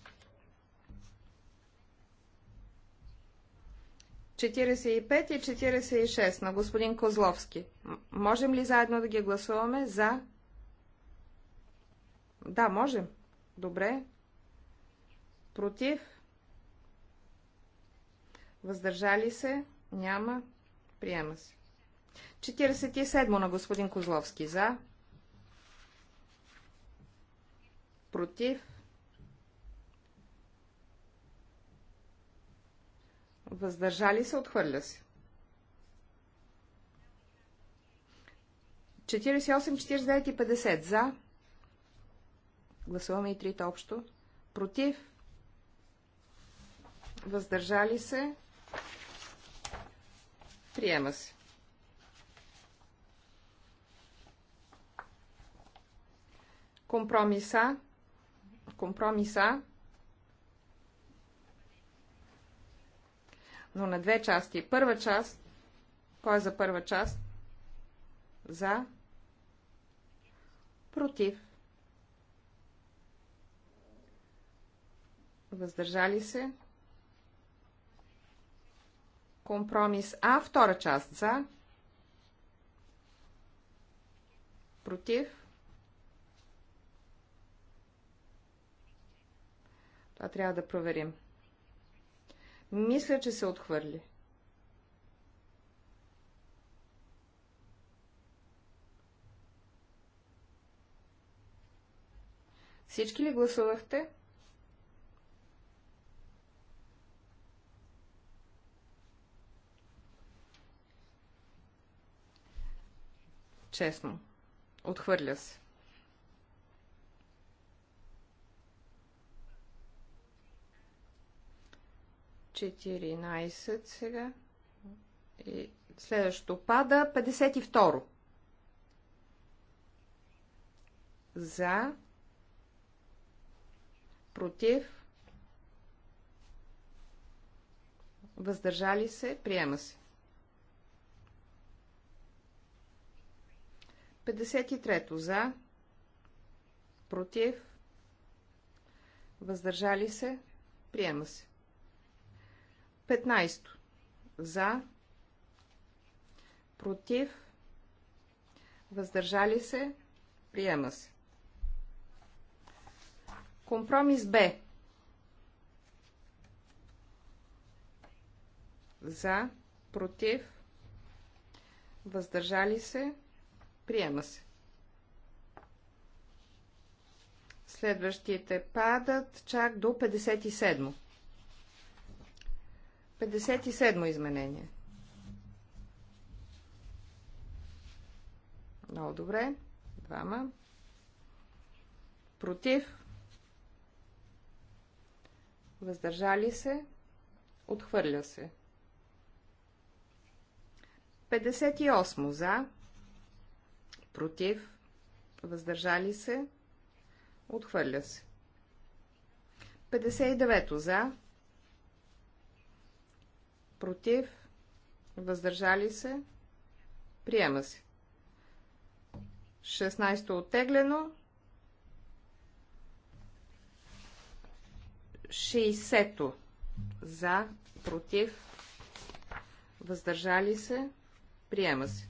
45 и 46 на господин Козловски. Можем ли заедно да ги гласуваме за? Да, можем. 45. Добре. Против. Въздържали се? Няма. Приема се. 47 на господин Козловски. За. Против. Въздържали се? Отхвърля се. 48, 49 и 50. За. Гласуваме и трите общо. Против. Въздържали се. Приема се. Компромиса. Компромиса. Но на две части. Първа част. Кой е за първа част? За. Против. въздържали се. Компромис А, втора част за, против. Това трябва да проверим. Мисля, че се отхвърли. Всички ли гласувахте? честно. Отхвърля се. Четиринайсет сега. И следващото пада. 52. За. Против. Въздържали се. Приема се. 53 за, против, въздържали се, приема се. 15 за, против, въздържали се, приема се. Компромис Б. За, против, въздържали се, Приема се. Следващите падат чак до 57. 57 изменение. Много добре. Двама. Против. Въздържали се. Отхвърля се. 58 за против, въздържали се, отхвърля се. 59 за, против, въздържали се, приема се. 16 оттеглено, 60 за, против, въздържали се, приема се.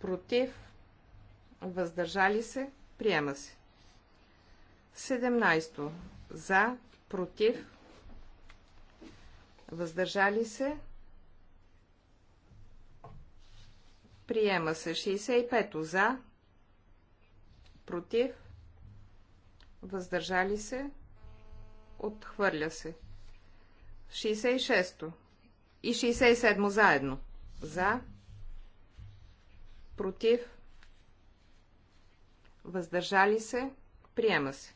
против, въздържали се, приема се. 17. За, против, въздържали се, приема се. 65. За, против, въздържали се, отхвърля се. 66. И 67 заедно. За, против, въздържали се, приема се.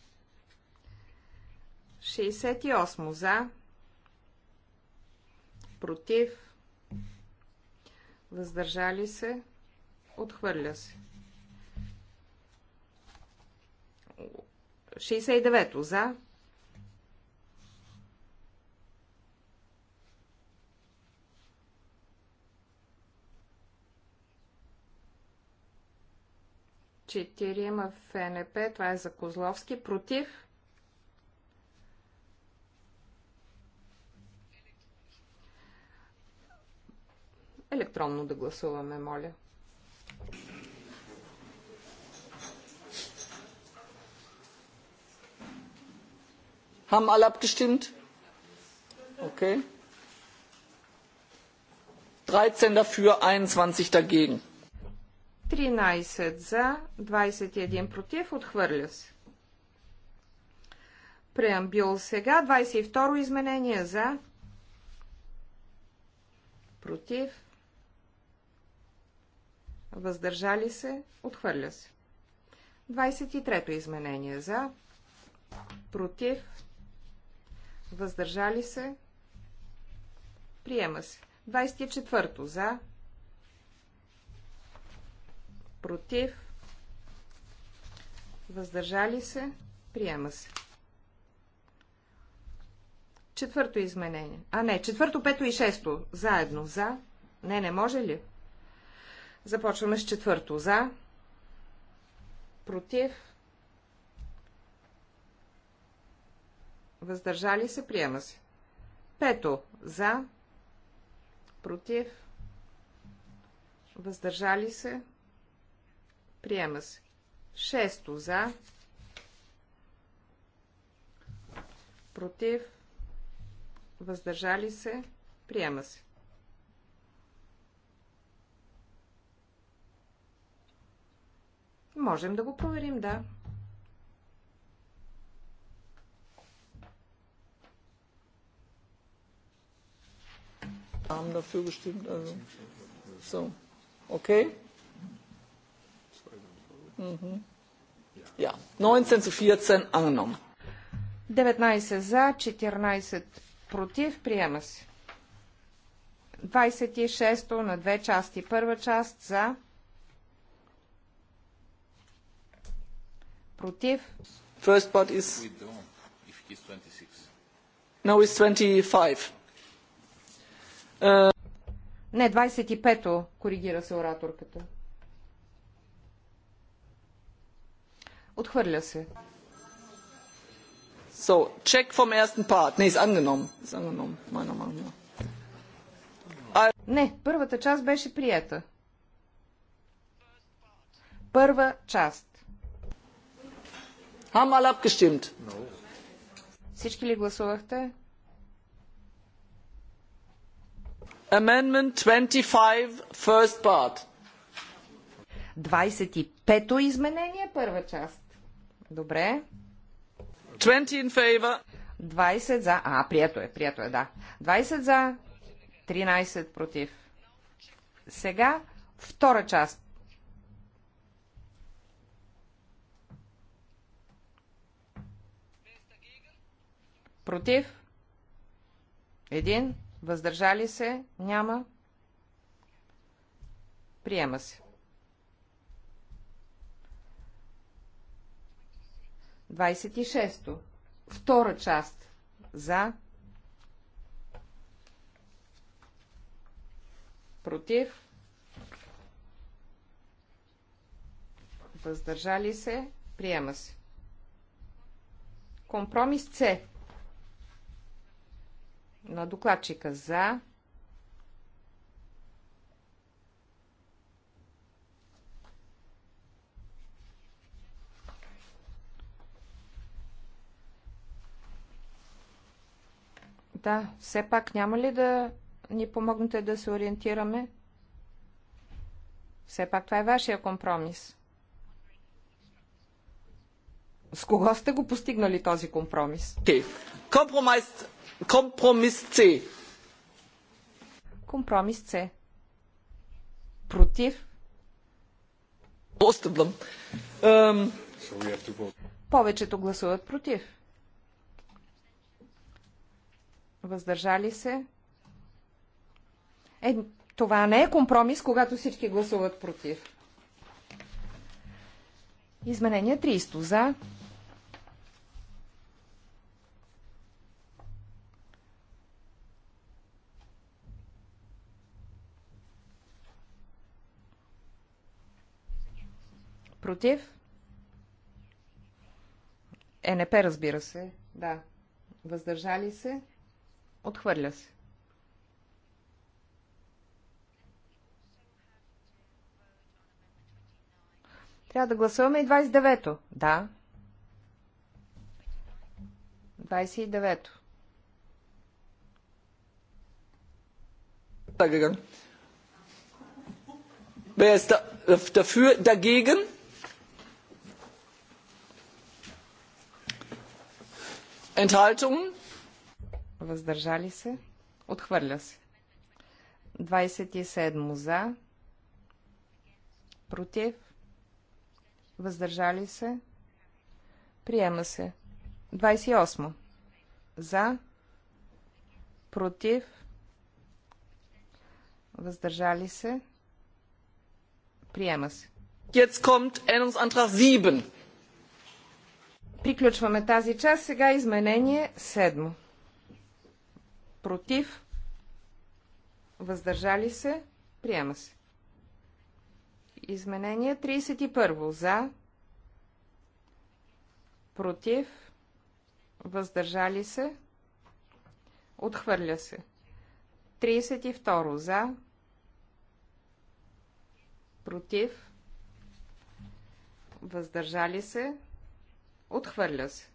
68 за, против, въздържали се, отхвърля се. 69 за, 4 в НП, това е за Козловски, против. Електронно да гласуваме, моля. Хам alle abgestimmt? Окей. 13 dafür, 21 dagegen. 13 за, 21 против, отхвърля се. Преамбил сега, 22 изменение за, против, въздържали се, отхвърля се. 23 изменение за, против, въздържали се, приема се. 24 за, против, въздържали се, приема се. Четвърто изменение. А не, четвърто, пето и шесто. Заедно. За. Не, не може ли? Започваме с четвърто. За. Против. Въздържали се, приема се. Пето. За. Против. Въздържали се, Приема се. Шесто за. Против. Въздържали се. Приема се. Можем да го проверим, да. haben dafür gestimmt. Also, so, okay. Ja, 19 zu 14 angenommen. 19 за, 14 против, приема се. 26-то на две части. Първа част за, против. First part is... If he's 26. No, it's 25. Uh... Не, 25-то, коригира се ораторката. отхвърля се. So, check from ersten part. Не, изангеном. Изангеном. Майна, майна. Не, първата част беше приета. Първа част. Хам алап гестимт. Всички ли гласувахте? Amendment 25, first part. 25-то изменение, първа част. Добре. 20 in favor. 20 за. А, прието е, прието е, да. 20 за, 13 против. Сега втора част. Против? Един. Въздържали се? Няма. Приема се. 26. Втора част. За. Против. Въздържали се. Приема се. Компромис С. На докладчика за. Да, все пак няма ли да ни помогнете да се ориентираме? Все пак това е вашия компромис. С кого сте го постигнали този компромис? Okay. Компромис, С. Компромис С. Против. Um... Повечето гласуват против въздържали се. Е, това не е компромис, когато всички гласуват против. Изменение 300 за. Против? ЕНП, разбира се. Да. Въздържали се? Отхвърля се. Трябва да гласуваме и 29-то. Да. 29-то. Dagegen. Wer ist da, dafür, dagegen? Enthaltungen? въздържали се, отхвърля се. 27 за, против, въздържали се, приема се. 28 за, против, въздържали се, приема се. Jetzt kommt Änderungsantrag 7. Приключваме тази част. Сега изменение 7 против, въздържали се, приема се. Изменение 31. За, против, въздържали се, отхвърля се. 32. За, против, въздържали се, отхвърля се.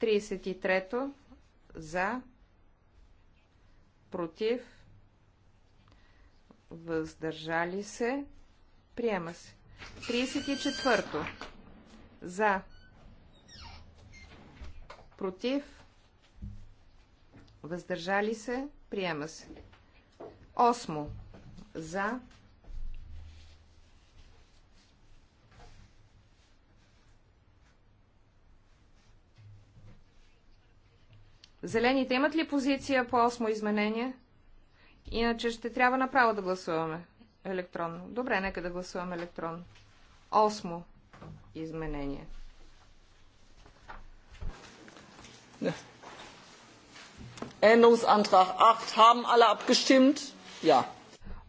33. За, против, против, въздържали се, приема се. 34. За, против, въздържали се, приема се. 8. За, Зелените имат ли позиция по осмо изменение? Иначе ще трябва направо да гласуваме електронно. Добре, нека да гласуваме електронно. Осмо изменение. Änderungsantrag 8. Haben alle abgestimmt? Ja.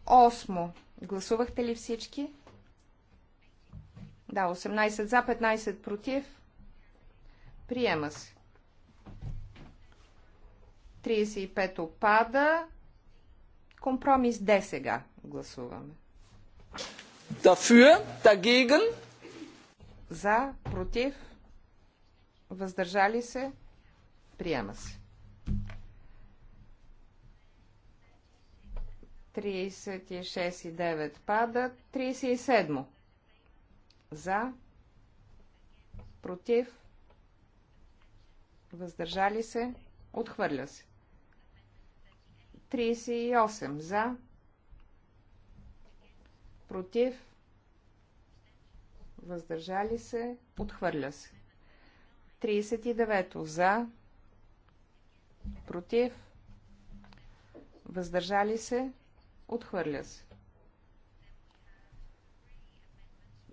Осмо. Гласувахте ли всички? Да, 18 за, 15 против. Приема се. 35 опада. Компромис Д сега гласуваме. Дафюр, дагеген. За, против, въздържали се, приема се. 36 и 9 пада. 37. За. Против. Въздържали се. Отхвърля се. 38 за, против, въздържали се, отхвърля се. 39 за, против, въздържали се, отхвърля се.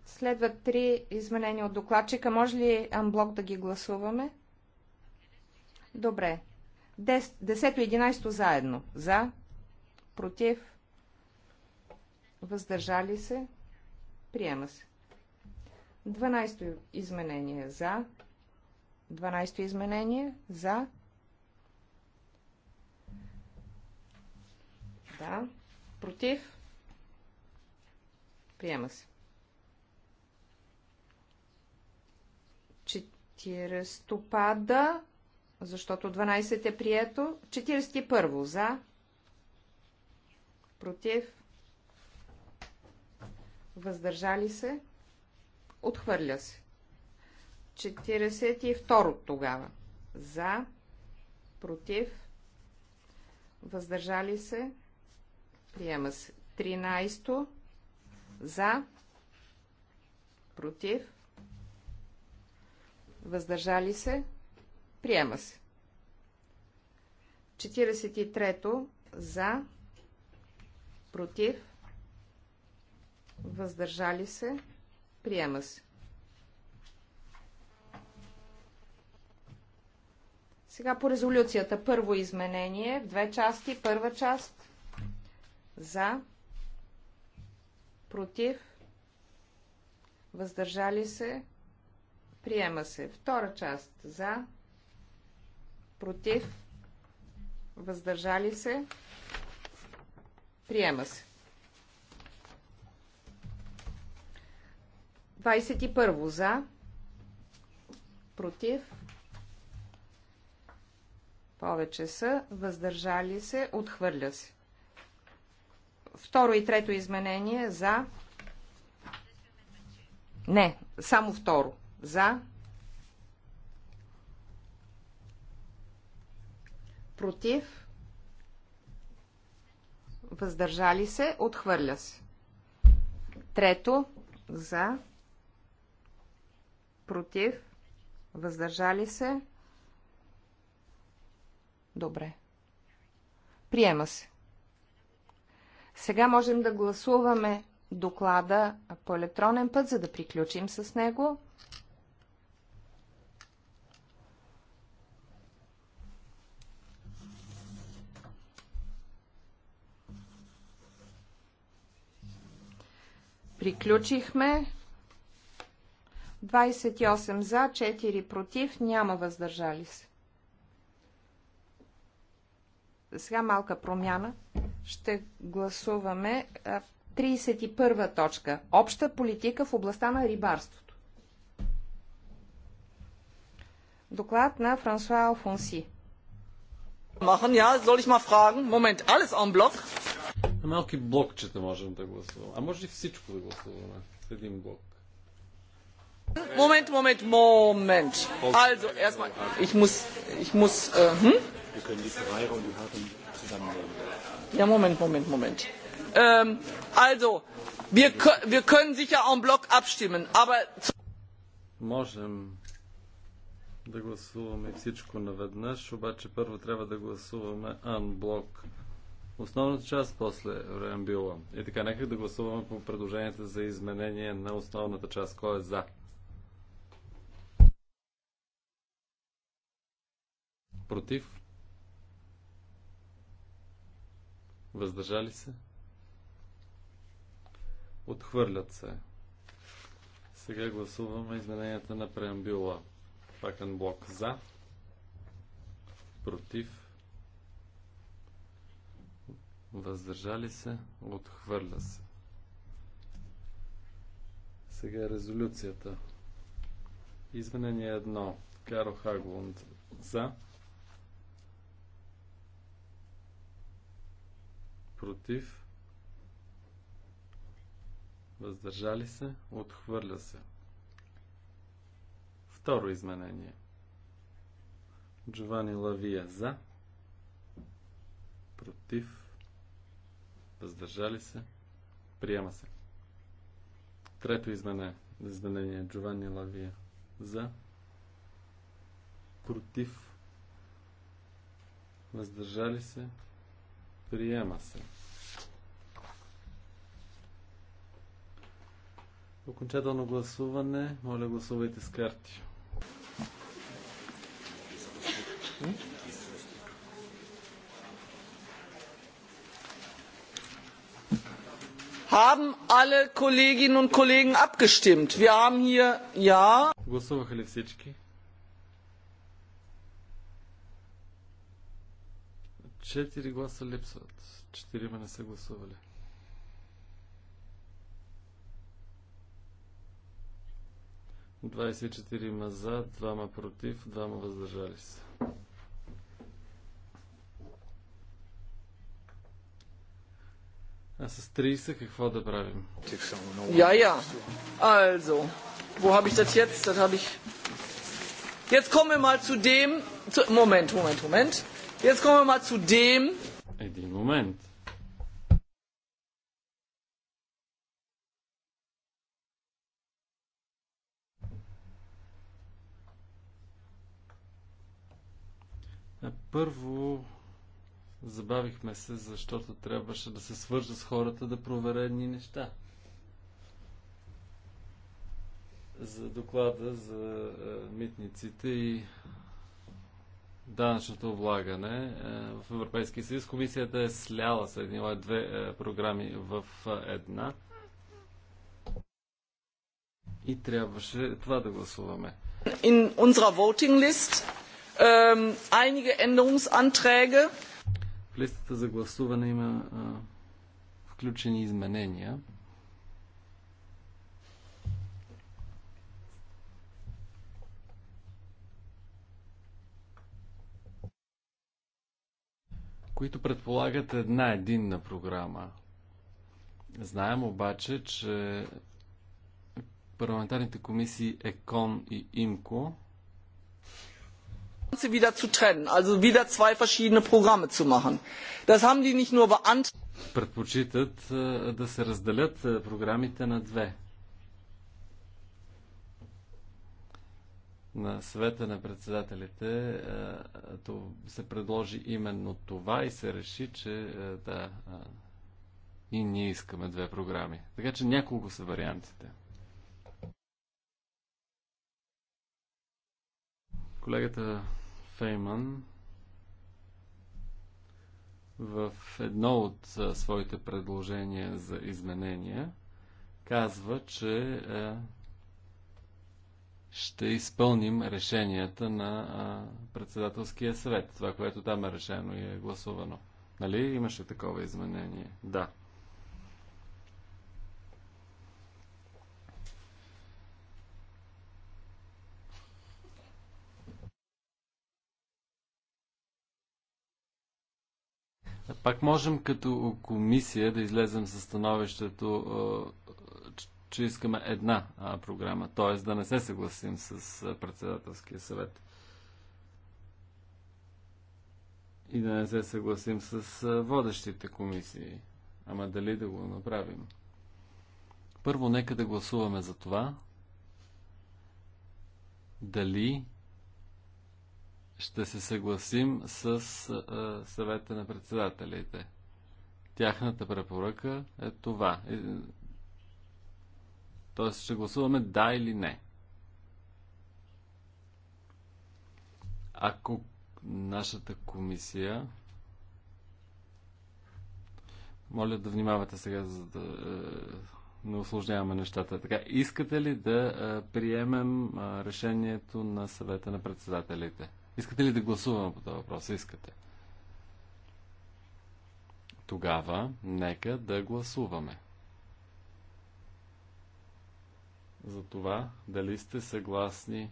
Следват три изменения от докладчика. Може ли Анблок да ги гласуваме? Добре. 10 и 11 заедно. За, против, въздържали се, приема се. 12 изменение за, 12 изменение за, да, против, приема се. 40 пада, защото 12 е прието. 41 за, против, въздържали се, отхвърля се. 42 тогава. За, против, въздържали се, приема се. 13 за, против, въздържали се, Приема се. 43-то за, против, въздържали се, приема се. Сега по резолюцията първо изменение в две части. Първа част за, против, въздържали се, приема се. Втора част за, против, против, въздържали се, приема се. 21 за, против, повече са, въздържали се, отхвърля се. Второ и трето изменение за. Не, само второ. За, против, въздържали се, отхвърля се. Трето, за, против, въздържали се. Добре. Приема се. Сега можем да гласуваме доклада по електронен път, за да приключим с него. Приключихме. 28 за, 4 против, няма въздържали се. Сега малка промяна. Ще гласуваме 31 точка. Обща политика в областта на рибарството. Доклад на Франсуа Алфонси. Machen, ja, soll ich mal fragen? Moment, alles en bloc? На малки блокчета можем да гласуваме. А може и всичко да гласуваме в един блок. Moment, Moment, Moment. Also, erstmal, ich muss, ich muss, äh, hm? Wir können die Ferreira und die Harten zusammennehmen. Ja, Moment, Moment, Moment. Ähm, also, wir, wir können sicher en bloc abstimmen, aber... Можем да гласуваме всичко наведнъж, обаче първо трябва да гласуваме анблок. блок Основната част после преамбюла. И така, нека да гласуваме по предложенията за изменение на основната част. Кой е за? Против? Въздържали се? Отхвърлят се. Сега гласуваме измененията на преамбюла. Пакен блок за, против, въздържали се, отхвърля се. Сега е резолюцията. Изменение едно. Каро Хаглунд за. Против. Въздържали се. Отхвърля се. Второ изменение. Джовани Лавия за. Против въздържали се, приема се. Трето изменение, изменение Джованни Лавия за, против, въздържали се, приема се. Окончателно гласуване, моля гласувайте с карти. Mm-hmm. Haben alle Kolleginnen und Kollegen abgestimmt? Wir haben hier Ja. Гласуваха ли всички? Четири гласа липсват. Четирима не са гласували. Двадесет и ма за, двама против, двама въздържали се. А с 30 какво да правим? Ja, ja. Also, wo habe ich das jetzt? Das habe ich. Jetzt kommen wir mal zu dem. Zu, Moment, Moment, Moment. Jetzt kommen wir mal zu dem. Един момент. Първо Забавихме се, защото трябваше да се свържа с хората да проверя едни неща. За доклада за е, митниците и данъчното облагане е, в Европейския съюз. Комисията е сляла, с едни е, две програми в една. И трябваше това да гласуваме. In unserer voting list ähm, einige Änderungsanträge в листата за гласуване има а, включени изменения. които предполагат една единна програма. Знаем обаче, че парламентарните комисии ЕКОН и ИМКО ganze wieder zu trennen, also wieder zwei verschiedene Programme zu machen. Das haben die nicht nur beantragt. Е, е, на две. света на председателите е, то се предложи именно това и се реши, че да, и ние искаме две програми. Така че няколко са вариантите. Колегата Фейман в едно от своите предложения за изменения казва, че ще изпълним решенията на председателския съвет. Това, което там е решено и е гласувано. Нали? Имаше такова изменение. Да. Пак можем като комисия да излезем със становището, че искаме една програма, т.е. да не се съгласим с председателския съвет. И да не се съгласим с водещите комисии. Ама дали да го направим? Първо, нека да гласуваме за това. Дали ще се съгласим с а, съвета на председателите. Тяхната препоръка е това. Тоест ще гласуваме да или не. Ако нашата комисия. Моля да внимавате сега, за да е, не осложняваме нещата. Така, искате ли да е, приемем е, решението на съвета на председателите? Искате ли да гласуваме по този въпрос? Искате. Тогава, нека да гласуваме. За това, дали сте съгласни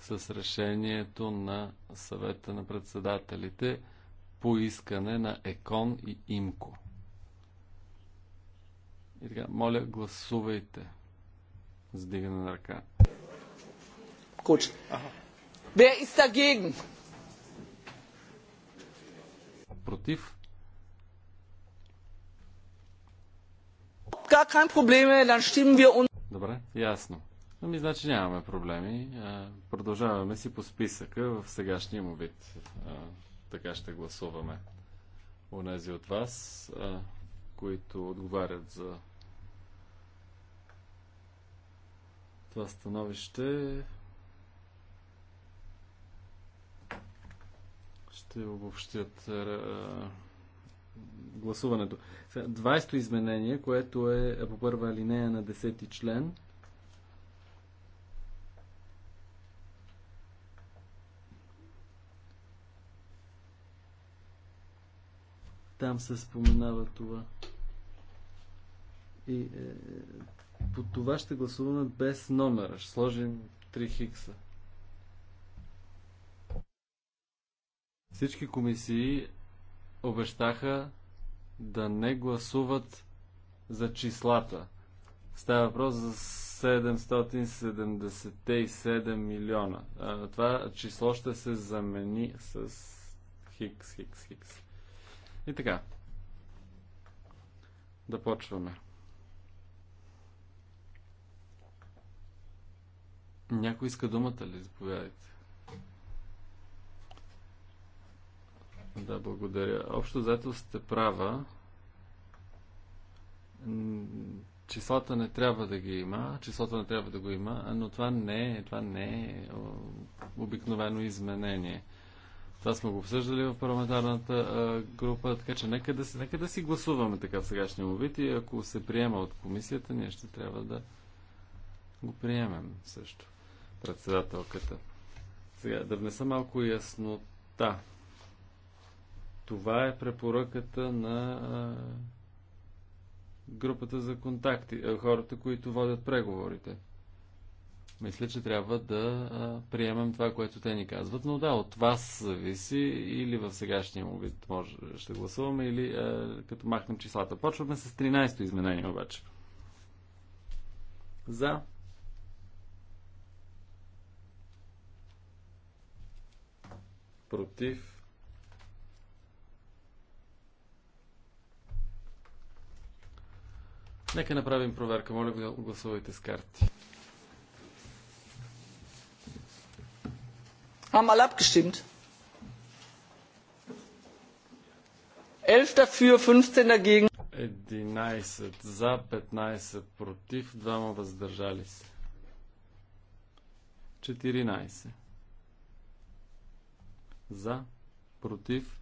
с решението на съвета на председателите по искане на ЕКОН и ИМКО. И така, моля, гласувайте Сдигане на ръка. Куче. Ага. Wer ist dagegen? Против. Gar kein Problem, dann stimmen wir uns. Добре, ясно. Ами, значи нямаме проблеми. Продължаваме си по списъка в сегашния му вид. Така ще гласуваме. Онези от вас, които отговарят за това становище, ще обобщят гласуването. 20-то изменение, което е, е по първа линея на 10-ти член. Там се споменава това. И е, по това ще гласуваме без номера. Ще сложим 3 хикса. Всички комисии обещаха да не гласуват за числата. Става въпрос за 777 милиона. това число ще се замени с хикс, хикс, хикс. И така. Да почваме. Някой иска думата ли? Заповядайте. Да, благодаря. Общо заето сте права. Числата не трябва да ги има, числото не трябва да го има, но това не е, това не е обикновено изменение. Това сме го обсъждали в парламентарната група, така че нека да, нека да си гласуваме така в сегашния му вид и ако се приема от комисията, ние ще трябва да го приемем също, председателката. Сега да внеса малко яснота. Това е препоръката на групата за контакти, хората, които водят преговорите. Мисля, че трябва да приемем това, което те ни казват, но да, от вас зависи или в сегашния му вид може, ще гласуваме, или а, като махнем числата. Почваме с 13-то изменение обаче. За против Нека направим проверка. Моля, гласувайте с карти. Haben alle abgestimmt? 11 dafür, 15 dagegen. 11 за, 15 против, 2 въздържали се. 14. За, против,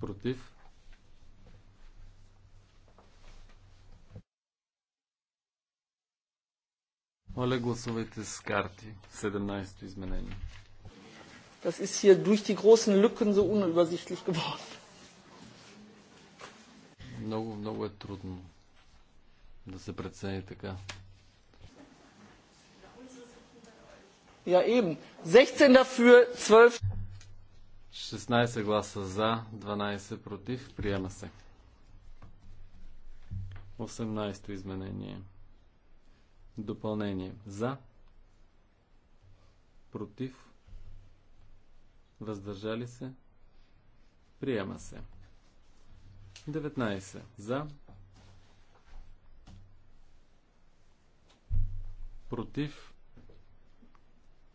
Против. Моля, гласувайте с карти. 17-то изменение. Das ist hier durch die großen Lücken so unübersichtlich geworden. Много, много е трудно да се прецени така. Ja, eben. 16 12. 16 гласа за, 12 против. Приема се. 18-то изменение. Допълнение. За. Против. Въздържали се. Приема се. 19. За. Против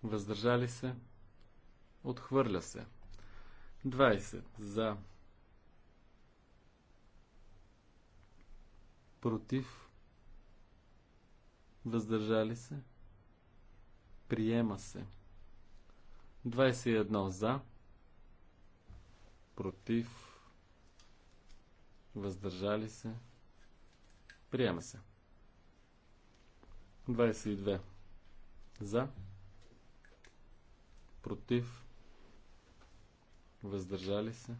въздържали се, отхвърля се. 20 за, против, въздържали се, приема се. 21 за, против, въздържали се, приема се. 22 за, против, въздържали се,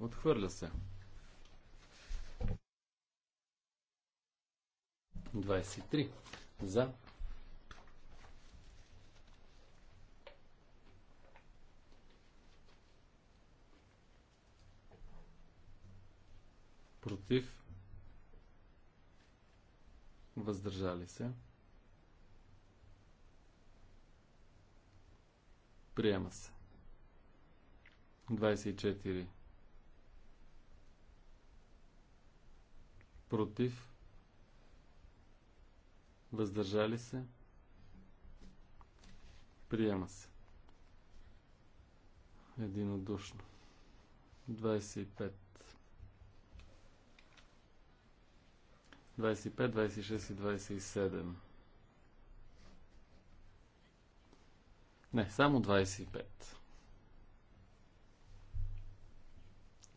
отхвърля се. 23 за против въздържали се Приема се. 24. Против. Въздържали се. Приема се. Единодушно. 25. 25, 26 и 27. Не, само 25.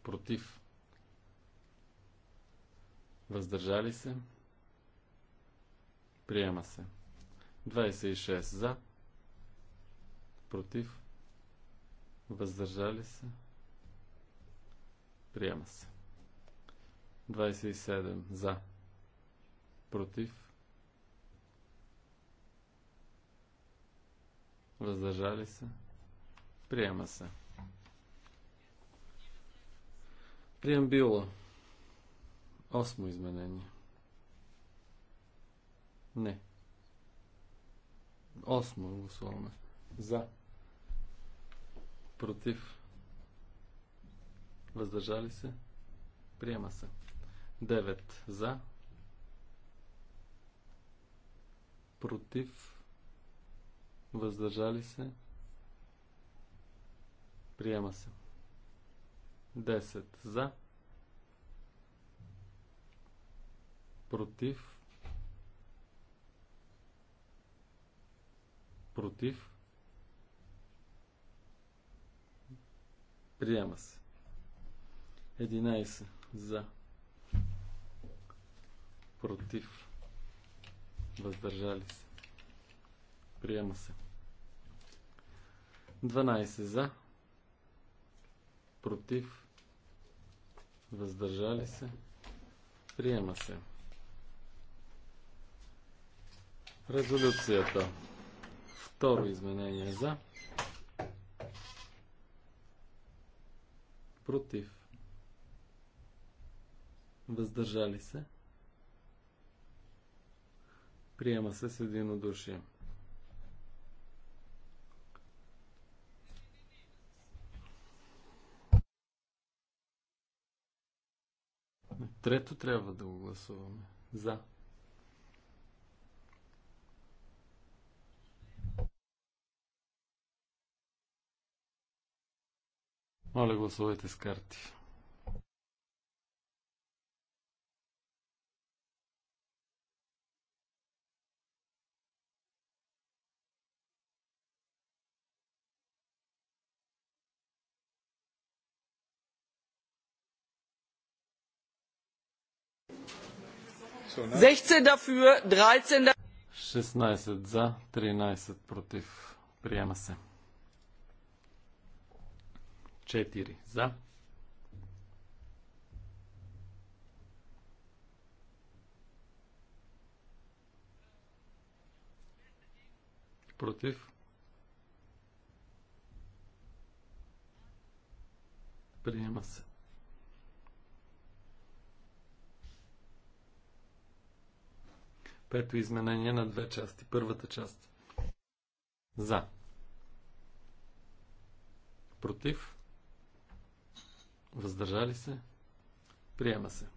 Против. Въздържали се. Приема се. 26 за. Против. Въздържали се. Приема се. 27 за. Против. Въздържали се. Приема се. Преамбюла. Осмо изменение. Не. Осмо гласуваме. За. Против. Въздържали се. Приема се. Девет. за. Против въздържали се, приема се. 10 за, против, против, приема се. 11 за, против, въздържали се, приема се. 12 за, против, въздържали се, приема се. Резолюцията. Второ изменение за, против, въздържали се, приема се с единодушие. Трето трябва да го гласуваме. За. Моля, гласувайте с карти. 16 dafür, 13 dafür. 16 за, 13 против. Приема се. 4 за. Против. Приема се. Пето изменение на две части. Първата част. За. Против. Въздържали се. Приема се.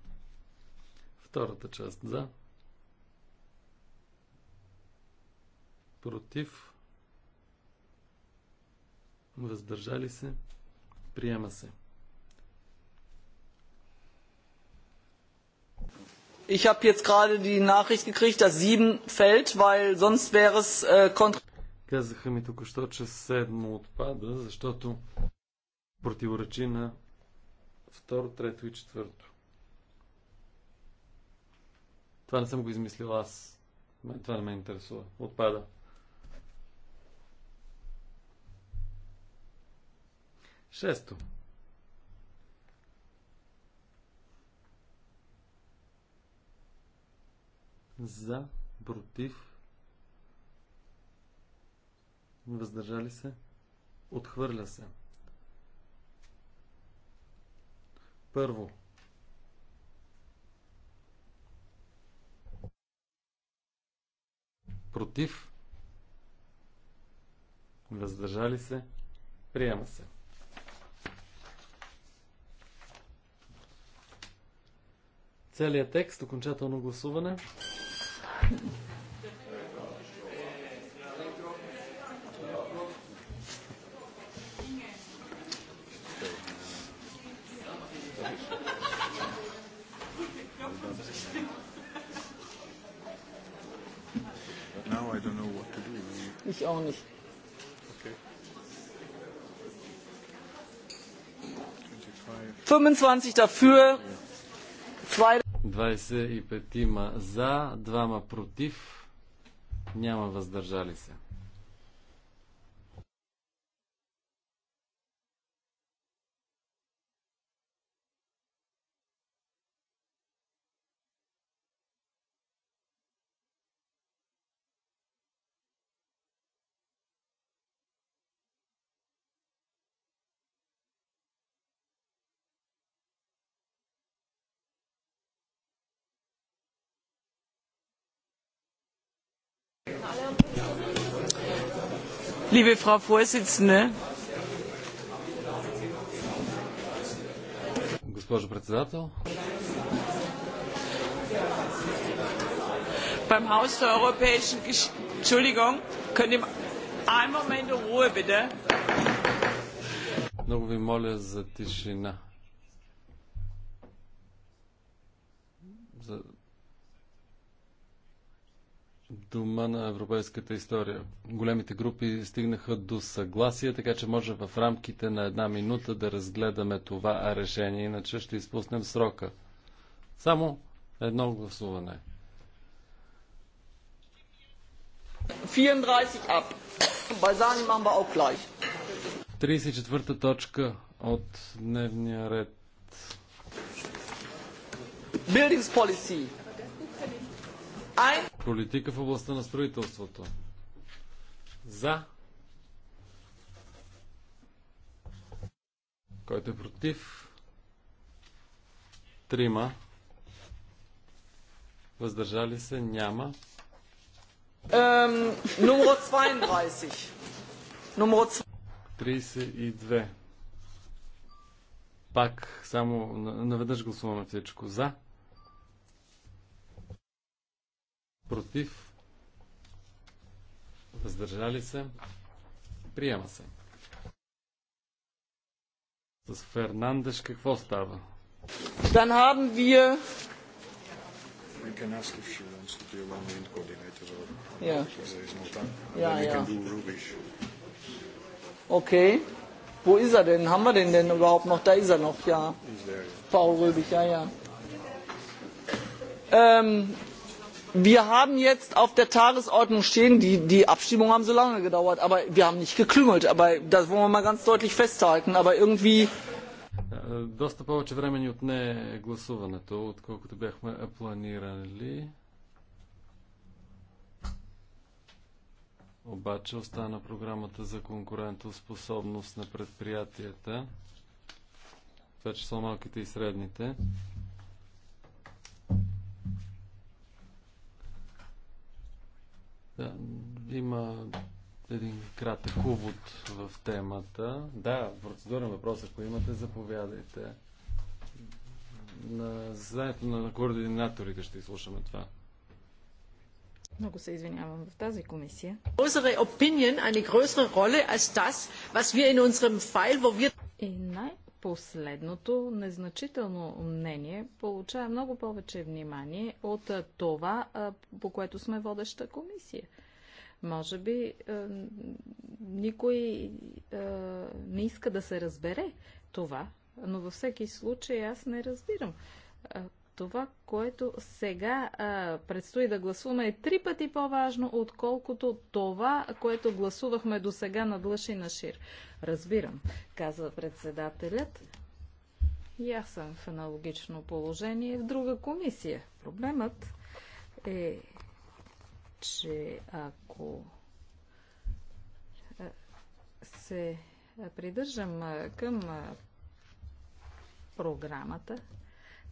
Втората част. За. Против. Въздържали се. Приема се. Ich habe jetzt gerade die Nachricht gekriegt, dass sieben fällt, weil sonst wäre es äh, kontra... Казаха ми току-що, че седмо отпада, защото противоречи на второ, трето и четвърто. Това не съм го измислил аз. Това не ме интересува. Отпада. Шесто. за, против, въздържали се, отхвърля се. Първо. Против. Въздържали се. Приема се. Целият текст, окончателно гласуване. Ich auch nicht. Okay. 25 dafür, zwei 25 за, 2 против, няма въздържали се. liebe Frau Präsidentin, Beim Haus der Europäischen Entschuldigung, könnt ihr einen Moment Ruhe bitte? Много ви моля за тишина. дума на европейската история. Големите групи стигнаха до съгласие, така че може в рамките на една минута да разгледаме това решение, иначе ще изпуснем срока. Само едно гласуване. 34 ab. 34-та точка от дневния ред. Buildings Policy. Ein Политика в областта на строителството. За. Който е против? Трима. Въздържали се? Няма. Номер 32. Номер 32. Пак само наведнъж гласуваме всичко. За. против, въздържали се, приема се. С Фернандеш какво става? Dann haben wir Okay. Wo ist er denn? Haben wir den denn überhaupt noch? Da ist er noch, ja. Paul Rübig, ja, ja. Ähm, wir haben jetzt auf der tagesordnung stehen die abstimmungen haben so lange gedauert aber wir haben nicht geklüngelt das wollen wir mal ganz deutlich festhalten aber irgendwie Доста повече време ни отне гласуването, отколкото бяхме планирали. Обаче остана програмата за конкурентоспособност на предприятията, това число малките и средните. Да, е, има един кратък увод в темата. Да, процедурен въпрос, ако имате, заповядайте. На заседанието на координаторите ще изслушаме това. Много се извинявам в тази комисия. И най- Последното незначително мнение получава много повече внимание от това, по което сме водеща комисия. Може би никой не иска да се разбере това, но във всеки случай аз не разбирам това, което сега а, предстои да гласуваме, е три пъти по-важно, отколкото това, което гласувахме до сега на Длъж и на Шир. Разбирам, казва председателят. И аз съм в аналогично положение в друга комисия. Проблемът е, че ако се придържам към програмата,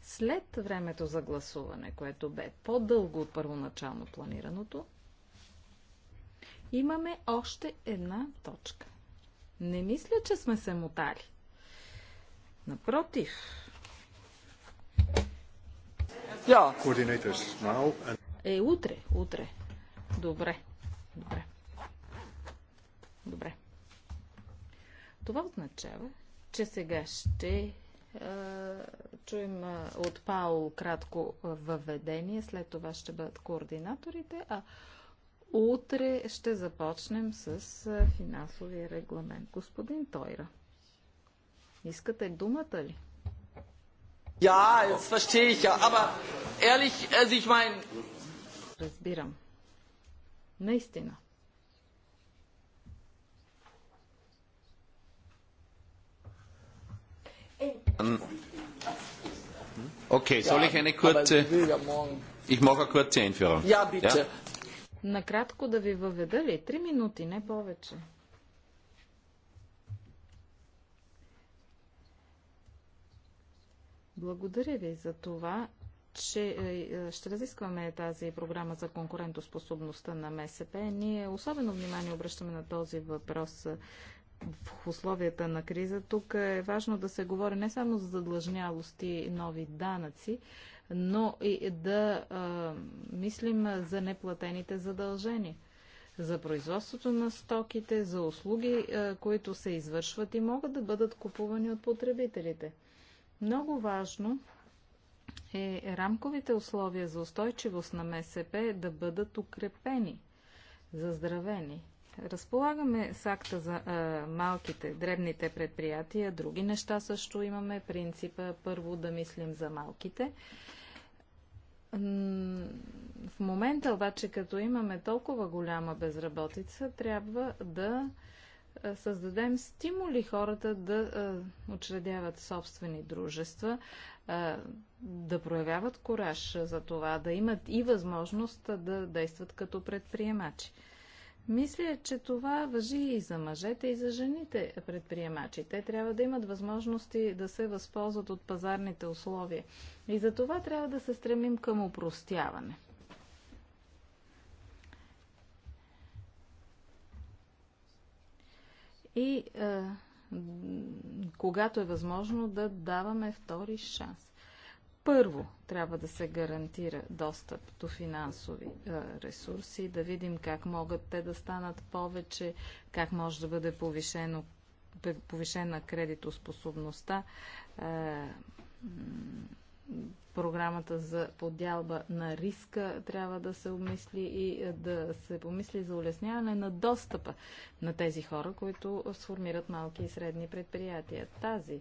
след времето за гласуване, което бе по-дълго от първоначално планираното, имаме още една точка. Не мисля, че сме се мотали. Напротив. Yeah. Е, утре, утре. Добре. Добре. Добре. Това означава, че сега ще е, чуем е, от Паул кратко въведение, след това ще бъдат координаторите, а утре ще започнем с е, финансовия регламент. Господин Тойра, искате думата ли? Ja, das verstehe ich ja, aber ehrlich, also ich meine... Разбирам. Наистина. Hm? Okay, soll ich eine kurze... Ich mache eine kurze Einführung. Ja, bitte. Ja? Накратко да ви въведа ли? Три минути, не повече. Благодаря ви за това, че е, е, ще разискваме тази програма за конкурентоспособността на МСП. Ние особено внимание обръщаме на този въпрос в условията на криза. Тук е важно да се говори не само за задлъжнялости и нови данъци, но и да а, мислим за неплатените задължения. За производството на стоките, за услуги, а, които се извършват и могат да бъдат купувани от потребителите. Много важно е рамковите условия за устойчивост на МСП да бъдат укрепени, заздравени. Разполагаме с акта за а, малките, дребните предприятия. Други неща също имаме. Принципа първо да мислим за малките. В момента обаче, като имаме толкова голяма безработица, трябва да създадем стимули хората да учредяват собствени дружества, да проявяват кораж за това, да имат и възможност да действат като предприемачи. Мисля, че това въжи и за мъжете, и за жените предприемачи. Те трябва да имат възможности да се възползват от пазарните условия. И за това трябва да се стремим към упростяване. И е, когато е възможно да даваме втори шанс. Първо, трябва да се гарантира достъп до финансови е, ресурси, да видим как могат те да станат повече, как може да бъде повишено, повишена кредитоспособността. Е, програмата за подялба на риска трябва да се обмисли и е, да се помисли за улесняване на достъпа на тези хора, които сформират малки и средни предприятия. Тази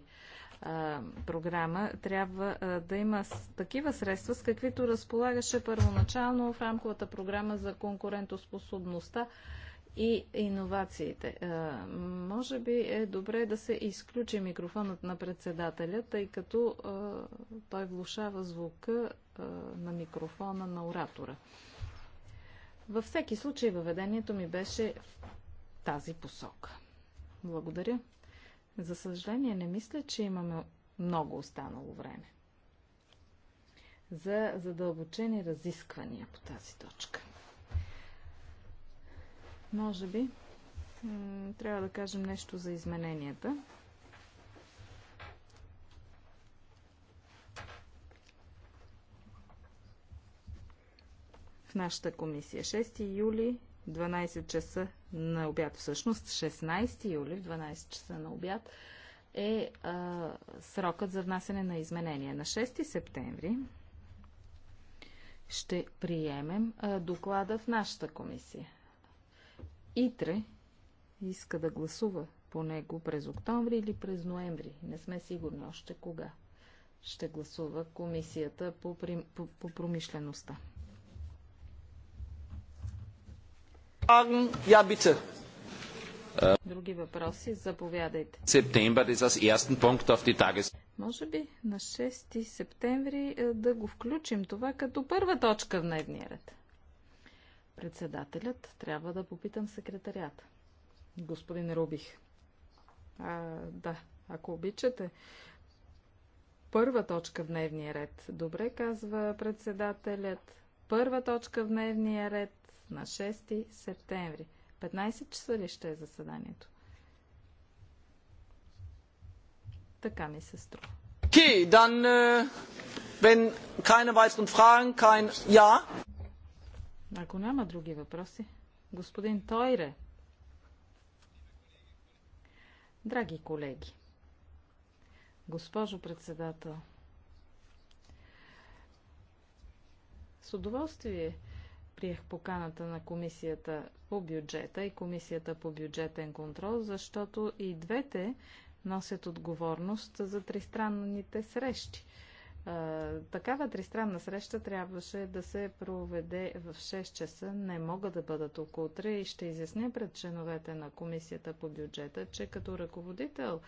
а, програма трябва а, да има такива средства, с каквито разполагаше първоначално в рамковата програма за конкурентоспособността и иновациите. Може би е добре да се изключи микрофонът на председателя, тъй като а, той влушава звука а, на микрофона на оратора. Във всеки случай въведението ми беше в тази посока. Благодаря. За съжаление, не мисля, че имаме много останало време за задълбочени разисквания по тази точка. Може би трябва да кажем нещо за измененията. В нашата комисия 6 юли 12 часа на обяд, всъщност 16 юли в 12 часа на обяд е а, срокът за внасяне на изменения. На 6 септември ще приемем а, доклада в нашата комисия. ИТРЕ иска да гласува по него през октомври или през ноември. Не сме сигурни още кога ще гласува комисията по, по, по промишлеността. Ja, bitte. Други въпроси? Заповядайте. Може би на 6 септември е, да го включим това като първа точка в дневния ред. Председателят трябва да попитам секретарията. Господин Рубих. А, да, ако обичате. Първа точка в дневния ред. Добре, казва председателят. Първа точка в дневния ред на 6 септември. 15 часа ли ще е заседанието? Така ми се струва. Okay, dann, е, wenn keine weiteren Fragen, kein Ja. Ако няма други въпроси, господин Тойре. Драги колеги, госпожо председател, с удоволствие приех поканата на комисията по бюджета и комисията по бюджетен контрол, защото и двете носят отговорност за тристранните срещи. Такава тристранна среща трябваше да се проведе в 6 часа. Не мога да бъда тук утре и ще изясня пред членовете на комисията по бюджета, че като ръководител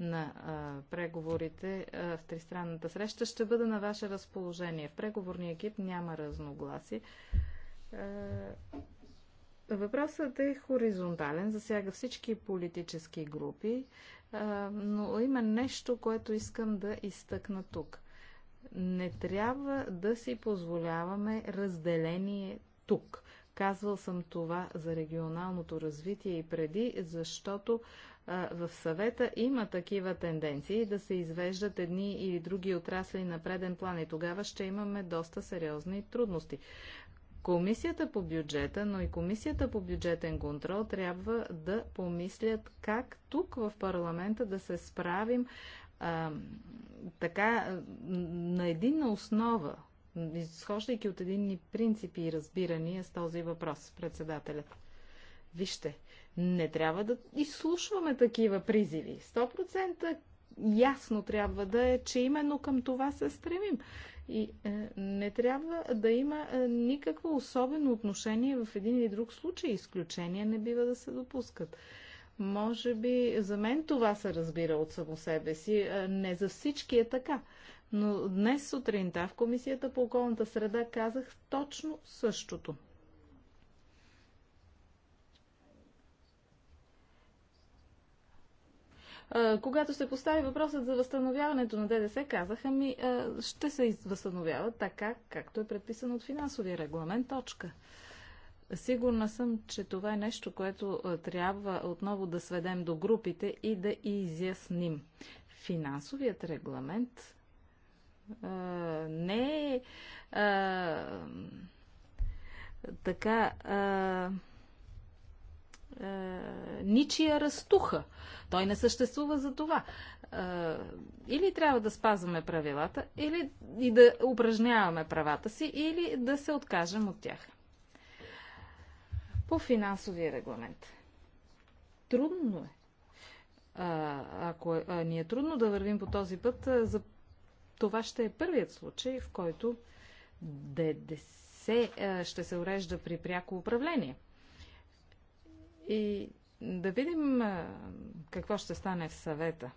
на а, преговорите а, в тристранната среща ще бъда на ваше разположение. В преговорния екип няма разногласи. Е, въпросът е хоризонтален, засяга всички политически групи, е, но има нещо, което искам да изтъкна тук. Не трябва да си позволяваме разделение тук. Казвал съм това за регионалното развитие и преди, защото е, в съвета има такива тенденции да се извеждат едни или други отрасли на преден план и тогава ще имаме доста сериозни трудности. Комисията по бюджета, но и Комисията по бюджетен контрол трябва да помислят как тук в парламента да се справим а, така на единна основа, изхождайки от единни принципи и разбирания с този въпрос, председателят. Вижте, не трябва да изслушваме такива призиви. 100% ясно трябва да е, че именно към това се стремим. И е, не трябва да има е, никакво особено отношение в един или друг случай. Изключения не бива да се допускат. Може би за мен това се разбира от само себе си. Е, не за всички е така. Но днес сутринта в Комисията по околната среда казах точно същото. Когато се постави въпросът за възстановяването на ДДС, казаха ми, ще се възстановява така, както е предписано от финансовия регламент. Точка. Сигурна съм, че това е нещо, което трябва отново да сведем до групите и да изясним. Финансовият регламент а, не е а, така. А, е, ничия растуха. Той не съществува за това. Е, или трябва да спазваме правилата, или и да упражняваме правата си, или да се откажем от тях. По финансовия регламент. Трудно е. ако е, а, ни е трудно да вървим по този път, за това ще е първият случай, в който ДДС ще се урежда при пряко управление – и да видим какво ще стане в съвета.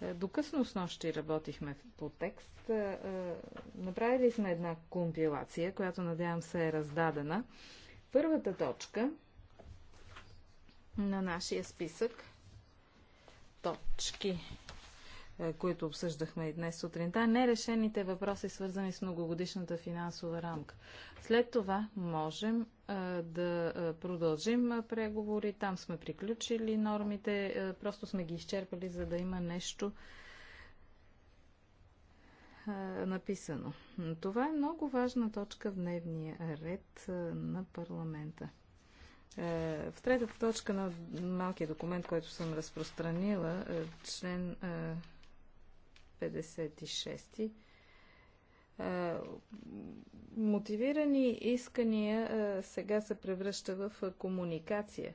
Е, до късно с нощи работихме по текст. Е, е, направили сме една компилация, която надявам се е раздадена. Първата точка на нашия списък точки е, които обсъждахме и днес сутринта, нерешените въпроси, свързани с многогодишната финансова рамка. След това можем е, да е, продължим преговори. Там сме приключили нормите, просто сме ги изчерпали, за да има нещо написано. Това е много важна точка в дневния ред на парламента. В третата точка на малкия документ, който съм разпространила, член 56 мотивирани искания сега се превръща в комуникация.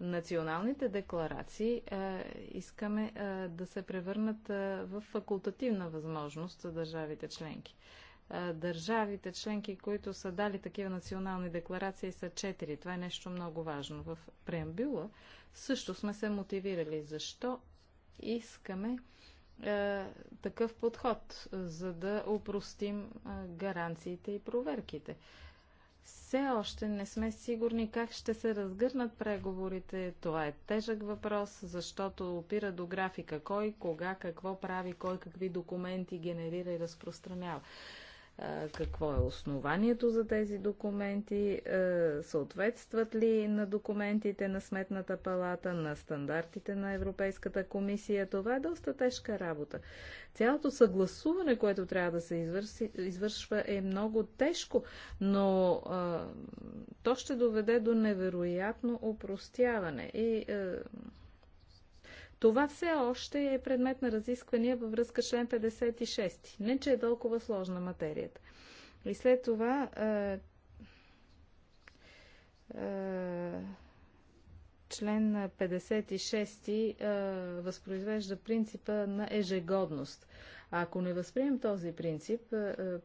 Националните декларации искаме да се превърнат в факултативна възможност за държавите членки. Държавите членки, които са дали такива национални декларации, са четири. Това е нещо много важно. В преамбюла също сме се мотивирали. Защо искаме е, такъв подход, за да упростим е, гаранциите и проверките. Все още не сме сигурни как ще се разгърнат преговорите. Това е тежък въпрос, защото опира до графика кой, кога, какво прави, кой какви документи генерира и разпространява какво е основанието за тези документи, съответстват ли на документите на Сметната палата, на стандартите на Европейската комисия. Това е доста тежка работа. Цялото съгласуване, което трябва да се извърши, извършва, е много тежко, но а, то ще доведе до невероятно упростяване и а, това все още е предмет на разисквания във връзка с член 56. Не, че е толкова сложна материята. И след това член 56 възпроизвежда принципа на ежегодност. А ако не възприем този принцип,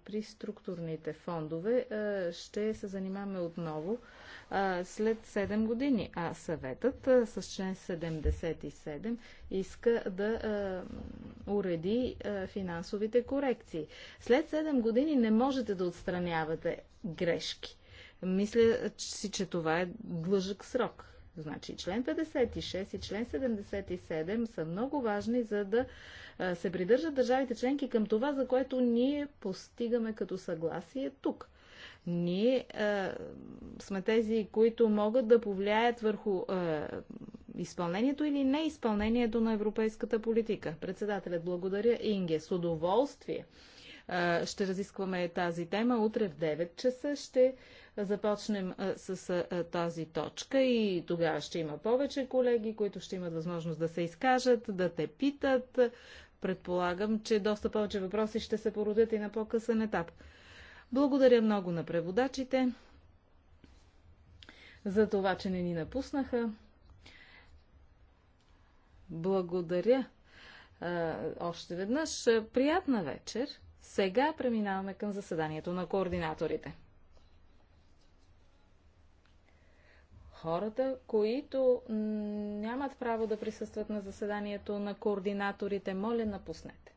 при структурните фондове ще се занимаваме отново след 7 години. А съветът а, с член 77 иска да а, уреди а, финансовите корекции. След 7 години не можете да отстранявате грешки. Мисля си, че това е длъжък срок. Значи член 56 и член 77 са много важни, за да се придържат държавите членки към това, за което ние постигаме като съгласие тук. Ние а, е, сме тези, които могат да повлияят върху а, е, изпълнението или неизпълнението на европейската политика. Председателят, благодаря Инге. С удоволствие а, е, ще разискваме тази тема. Утре в 9 часа ще започнем с а, тази точка и тогава ще има повече колеги, които ще имат възможност да се изкажат, да те питат. Предполагам, че доста повече въпроси ще се породят и на по-късен етап. Благодаря много на преводачите за това, че не ни напуснаха. Благодаря а, още веднъж. Приятна вечер. Сега преминаваме към заседанието на координаторите. хората, които нямат право да присъстват на заседанието на координаторите, моля напуснете.